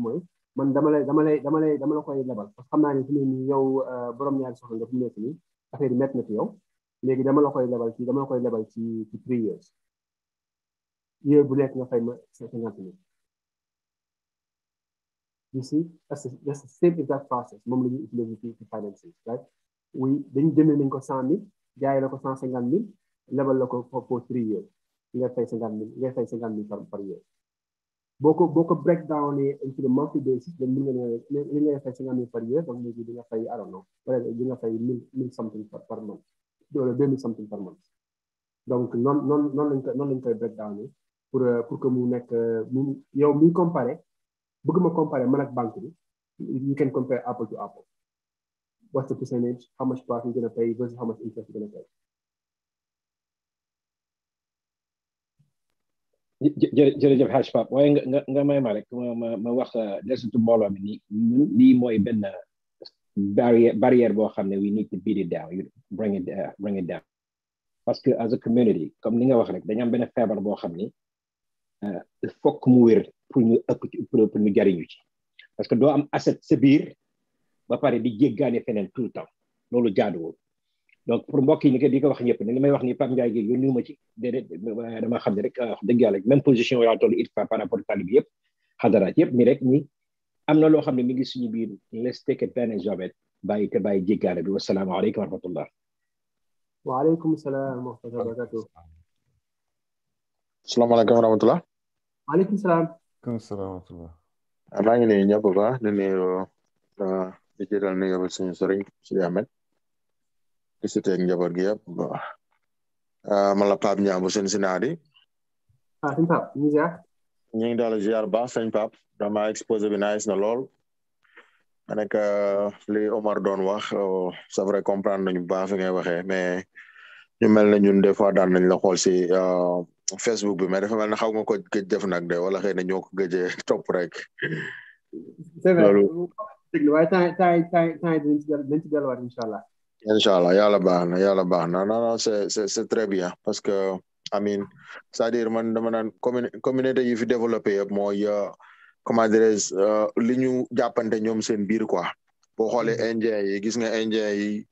may man dama lay dama lay dama dama la koy lebal parce que xam naa ne fi mu nii yow euh, borom ñaari soxla nga fi mu nii affaire yi métti na ci yow léegi dama la koy lebal ci dama la koy lebal ci ci three years bu nekk nga fay ma cinquante mille you see that's the same exact process moom la ñuy utiliser ci ci financing dañu jëmee nañ ko cent mille jaay la ko cent cinquante mille lebal la ko pour three years nga fay cinquante mille nga fay cinquante mille par boo ko boo ko break down into the monthly basis then mën nga li ngay fay cinquante fay I don't know par exemple fay mille something par month wala deux mille something par month donc noonu noonu noonu lañ koy noonu lañ koy break pour euh, pour que mu nekk euh, mu yow muy comparé bëgg ma comparé man ak banque bi you can compare apple to apple what's the percentage how much profit interest you gonna pay jërëjëf xaaj Pape waaye nga nga may ma rek ma ma wax euh, desutu mbooloo mi ni ñun lii mooy benn barrière barrière boo xam ne we need to beat it down bring it uh, bring it down parce que as a community comme ni nga wax rek dañu am benn feebar boo xam ni euh, fokk mu wér pour ñu ëpp ci pour ñu jariñu ci parce que doo am asset sa biir ba pare di jéggaane feneen tout le temps loolu jaaduwul donc pour mbokk ni di ko wax ñep ni may wax ni Pape Ndiaye gi yónni ma ci déedéet dama xam ni rek wax deug yalla même position ya tollu it par rapport talib yëpp xadaraat yep ni rek ni amna lo xamni mi ngi suñu biir les take advantage of it bàyyi te baye jigaale bi alaykum wa rahmatullah wa alaykum salaam wa rahmatullah barakatuh alaykum wa rahmatullah waaleykum salaam waaleykum salaam wa rahmatullah maa ngi nuyu ñëpp ba di nuyu ah, di jëral nuyu suñu sëriñ Sidi Ahmed di si teeg gi yëpp ma la Pape Niang bu Cincinnati ah ziar ñu ngi daal ziar dama expose bi nice na lol ane ka li Omar don wax c'est vrai comprendre nañu ba fi ngay waxee mais ñu mel na ñun des fois dan nañ la si Facebook bi mais dafa mel na xaw nga ko gëj def nag de wala xëy na ñoo ko je top rek loolu. waaye tay tay tay tay dinañ ci delluwaat incha allah incha allah yàlla baax na yàlla baax na non non c'est c'est très bien parce que amin c'est-à-dire man dama naan commune communauté yi fi développé yëpp mooy euh, comment dirais-je euh, li ñu jàppante ñoom seen biir quoi boo xoolee mm-hmm. indien yi gis nga indien yi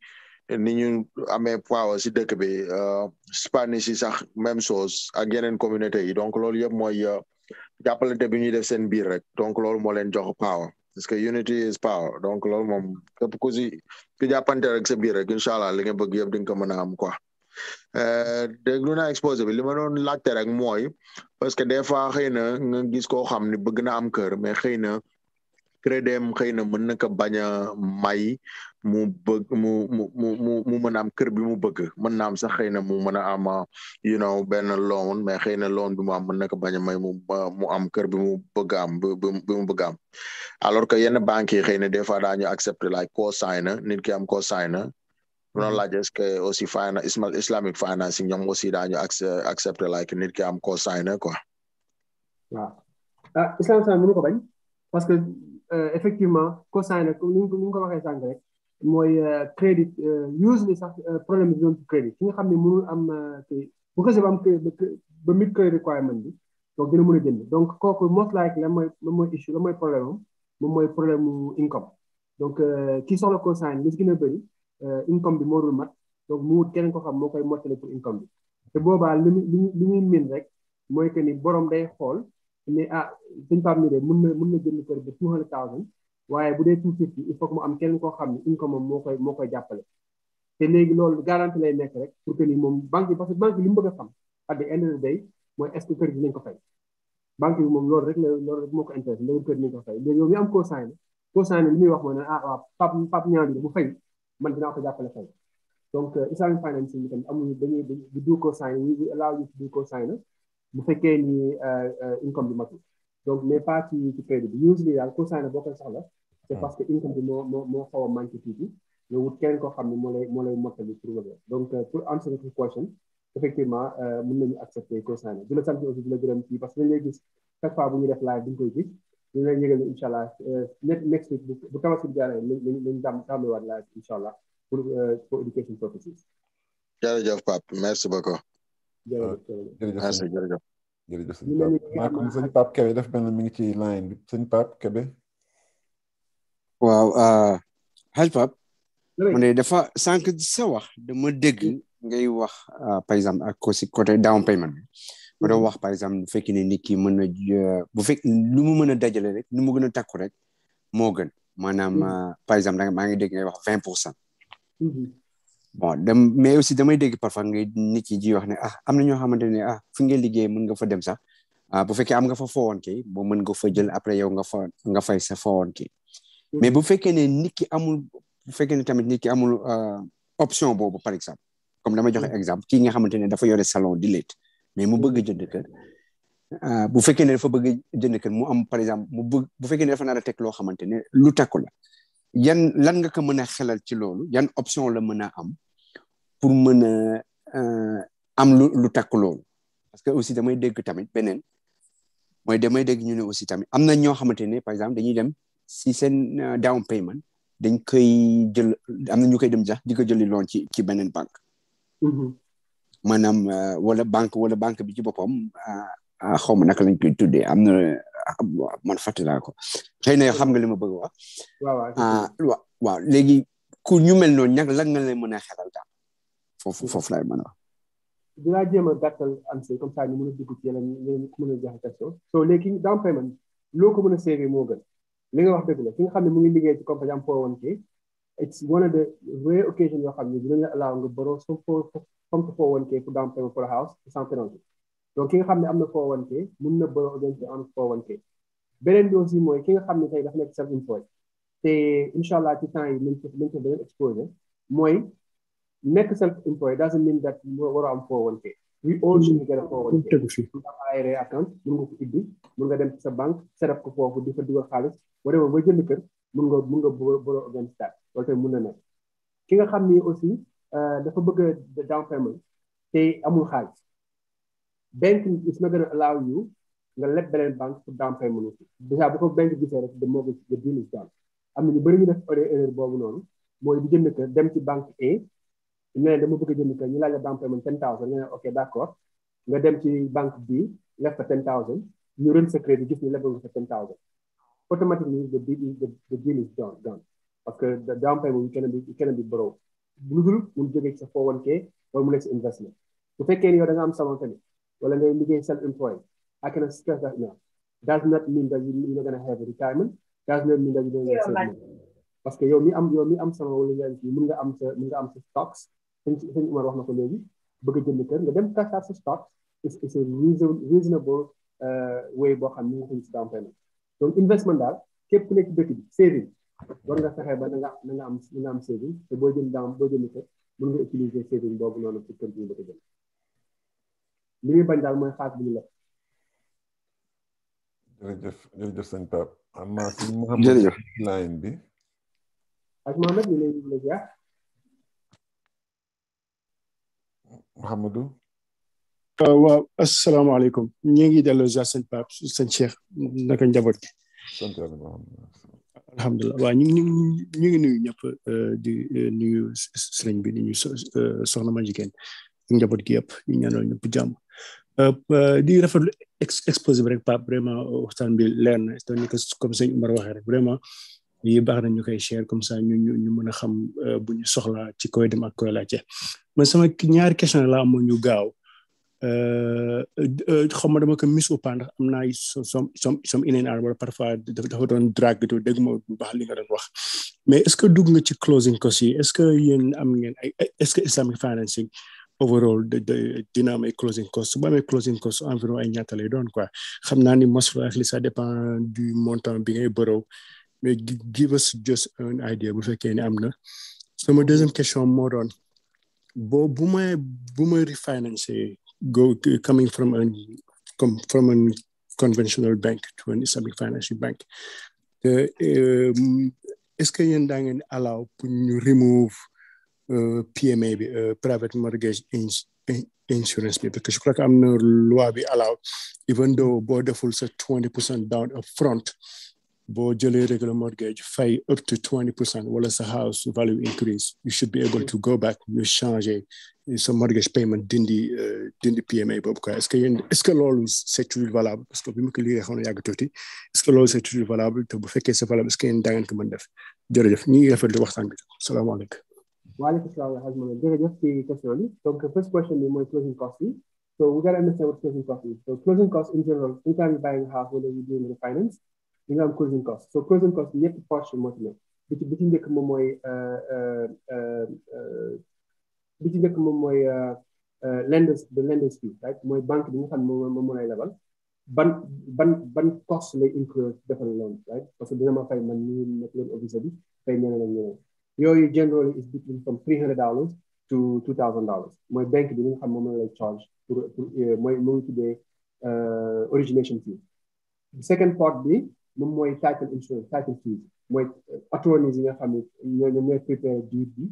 ni ñu amee power si dëkk bi euh, spanish yi sax même chose ak yeneen communauté yi donc loolu yëpp mooy jàppalante bi ñuy def seen biir rek donc loolu moo leen jox power parce que unity is power donc loolu mom képp ku si ku jàppante rek sa biir rek incha allah li nga bëgg yëpp eh, di nga ko mën a am quoi déglu naa exposé bi li ma doon laajte rek mooy parce que des fois xëy nga gis ni bëgg na am kër mais xëy na crédit am may mu bëgg mu mu mu mu mën a am kër bi mu bëgg mën na am sax xëy na mu mën a am you know benn loon mais xëy na loon bi mu am mën na ko bañ a may mu mu am kër bi mu bëgg am bi mu bëgg am alors que yenn banques yi xëy na des fois daañu accepter like cosigner nit ki am cosigner bu noonu mm-hmm. laaj est-ce que aussi finance islamic financing ñoom aussi daañu accepter like nit ki am cosigner quoi. waaw ah islam mënu ko bañ parce que euh, effectivement cosigner comme ni ko waxee sànq rek. mooy euh, crédit euh, usually sax euh, problème bi doon credit crédit ki nga xam ne mënul am kii bu xasee ba am ba mit crédit requirement bi donc dina mën a jënd donc kooku most like la mooy la mooy issue la mooy problème am moom mooy problème mu income donc ki soxla ko sign li si gën a bëri income bi moo dul mat donc mu wut keneen ko xam moo koy mottali pour income bi te boobaa li muy li muy min rek mooy que ni borom day xool ne ah suñ femme mi de mën na mën na jënd kër bi two hundred thousand waaye bu dee tuuti fii il faut que mu am kenn koo xam ne income moom moo koy moo koy jàppale te léegi loolu garanti lay nekk rek pour que ni moom banque bi parce que banque bi li mu bëgg a xam at the end the day mooy est-ce nañ ko fay banque bi moom loolu rek la loolu rek moo ko intéressé ndax kër gi nañ ko fay léegi yow mi am cosigné cosigné li muy wax mooy ne ah waaw pap pap ñaan bi bu fay ko jàppale fay donc euh, islamic financing bi tamit amuñu dañuy du cosigné we allow you to do cosigné bu fekkee ni euh, euh, income bi matul donc mais pas ci ci crédit bi usually daal cosigner boo koy soxla c'est hmm. parce que income bi moo moo moo xaw a manqué tuuti nga wut kenn koo xam ne moo lay mottali pour donc euh, pour answer your question effectivement euh, mën nañu accepter cosigner di la sant aussi di la gërëm ci parce que dañ lay gis chaque fois bu ñu def live di nga koy gis ñu lay yëgal ne incha allah euh, next week bu tabaski bi jaaree lañ lañ pour education purposes jërëjëf Pape merci beaucoup ah, merci jërëjëf jërëjëf sëñ Pape maa ko sëñ daf mel ne mi ngi ci line bi sëñ Pape Kebe. waaw xaj ah, Pape. ne dafa sànq sa wax dama dégg ngay wax ah, par exemple ak aussi côté down payment bi. ma doon wax par exemple bu fekkee ne nit ki mën na euh, bu fekk lu mu mën a dajale rek lu mu gën a takku rek moo gën maanaam ah, par exemple maa ngi dégg ngay wax vingt pour cent. Mhm. bon dem mais aussi damay dégg parfois ngay nit ki ji wax ne ah am na ñoo xamante ne ah fi nga liggéey mën nga fa dem sax ah bu fekkee am nga fa foowoon ki bo mën nga fa jël après yow nga fa nga fay sa foowoon ki hmm. mais bu fekkee ne nit ki amul bu fekkee ne tamit nit ki amul euh, option boobu par exemple comme dama joxe hmm. exemple kii nga xamante ne dafa yore salon di léet mais mu hmm. bëgg jënd kër ah, bu fekkee ne dafa bëgg jënd kër mu am par exemple mu bëgg bu fekkee ne dafa nar a teg loo xamante ne lu takku la yan lan nga ko mën a xelal ci loolu yan option la mën a am pour mën a euh, am lu lu takk parce que aussi damay dégg tamit beneen mooy damay dégg ñu ne aussi tamit am na ñoo xamante ne par exemple dañuy dem si seen euh, down payment dañ koy jël am na ñu koy dem sax di ko jëli loon ci ci beneen banque mm-hmm. maanaam euh, wala banque wala banque bi ci boppam xaw ma naka lañ koy tuddee am na man fàttalaa ko xëy na xam nga li ma bëgga wax ah, waaw léegi ku ñu mel noonu ñag lan nga leen mën a xelal daal foofu foofu laay mën a wax. dinaa jéem a gàttal answer comme ça ñu mën a dugg ci yeneen yeneen mën a joxe question soo léegi down payment loo ko mën moo gën li nga wax dëgg la ki nga xam ne mu ngi liggéey ci compagnie am 401k it's one of the rare occasion yoo xam ne dinañ la allow nga borrow some for some 401k pour down payment for a house donc ki nga xam ne am na 401k mun na borrow against the on 401k beneen bi aussi mooy ki nga xam ne tey dafa nekk self employed te incha ci temps yi nañ ko nañ mooy Make self-employed doesn't mean that war a am 401k we all should get a 401k have IRA account you mun nga ko You mun nga dem sa banque seref ko foofu di fa dugal xaalis wala ba jënd kër you go, you go borrow against that loolu tamit mun na nekk ki nga xam ni aussi euh, dafa bëgg a down payment te amul xaalis bank is not going to allow you nga leb beneen bank pour down payment aussi déjà bu ko bank gisee rek the mortgage the deal is done am na ñu bëri ñu def erreur boobu noonu mooy di jënd kër dem ci banque A mais dama bëgg a jënd kër ñu laaj down payment ten thousand nga dem ci banque bi lef fa ten thousand ñu rënd sa crédit gis ñu lebal nga fa ten thousand automatiquement the deal is the deal parce que down payment you cannot be you cannot be broke lu dul mu jógee ci sa 401k wala mu nekk sa investment bu fekkee ni yow da am salon wala ngay liggéey self employed I stress that enough does not mean that you're not gonna have a retirement does not mean that you don't have savings parce que yow mi sëñ sëñ wax na ko léegi bëgg a jënd kër nga dem taxaar sa stock est-ce que c'est euh, boo xam ni nga koy si down payment daal képp ku nekk dëkk bi saving war nga fexe ba na nga na am na nga am saving te boo jënd daam boo jënd kër mën nga utiliser saving boobu noonu pour continuer ba ko jënd li muy bañ daal mooy xaas bu ñu lekk. jërëjëf jërëjëf sëñ Pape. am naa si Mouhamed. jërëjëf line bi. ak Mohamedou euh, waaw asalaamaaleykum ñu ngi delloo ziar sëñ Pape sëñ Cheikh naka njaboot gi alhamdulilah waaw ñu ngi ñu ngi nuyu ñëpp euh, di euh, nuyu sëriñ bi di nuyu soxna ma jigéen njaboot gi yëpp ñu ñaanal ñëpp jàmm di rafetlu exposé bi rek Pape vraiment waxtaan bi leer na comme sëñ Umar waxee rek vraiment yi baax na ñu koy share comme ça ñu ñu ñu mën a xam euh, bu ñu soxlaa ci koy dem ak koy laajte man sama ñaari question la amoon ñu gaaw euh, xaw ma dama ko mis ou am naa som som som ineen ar wala parfois dafa doon drague to dégg ma bu baax li nga doon wax mais est ce que dugg nga ci closing costs yi est ce que yéen am ngeen ay est ce que islamic financing overall dina am ay closing costs bu amee closing costs environ ay ñaata lay doon quoi xam naa ni mosfla ak li ça dépend du montant bi ngay borow mais give us just an idea bu fekkee ne am na sama deuxième question moo doon boo bu may bu may refinance go coming from an from an conventional bank to an Islamic financial bank euh, est-ce que yéen ngeen allow pour ñu remove euh, PMA bi euh, private mortgage insurance bi parce que je crois que am na loi bi allow even though boo deful sa 20 percent down up front Borjele regular mortgage pay up to 20%, well the house value increase, you should be able to go back You change some mortgage payment dindi euh, dindi PMA boobu quoi est-ce que yéen est-ce que loolu c'est toujours valable parce que bi ma ko liggéey xaw na yàgg tuuti est-ce que loolu c'est toujours valable te bu fekkee c'est valable est-ce que yéen da ngeen ko mën def jërëjëf ñu ngi rafetlu waxtaan bi salaamaaleykum waaleykum salaam wa rahmatulah jërëjëf ci question bi donc first question bi mooy closing cost bi so we gotta understand what closing cost is so closing cost in general anytime you buying a house whether you're doing refinance we have closing costs. so closing costs ñetti portion moo ci nekk bi ci bi ci njëkk moom mooy euh, euh, euh, lenders the lenders fee right My bank didn't xam moom moom moo lay ban ban ban cost lay inclure defal loan right parce que dina ma fay man nii nekk loon officer bi fay ñeneen generally is between from three hundred dollars to two thousand dollars mooy banque bi nga xam moom lay charge pour my money mu ngi origination fee The second part bi moom mooy title insurance title fees mooy attorneys yi nga xam ne ñooñu ñooy préparé diir bi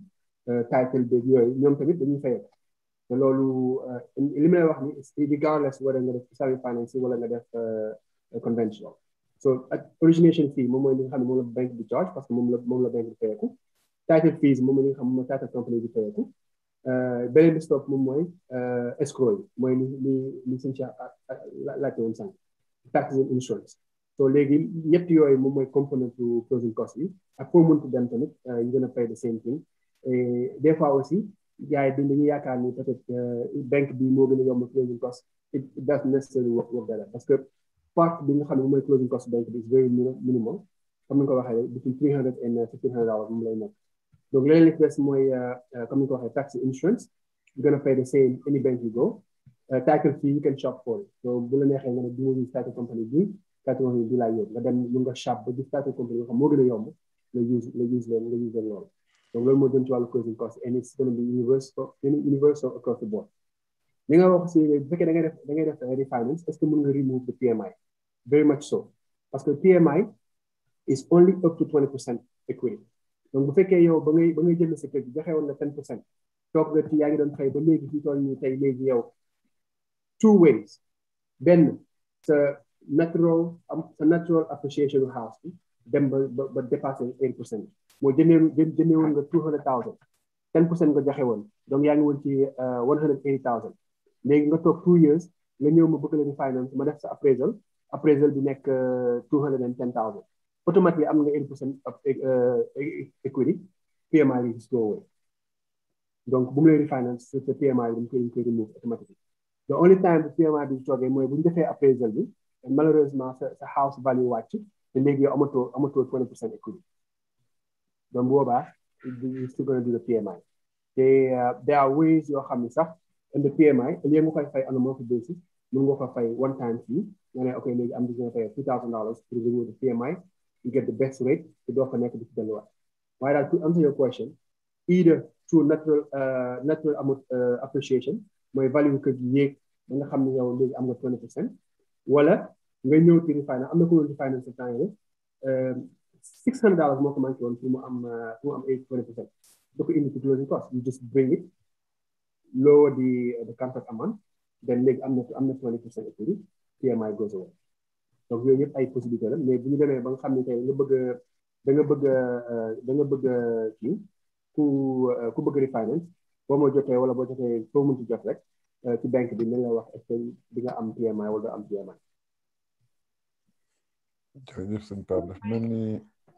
euh, title beeg yooyu ñoom tamit dañuy fayal te loolu euh, li may wax ni regardless wala nga def salary finance wala nga def conventional so origination fee moom mooy li nga xam ne moom la bank di charge parce que moom la moom la bank di fayeku title fees moom li nga xam ne moom la title company di fayeku euh, beneen bi stop moom mooy escrow yi mooy li li li suñu ci laajte woon sànq taxes and insurance so léegi yooyu moom mooy component to closing cost yi ak foo mënti dem tamit euh, gën a pay the same thing et des fois aussi gars yi duñ dañuy yaakaar ni peut-être euh, bi moo gën a yomb closing cost it doesn't necessarily work work parce que part bi nga xam ne moom mooy closing cost banque bi is very minimal comme ni ko waxee between three hundred and uh, fifteen hundred dollars moom lay nekk donc leneen li mooy euh, comme ni ko waxee tax insurance you gonna pay the same any bank you go title fee you can shop neexee nga ne bi ma bi catégorie bi laay yóbbu nga dem lu nga shop ba gis catégorie complet nga xam moo gën a yomb nga use nga use the, nga use leen donc loolu moo jëm ci wàllu closing cost and it's gonna be universal universal across the board li nga wax si bu fekkee da ngay def da ngay def refinance est ce que mën nga remove the PMI very much so parce que PMI is only up to 20 percent equity donc bu fekkee yow ba ngay ba ngay jënd sa kër joxe woon 10 percent toog nga yaa ngi doon fay ba léegi fii tool nii tey léegi yow two ways benn sa natural um, a natural appreciation of house bi dem ba ba dépassé un pour cent mooy jëmee jëmee woon nga two hundred thousand ten percent cent nga joxe woon donc yaa ngi woon ci uh, one hundred eighty thousand léegi nga to two years nga ñëw ma bëgg la di finance ma def sa appraisal appraisal bi nekk uh, two hundred and ten thousand automatiquement am nga un pour cent uh, equity PMI yi gis koo woon donc bu mu lay refinance sa PMI yi dañ koy dañ koy remove automatiquement the only time PMI bi toogee when bu ñu defee appraisal malheureusement sa sa house value wàcc te léegi yow amatoo amatoo 20 pour cent equity donc boobaa you still gonna do the PMI te uh, there are ways yoo xam ne sax in the PMI au lieu nga koy fay on a monthly basis mën nga ko fay one time fee nga ne ok léegi am dina fay two thousand dollars pour renew the PMI you get the best rate te doo fa nekk di ci delluwaat waaye daal to answer your question either through natural uh, natural uh, appreciation mooy value kër gi yéeg ba nga xam ne yow léegi am nga 20 pour cent wala nga ñëw ci refinance am na ko doon refinance temps yi euh, six hundred dollars moo ko manqué woon pour mu am euh, pour mu am eight twenty percent da ko indi ci closing cost you just bring it lower the uh, the contract amount then léegi am na am na twenty percent equity PMI goes away donc yooyu yëpp ay possibilité la mais bu ñu demee ba nga xam ne tey nga bëgg da nga bëgg euh, da bëgg kii ku ku bëgg refinance boo ma jotee wala boo jotee foo mën ci jot rek Eh, ci bank bi li la wax est-ce que di nga am PMI wala am PMI. jërëjëf sëñ ni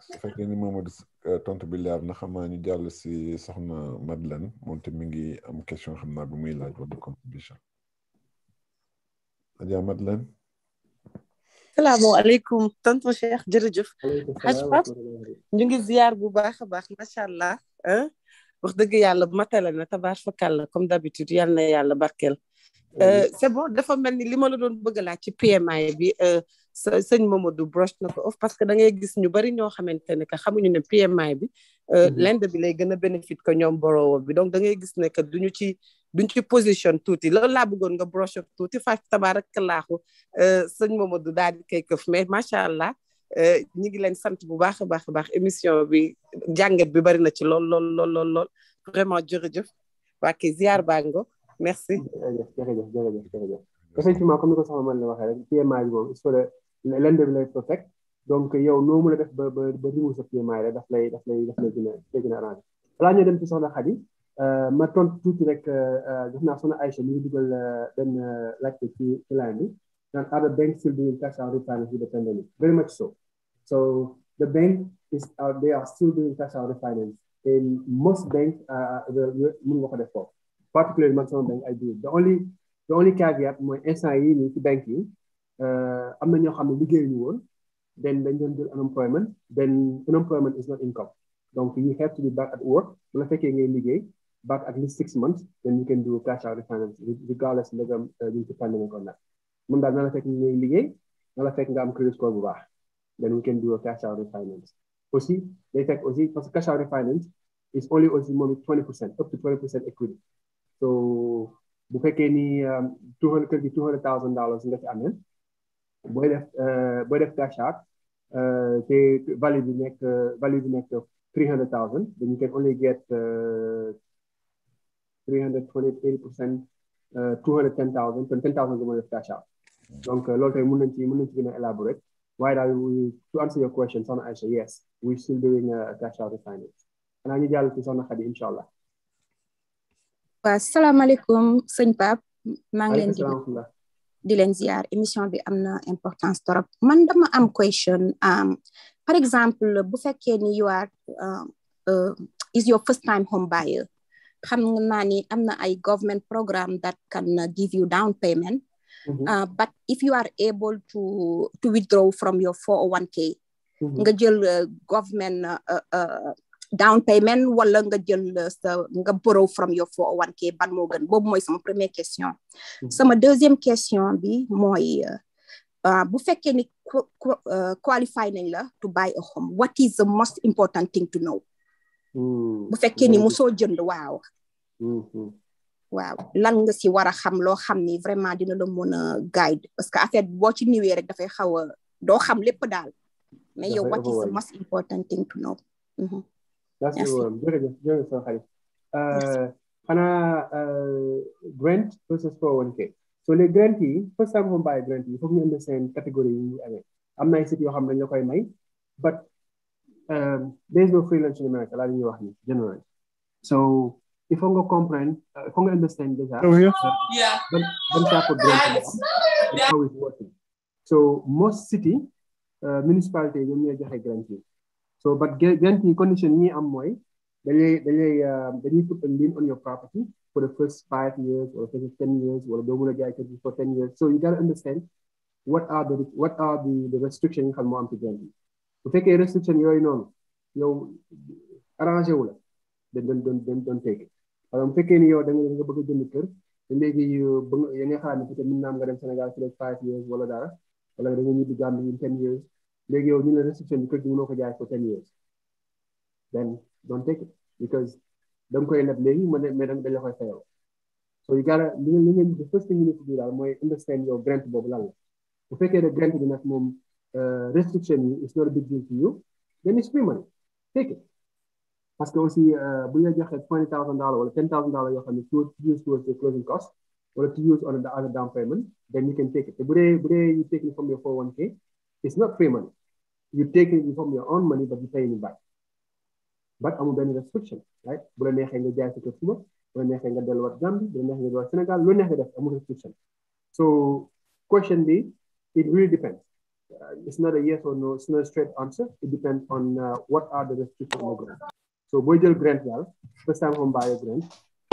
su fekkee ni Mamadou eh, tontu bi leer na xam naa si soxna Madeleine moom te mi ngi am question xam naa bu muy laaj wala contribution. Adja Madeleine. salaamaaleykum tonton Cheikh jërëjëf. Haj Pape ñu ngi ziar bu baax a baax macha allah. wax dëgg yàlla matale na tabaar fakàlla comme d'habitude yàlla na yàlla barkeel c'est bon dafa mel ni li ma la doon bëgg laaj ci PMI bi sëñ Mamadou broche na ko off parce que da ngay gis ñu bari ñoo xamante ne que xamuñu ne PMI bi l'Inde bi lay gën a bénéfice que ñoom boroowo bi donc da ngay gis ne que duñu ci duñ ci position tuuti loolu laa bëggoon nga broche tuuti fàcc tabaar ak laaxu sëñ Mamadou daal di koy këf mais macha allah Euh, ñu ngi leen sant bu baax a baax a baax émission bi jàngat bi bari na ci lool lool lool lool lool vraiment jërëjëf waa kii ziar bango merci. jërëjëf jërëjëf jërëjëf jërëjëf effectivement comme ni ko soxna man la waxee rek PMI bi moom il faut que l'un de lay donc yow noo mën a def ba ba ba rimu sa rek daf lay daf lay daf lay gën a daf lay gën a arrangé. balaa ñuy dem ci soxna Khady euh, ma tontu tuuti rek def euh, naa soxna Aïcha mi ngi dugal benn laajte ci ci bi. and other banks still doing cash out refinance with the pandemic, very much so. So the bank is, uh, they are still doing cash out refinance. In most banks, uh, the particularly maximum bank, I do. The only, the only caveat, my SIE needs banking, uh, am na ñoo then when you do unemployment then unemployment is not income donc you have to be back at work But la fekkee ngay back at least six months then you can do cash out refinance regardless of the pandemic uh, or not mun daal na la fekk ngay liggéey na fekk nga am credit score bu baax then we can do a cash out refinance aussi day fekk aussi parce que cash out refinance is only aussi moom 20 percent up to 20 percent equity so bu fekkee ni two hundred kër gi two hundred thousand dollars nga ci amee booy def booy def cash out te value bi nekk value bi nekk 300,000, then you can only get uh, 328%, two hundred ten thousand ten thousand 210,000, so 10,000 cash out donc euh, loolu tamit mën nañ ci mën nañ ci gën a to answer your question soxna Aïcha yes we are still doing uh, cash out refining and I need ci soxna Xadi incha allah waaw salaamaaleykum sëñ Pape maa ngi leen di di leen ziar émission bi am na torop man dama am question um, par exemple bu fekkee ni you are um, uh, is your first time home buyer xam naa ni am na ay government programme that can uh, give you down payment Mm-hmm. Uh, but if you are able to withdraw from your 401k mm-hmm. nga jël uh, government uh, uh, down payment wala nga jël sa nga borrow from your 401k ban moo gën boobu mooy sama première question mm-hmm. sama deuxième question bi mooy bu fekkee ni qualify nañ la to buy a home what is the most important thing to know mm-hmm. bu fekkee ni musoo jënd waaw waaw lan nga si war a xam loo xam ni vraiment dina la mën a guide parce que affaire boo ci niwee rek dafay xaw a doo xam lépp daal mais yow what is the most important thing to know mm-hmm. merci jërëjëf jërëjëf sama xarit euh, xanaa euh, grant versus oh one k so les grant yi first time home buy grant yi foog ñu indi seen catégorie yi ñu amee am na ay sites yoo xam ne dañ la koy may but euh, there is no free lunch in America la ñuy wax ni generally so if I'm gonna comprehend, uh, if I'm gonna understand this app, oh, yeah. Uh, yeah. then, then tap would how it's working. So most city, uh, municipality, ñoom ñooy joxe grant yi. So but guarantee condition me am They they dañuy dañuy um, put a lien on your property for the first five years or the first ten years or the mun a jaay for ten years. So you gotta understand what are the what are the the restrictions you nga xam moo am ci grant yi. you fekkee restriction You are yow arrangé wu then don't, don't, don't, don't take it. par exemple fekkee ni yow da nga bëgg a jënd kër te léegi ba nga ya nga xalaat ne peut-être mën naa am nga dem Sénégal five years wala dara wala da nga ñibbi Gambie in ten years léegi yow ñu ne restriction bi kër gi mënoo ko jaay for ten years then don't take it because da koy leb léegi ma ne mais dañ la koy fayal so you gotta li nga li ngeen the first thing you daal mooy understand yow grant boobu lan la bu fekkee ne grant bi nag moom uh, restriction yi is not a big deal to parce que aussi euh, bu ñu la joxee twenty thousand dollars wala ten thousand dollars yoo xam to towards use towards the closing cost wala to use on the other down payment then you can take it te bu dee bu dee you take it from your 401k it's not free money you take it from your own money but you pay it back but amul benn restriction right bu la neexee nga jaay sa kër suba bu la neexee nga delluwaat Gambie bu la neexee nga delluwaat Sénégal lu neexee def amul restriction so question B, it really depends uh, it's not a yes or no it's not a straight answer it depends on uh, what are the restrictions so booy jël grant well, first time home buyer grant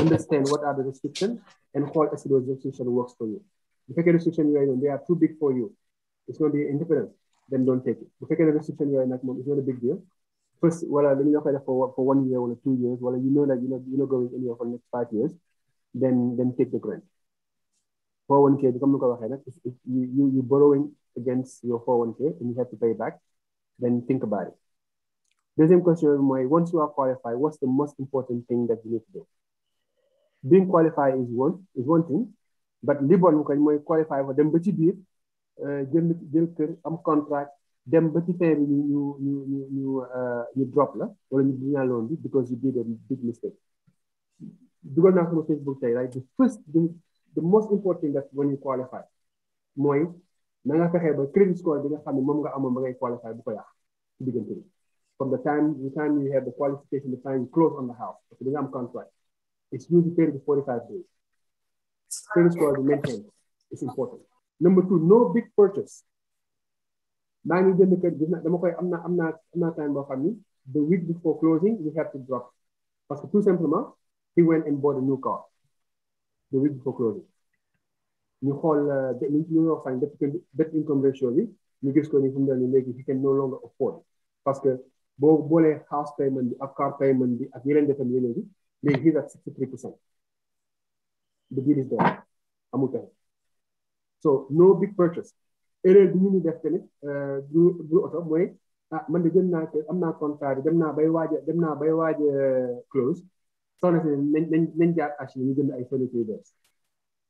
understand what are the restrictions and how as those restrictions works for you bu a restriction yooyu noonu they are too big for you it's not the independence then don't take it bu a restriction in that moment, it's not a big deal first let me ñu koy for for one year or two years Well, you know that you know you know going anywhere for the next five years then then take the grant 401k bi you you you borrowing against your 401k and you have to pay back then think about it the same question with once you are qualified, what's the most important thing that you need to do? Being qualified is one, is one thing, but li bon koy mooy qualify fa dem ba ci biir euh, jël jël am contract dem ba ci fin bi ñu ñu ñu ñu euh, drop la wala ñu dinaa because you did a big mistake dugal naa sama facebook tey right the first the, the most important that when you qualify mooy na nga fexe ba credit score bi nga xam ne moom nga amoon ba qualified qualify bu ko yàq ci diggante bi from the time the time you have the qualification, the time you close on the house, the income contract, it's usually 30 to 45 days. Credit score is maintained. It's important. Number two, no big purchase. maa ngi jënd kër gis na dama koy am naa am naa am naa time boo xam the week before closing we have to drop Because que simple, simplement he went and bought a new car the week before closing you call the ñu wax fan debt income ratio You ñu gis ko make it. mu he can no longer afford parce que boo boolee house payment bi ak car payment bi ak yeneen defam yeneen bi léegi gis ak sixty three percent the deal is done so no big purchase erreur bi ñu ñu def tamit euh, du du oto mooy ah man de jën naa kër am naa contrat bi dem naa bay waaje dem naa bay waaje close soxna si nañ nañ nañ jaar achi ñu jën ay fenêtre yu bees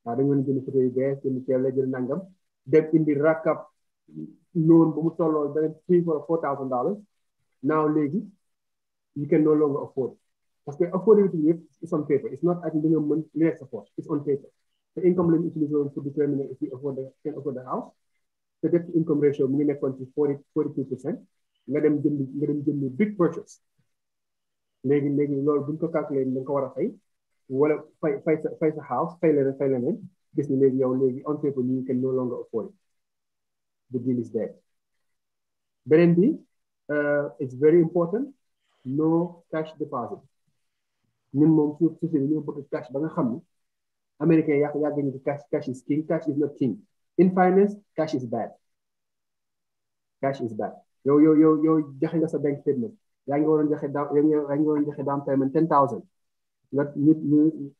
waaw dañu leen jënd photo yu bees jënd teel la jënd nangam dem indi rakab loon ba mu tolloo beneen three wala four thousand dollars Now, léegi you can no longer afford parce que affordability yëpp it's on paper it's not ak li nga support. it's on paper The income limit is utilisé woon pour if you afford can afford the house the debt to income ratio minimum ngi nekkoon ci forty forty two percent nga dem jënd nga dem jënd big purchase léegi léegi loolu buñ ko calculer da nga ko war a fay wala house fay leneen fay leneen This ni léegi yow léegi on paper you can no longer afford it. the deal is dead beneen uh, it's very important no cash deposit American moom suuf société cash cash cash is king cash is not king in finance cash is bad cash is bad Yo yo yo yo. joxe nga bank statement yaa ngi waroon down payment ten thousand nga nit ñu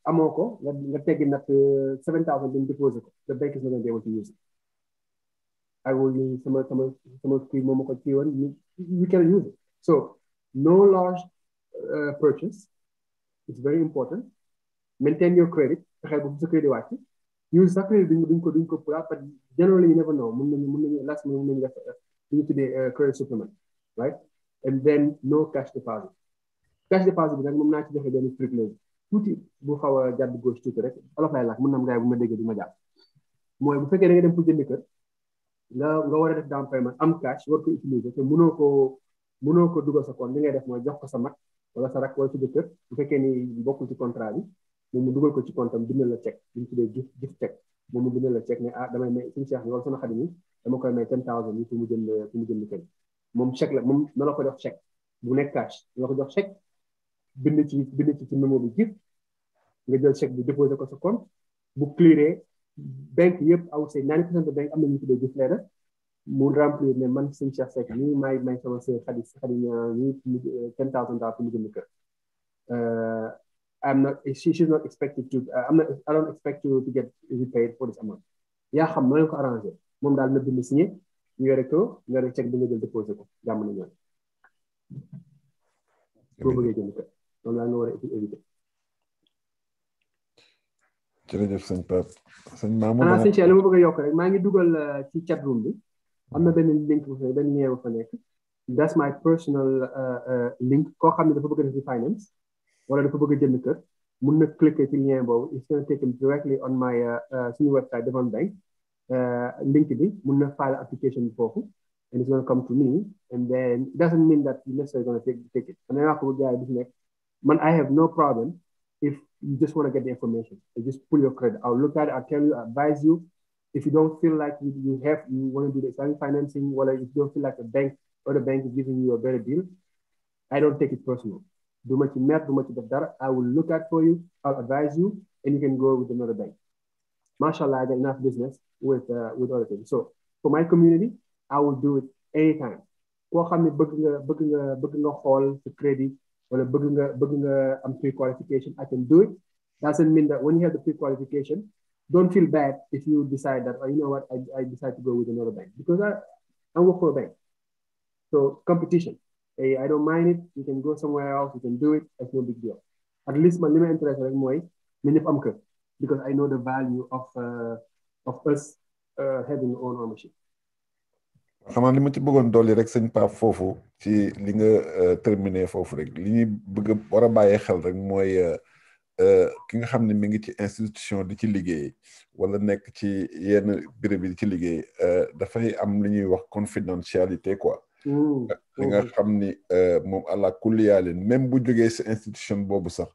amoo ko uh, seven in deposit. the bank is not going to be able to use it algorithm, some, some, some screen you, We can use it. So no large uh, purchase. It's very important. Maintain your credit. Use that credit bi ñu ko duñ ko but generally you never know last mun nañu def li ñu credit supplement right and then no cash deposit cash deposit bi nag moom naa ci joxe benn truc léegi tuuti bu xaw a jàdd gauche tuuti rek olof lay laaj mun na am gars yi bu ma déggee du ma jàpp mooy bu fekkee da nga dem pour jënd kër nga nga war a def down payment am cash war ko utiliser te mënoo ko mënoo ko dugal sa kon li ngay def mooy jox ko sa mag wala sa rak wala fekkee ni bokkul ci contrat bi moom mu dugal ko ci compte am la chèque li ñu tuddee gif gif chèque moom mu bindal la chèque ne ah damay may suñu seex bi wala sama xarit yi dama koy may ten thousand yi pour moom chèque na ko jox chèque bu nekk cash na la ko jox chèque bind ci bind ci ci mémo bi gif nga jël chèque bi déposé ko sa compte bu clearé bank yëpp aw say ninety percent de bank am na ñu tuddee déclaré mu remplir man suñu Cheikh Seck nii may may sama sœur xadi xadi ñi ten thousand dollars pour mu jënd kër uh, I'm not she uh, yaa xam noo leen ko arrangé moom daal na bind signé ñu yore ko nga yore chèque bi nga jël déposé ko jàmm na ñoom boo bëggee jënd kër loolu laa nga war a jërëjëf sëñ Pape sëñ ah, ma bëgg yokk rek maa ngi dugal euh, ci chat room bi am na benn link bu fa benn lien bu fa nekk that's my personal euh, euh, link koo xam ne dafa bëgg a def finance wala dafa bëgg a jënd kër mun na cliquer ci lien boobu it's gonna take him directly on my suñu website Devon Bank link bi mun na file application bi foofu and it's gonna come to me and then it doesn't mean that you necessarily gonna take it man naa ko gars no problem if you just want to get the information. You just pull your credit. I'll look at it, I'll tell you, advise you. If you don't feel like you, you have, you want to do the Islamic financing, Well, if you don't feel like a bank or the bank is giving you a better deal, I don't take it personal. Do much math, do much daftar. I will look at for you, I'll advise you, and you can go with another bank. Marshall I got enough business with, uh, with other things. So for my community, I will do it anytime. koo xam ne bëgg nga bëgg nga bëgg nga xool crédit wala bëgg nga bëgg nga am pre-qualification I can do it doesn't mean that when you have the pre-qualification don't feel bad if you decide that oh, you know what I, I decide to go with another bank because I, I work for a bank so competition hey, I don't mind it you can go somewhere else you can do it it's no big deal at least my li interest intéressé rek mooy na ñëpp am because I know the value of uh, of us uh, having our own ownership xanaa li ma ci bëggoon dolli rek sëñ Pape foofu ci li nga euh, terminé foofu rek li ñuy bëgg war a bàyyee xel rek mooy euh, euh, ki nga xam ne mi ngi ci institution di ci liggéey wala nekk ci yenn béréb yi di ci liggéey dafay am li ñuy wax confidentialité quoi. Mmh. li nga mmh. xam ni moom àla kulliyaalin même bu jógee si institution boobu sax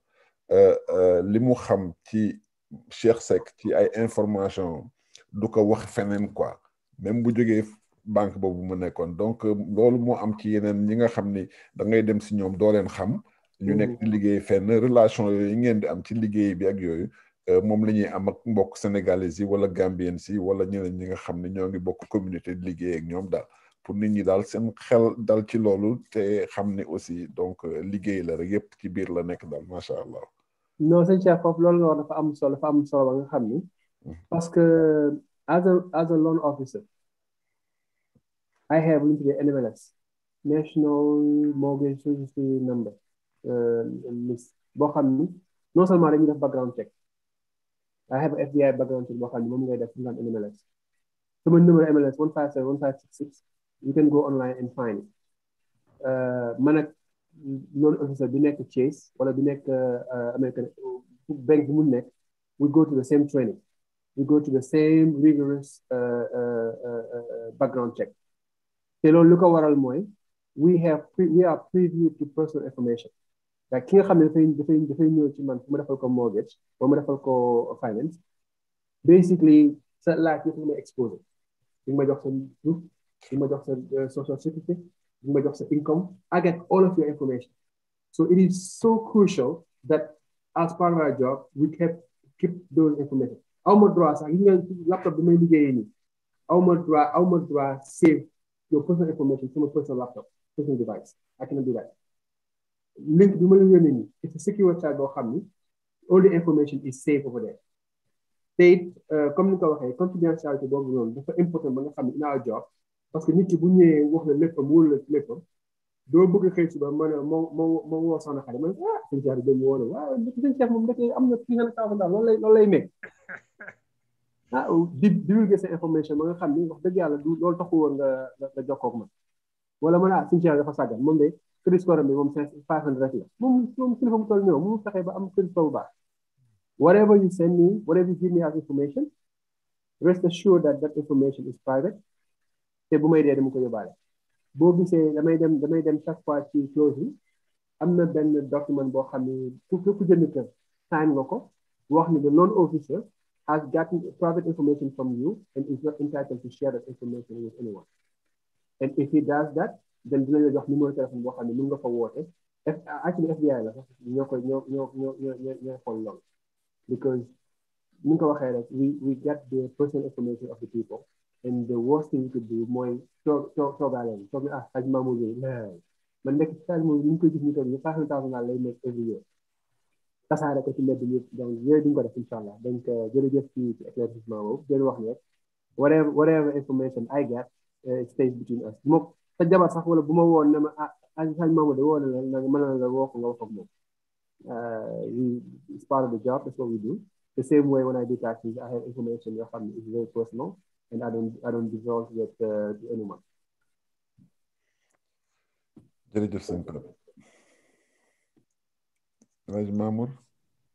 li mu xam ci Cheikh sek ci ay information du ko wax feneen quoi même bu jógee. banque boobu mu nekkoon donc euh, loolu moo am ci yeneen ñi nga xam ni da ngay dem si ñoom doo leen xam. ñu nekk di mm. liggéey fenn relation yooyu ngeen di am ci liggéey bi ak yooyu euh, moom la ñuy am ak mbokk sénégalais yi wala gambien si wala ñeneen ñi nga xam ne ñoo ngi bokk communauté di liggéey daal pour nit ñi daal seen xel dal ci loolu te xam ni aussi donc euh, liggéey la rek yëpp ci biir la nekk daal macha allah. non sëñ loolu loolu am solo am solo xam mm. parce que as a as officer. I have into the NMLS, National Mortgage Registry Number, um, Miss boo no, some are seulement dañuy background check I have FBI background check boo xam ni moom not def nga am NMLS. sama numéro MLS one five seven one five six six you can go online and find it. Uh, man loan loolu officer bi Chase or bi nekk uh, American uh, bank bi mu we go to the same training we go to the same rigorous background check te loolu li ko waral mooy we have we are privy to personal information Like, ki nga xam ne dafay dafay dafay ñëw ci man fu ma defal ko mortgage ba ma defal ko finance basically sa laaj yëpp ma exposé di ma jox sa tur di ma jox sa euh, social security di ma jox sa income I get all of your information so it is so crucial that as part of our job we keep keep those information aw ma droit sax yi nga laptop bi may liggéeyee nii aw ma droit aw ma droit save your personal information sama personal laptop personal device ak na bi ma la yónnee nii a secure website boo xam ni all the information is safe over there te it euh, comme ni ko waxee confidentialité boobu noonu dafa important ba nga xam ne in our job nit ki bu ñëwee wax la léppam wóolu la léppam doo bëgg xëy suba ma ne ma ma ma woo soxna xale ma ne ah waaw moom dafay am na 300 000 loolu lay loolu ah oh, di divulguer sa information ba nga xam ni wax dëgg yàlla du loolu taxu woon nga nga jokkoog man wala man a ah, suñu dafa sàggan moom de crédit score bi moom five hundred rek la moom moom kilifa mu toll noonu mu fexe ba am crédit score bu baax whatever you send me whatever you give me as information rest assured that that information is private te bu may dee dama ko yóbbaale boo gisee damay dem damay dem chaque fois ci clause yi am na benn document boo xam ne ku ku jënd kër sign nga ko wax ni de loan has gotten private information from you and is not entitled to share that information with anyone. And if he does that, then dina la jox numéro téléphone boo xam ne mën nga fa actually FBI la sax ñoo koy ñoo ñoo ñoo ñoo ñoo xool loolu because ni nga we we get the personal information of the people and the worst thing you could do mooy toog toog toogaa leen toog ah aj maamu yooyu man nekk si taal moom ni ñu koy gis ñu koy ñu faaxal taal naa lay nekk every year tasaare ko ci mbedd yëpp donc yooyu duñ ko def incha allah donc euh, jërëjëf ci ci éclaircissement boobu jërë wax ne information I get euh, stays between us bu ma sa jabar sax wala bu ma woon ne ma ah, ah Sadio Mamadou de woo na la na la woo nga wax moom euh, it's the job that's what we do the same way when I do information yoo xam ne is very personal and I don't I don't divulge uh, Alaaji Mamour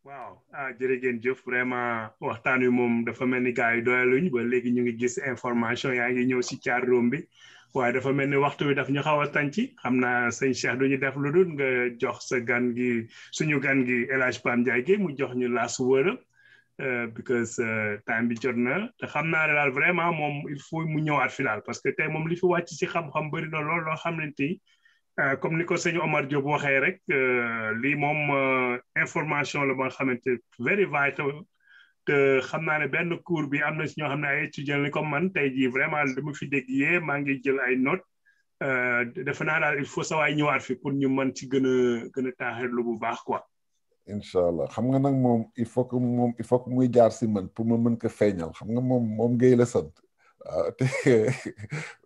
waaw a ah, jërëgeen jëf vraiment waxtaan wi moom dafa mel ni gars yi doyaluñ ba léegi ñu ngi gis information yaa ngi ñëw si caar room bi waaye dafa mel ni waxtu wi daf ñu xaw a tànci xam naa sëñ Cheikh du ñu def lu dul nga jox sa gan gi suñu gan gi El Hadj Pam gi mu jox ñu last word euh, because euh, time bi jot na te xam naa ne daal vraiment moom il faut mu ñëwaat fi daal parce que tey moom li fi wàcc si xam-xam bëri na lool xam ne tey Euh, comme ni ko sëñ Omar Diop waxee rek euh, lii moom euh, information la ba nga xamante very vital te xam naa ne benn cours bi am na si ñoo xam ne ay étudiants li comme man tey jii vraiment dama fi dégg yee maa ngi jël ay notes defe naa il faut sa waay ñëwaat fi pour ñu mën ci gën a gën a lu bu baax quoi. incha xam nga nag moom il faut que muy jaar si man pour ma mën ko feeñal xam nga moom moom ngay la sant. a te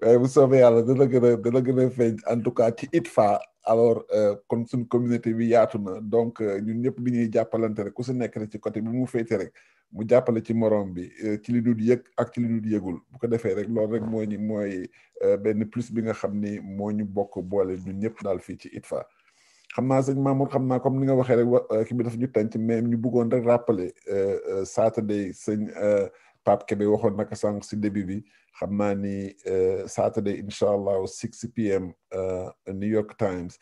waaye bu gën a dana gën a feeñ en tout cas ci it fa alors euh, kon suñ communauté bi yaatu na donc euh, ñun ñëpp bi ñuy jàppalante rek ku si nekk rek ci côté bi mu féete rek mu jàppale ci morom bi euh, ci li dul yëg ak ci li dul yëgul bu ko defee rek loolu rek moo ñu mooy benn plus bi nga xam ni moo ñu bokk boole ñun ñëpp daal fii ci ITFA xam naa sëñ Mamour xam naa comme ni nga waxee rek ki bi dafa ñu tànc mais ñu bëggoon rek rappeler Saturday sëñ Pape Kébé waxoon naka sànq si début bi xam naa ni euh, Saturday incha allah 6 pm euh, New York Times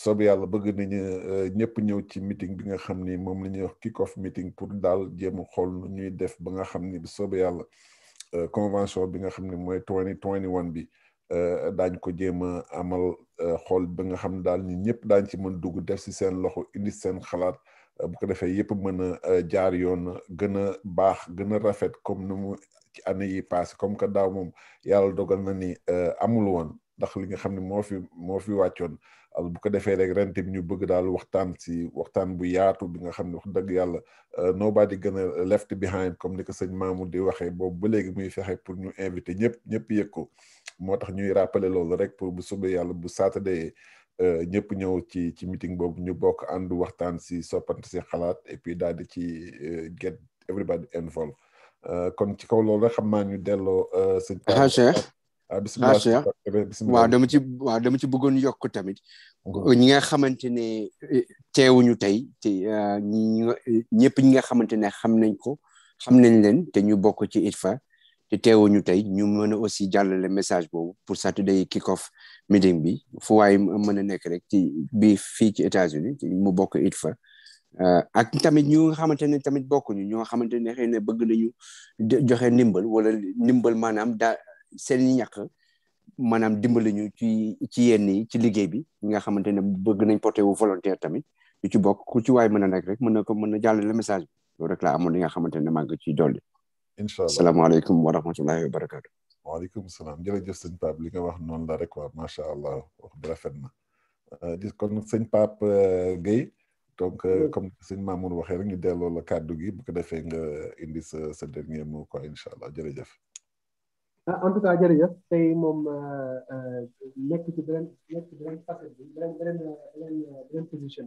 soob yàlla bëgg nañu euh, ñëpp ñëw ci meeting bi nga xam ni moom la ñuy wax kick-off meeting pour daal jéem a xool nu ñuy def ba nga xam ni soob yàlla convention bi nga xam ne mooy 2021 bi daañ ko jéem a amal xool ba nga xam daal ñi ñëpp daañ ci mën dugg def si seen loxo indi seen xalaat. bu ko defee yëpp mën a euh, jaar yoon gën a baax gën a rafet comme nu mu ci année yi passé comme que daaw moom yàlla dogal na ni euh, amul woon ndax li nga xam ne moo fi moo fi wàccoon bu ko defee rek ren tamit ñu bëgg daal waxtaan si waxtaan bu yaatu bi nga xam ne wax dëgg yàlla euh, nobody gën a left behind comme ni ko sëñ Mamou di waxee boobu ba léegi muy fexe pour ñu invité ñëpp ñëpp yëg ko moo tax ñuy rappeler loolu rek pour bu soobee yàlla bu saturday Euh, ñëpp ñëw ci ci meeting boobu ñu bokk ànd waxtaan si soppante si xalaat et puis daal di ci euh, get everybody involved euh, kon ci kaw loolu rek xam naa ñu delloo ah, sëñ Cheikh eh, bisimilah Cheikh waaw dama ci ci bëggoon yokku tamit ñi nga xamante ne eh, teewuñu tey te ñi ñëpp ñi nga xamante ne xam nañ ko xam nañ leen te ñu bokk ci ITFA te teewuñu tey ñu mën a aussi jàllale message boobu pour Saturday kick-off meeting bi fu waay mën a nekk rek ci bi fii ci États-Unis mu bokk it fa euh, ak tamit ñu nga xamante ne tamit bokkuñu ñoo xamante ne bëgg nañu joxe ndimbal wala ndimbal maanaam daa seen ñàkk maanaam dimbali ñu ci ci yenn yi ci liggéey bi ñi nga xamante ne bëgg nañ porté wu volontaire tamit ñu ci bokk ku ci waay mën a nekk rek mën na ko mën a jàllale message bi loolu rek laa amoon li nga xamante ne maa ngi ciy dolli incha allah salaamaaleykum wa rahmatullahi wa barakaatu. waaleykum salaam jërëjëf sëñ Pape li nga wax noonu la rek waa macha allah wax bi rafet euh, kon sëñ Pape euh, Gueye donc euh, comme sëñ Mamour waxee rek ñu delloo la kaddu gi bu ko defee nga indi sa sa dernier mot quoi incha allah jërëjëf. Ah, en tout cas jërëjëf tey moom nekk ci beneen nekk ci position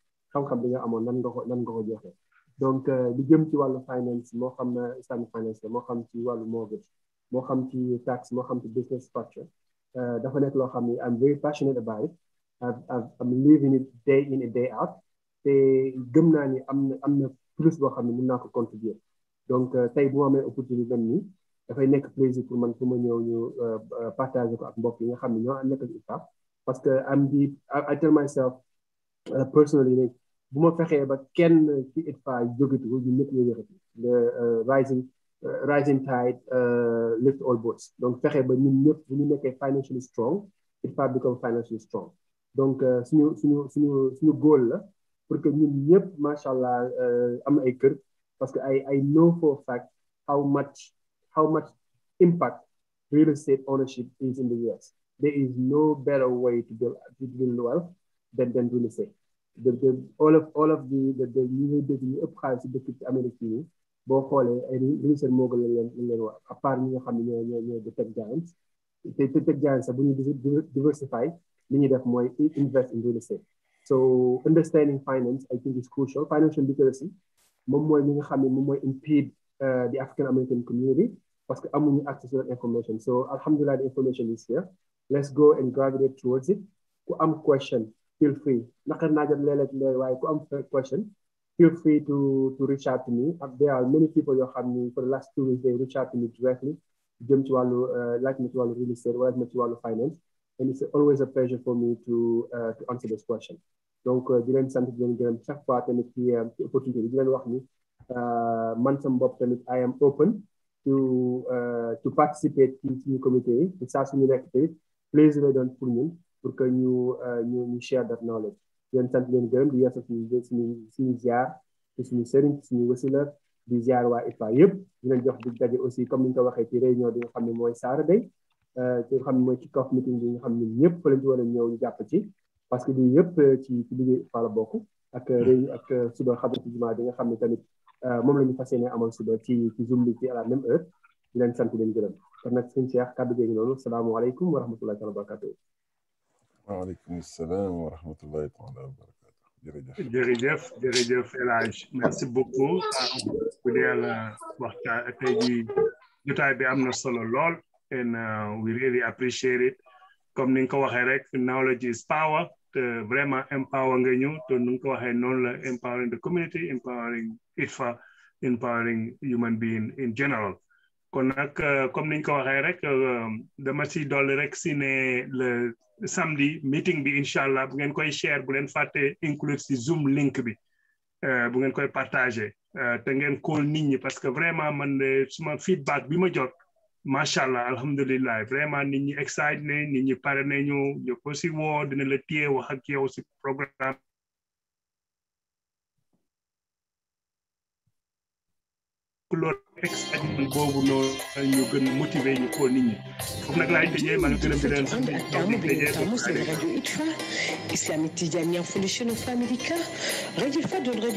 xam-xam bi nga amoon nan nga ko nan nga ko joxe donc euh, li jëm ci wàllu finance moo xam euh, islamic finance moo xam ci wàllu mortgage moo xam ci tax moo xam ci business structure euh, dafa nekk loo xam ni I'm very passionate about it I'm living it day in and day out te gëm naa ni am na am na plus boo xam ne mun naa ko contribuer donc tey bu ma amee opportunité dem nii dafay nekk plaisir pour man su ma ñëw ñu partager ko ak mbokk yi nga xam ne ñoo nekk ak parce que am di I tell myself personally Buma ma fexee ba kenn ci ITFA jógatul ñu ñëpp ñu yëkkati le euh, rising euh, rising tide euh, lift all boats donc fexe ba ñun ñëpp bu ñu nekkee financially strong ITFA become financially strong donc suñu suñu suñu suñu goal la pour que ñun ñëpp macha allah am ay kër parce que I I know for a fact how much how much impact real estate ownership is in the US. There is no better way to build to build wealth than than real estate the the all of all of the the the ñi ngay dégg ñu ëpp xaalis si dëkk ci Amérique yi nii boo xoolee ay réussir moo gën leen leen wax à part ñi nga xam ne ñoo ñoo ñoo de tech giants te te tech giants sax bu ñu diversify li ñuy def mooy invest in real estate so understanding finance I think is crucial financial literacy moom mooy li nga xam ne moom mooy impede uh, the African American community parce que amuñu access to that information so alhamdulillah the information is here let's go and gravitate towards it ku am question feel free naqar naa jot léeg-léeg léeg waaye ku am question feel free to to reach out to me there are many people yoo have me for the last two weeks they reach out to me directly jëm ci wàllu euh, laaj ma ci wàllu real estate wala ma ci wàllu finance and it's always a pleasure for me to euh, to answer this question donc euh, di leen sant di leen gërëm chaque fois tamit ci ci opportunité bi di leen wax ni man sama bopp tamit I am open to to participate ci suñu comité yi saa suñu nekk tamit plaisir la doon pour ñun pour que ñu euh, ñu ñu share that knowledge yéen sant leen gërëm di yeesal suñu suñu suñu ziar ci suñu sëriñ ci suñu wasila di ziar waa ITFA yëpp di leen jox di daje aussi comme ni ñu ko waxee ci réunion bi nga xam ne mooy Saara day euh, ci nga xam ne mooy ci kaw meeting bi nga xam ne ñëpp lañ ci war ñëw ñu jàpp ci parce que lii yëpp euh, ci ci liggéey ITFA la bokk ak mm. réew ak suba bi nga xam ne tamit moom lañu ñu fas yéene amal suba ci ci zoom bi ci à la même heure di leen sant leen gërëm kon nag suñu Cheikh kàddu noonu salaamaaleykum wa rahmatullahi وعليكم السلام ورحمة الله تعالى وبركاته merci beaucoup ku yàlla waxtaan tey ji jotaay bi am and uh, we really appreciate it comme ni nga rek knowledge is power te vraiment empower nga ñu to ni nga ko la empowering the community empowering ITFA empowering human being in general kon nag euh, comme niñ ko waxee rek euh, dama si dolli rek si ne le samedi meeting bi incha allah bu ngeen koy share bu leen fàtte inclure si zoom link bi euh, bu ngeen koy partagé te ngeen ko nit ñi parce que vraiment man suma feedback bi ma jot macha allah alhamdulilah vraiment nit ñi excite ne nit ñi pare ne ñu ko si woo dina la téye wax ak yow si problème loolu texte ak boobu ko nit ñi foofu nag laay tëjee maa ngi rajo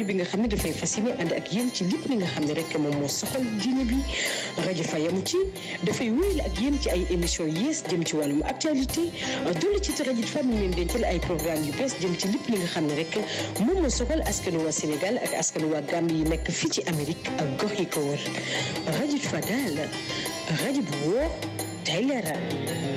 bi nga xam ne dafay fasciné ànd ak yéen ci lépp li nga xam ne rek moom moo soxal diine bi rajo ITFA yam ci dafay wéyal ak yéen ci ay émissions yees jëm ci wàllum actualité dolli ci rajo fa mi ngi leen dencal ay programme yu bees jëm ci lépp li nga xam ne rek moom moo soxal askanu waa Sénégal ak askanu waa Gambie yi nekk fii ci Amérique ak gox yi ko غادي تفادال غادي بو تعلى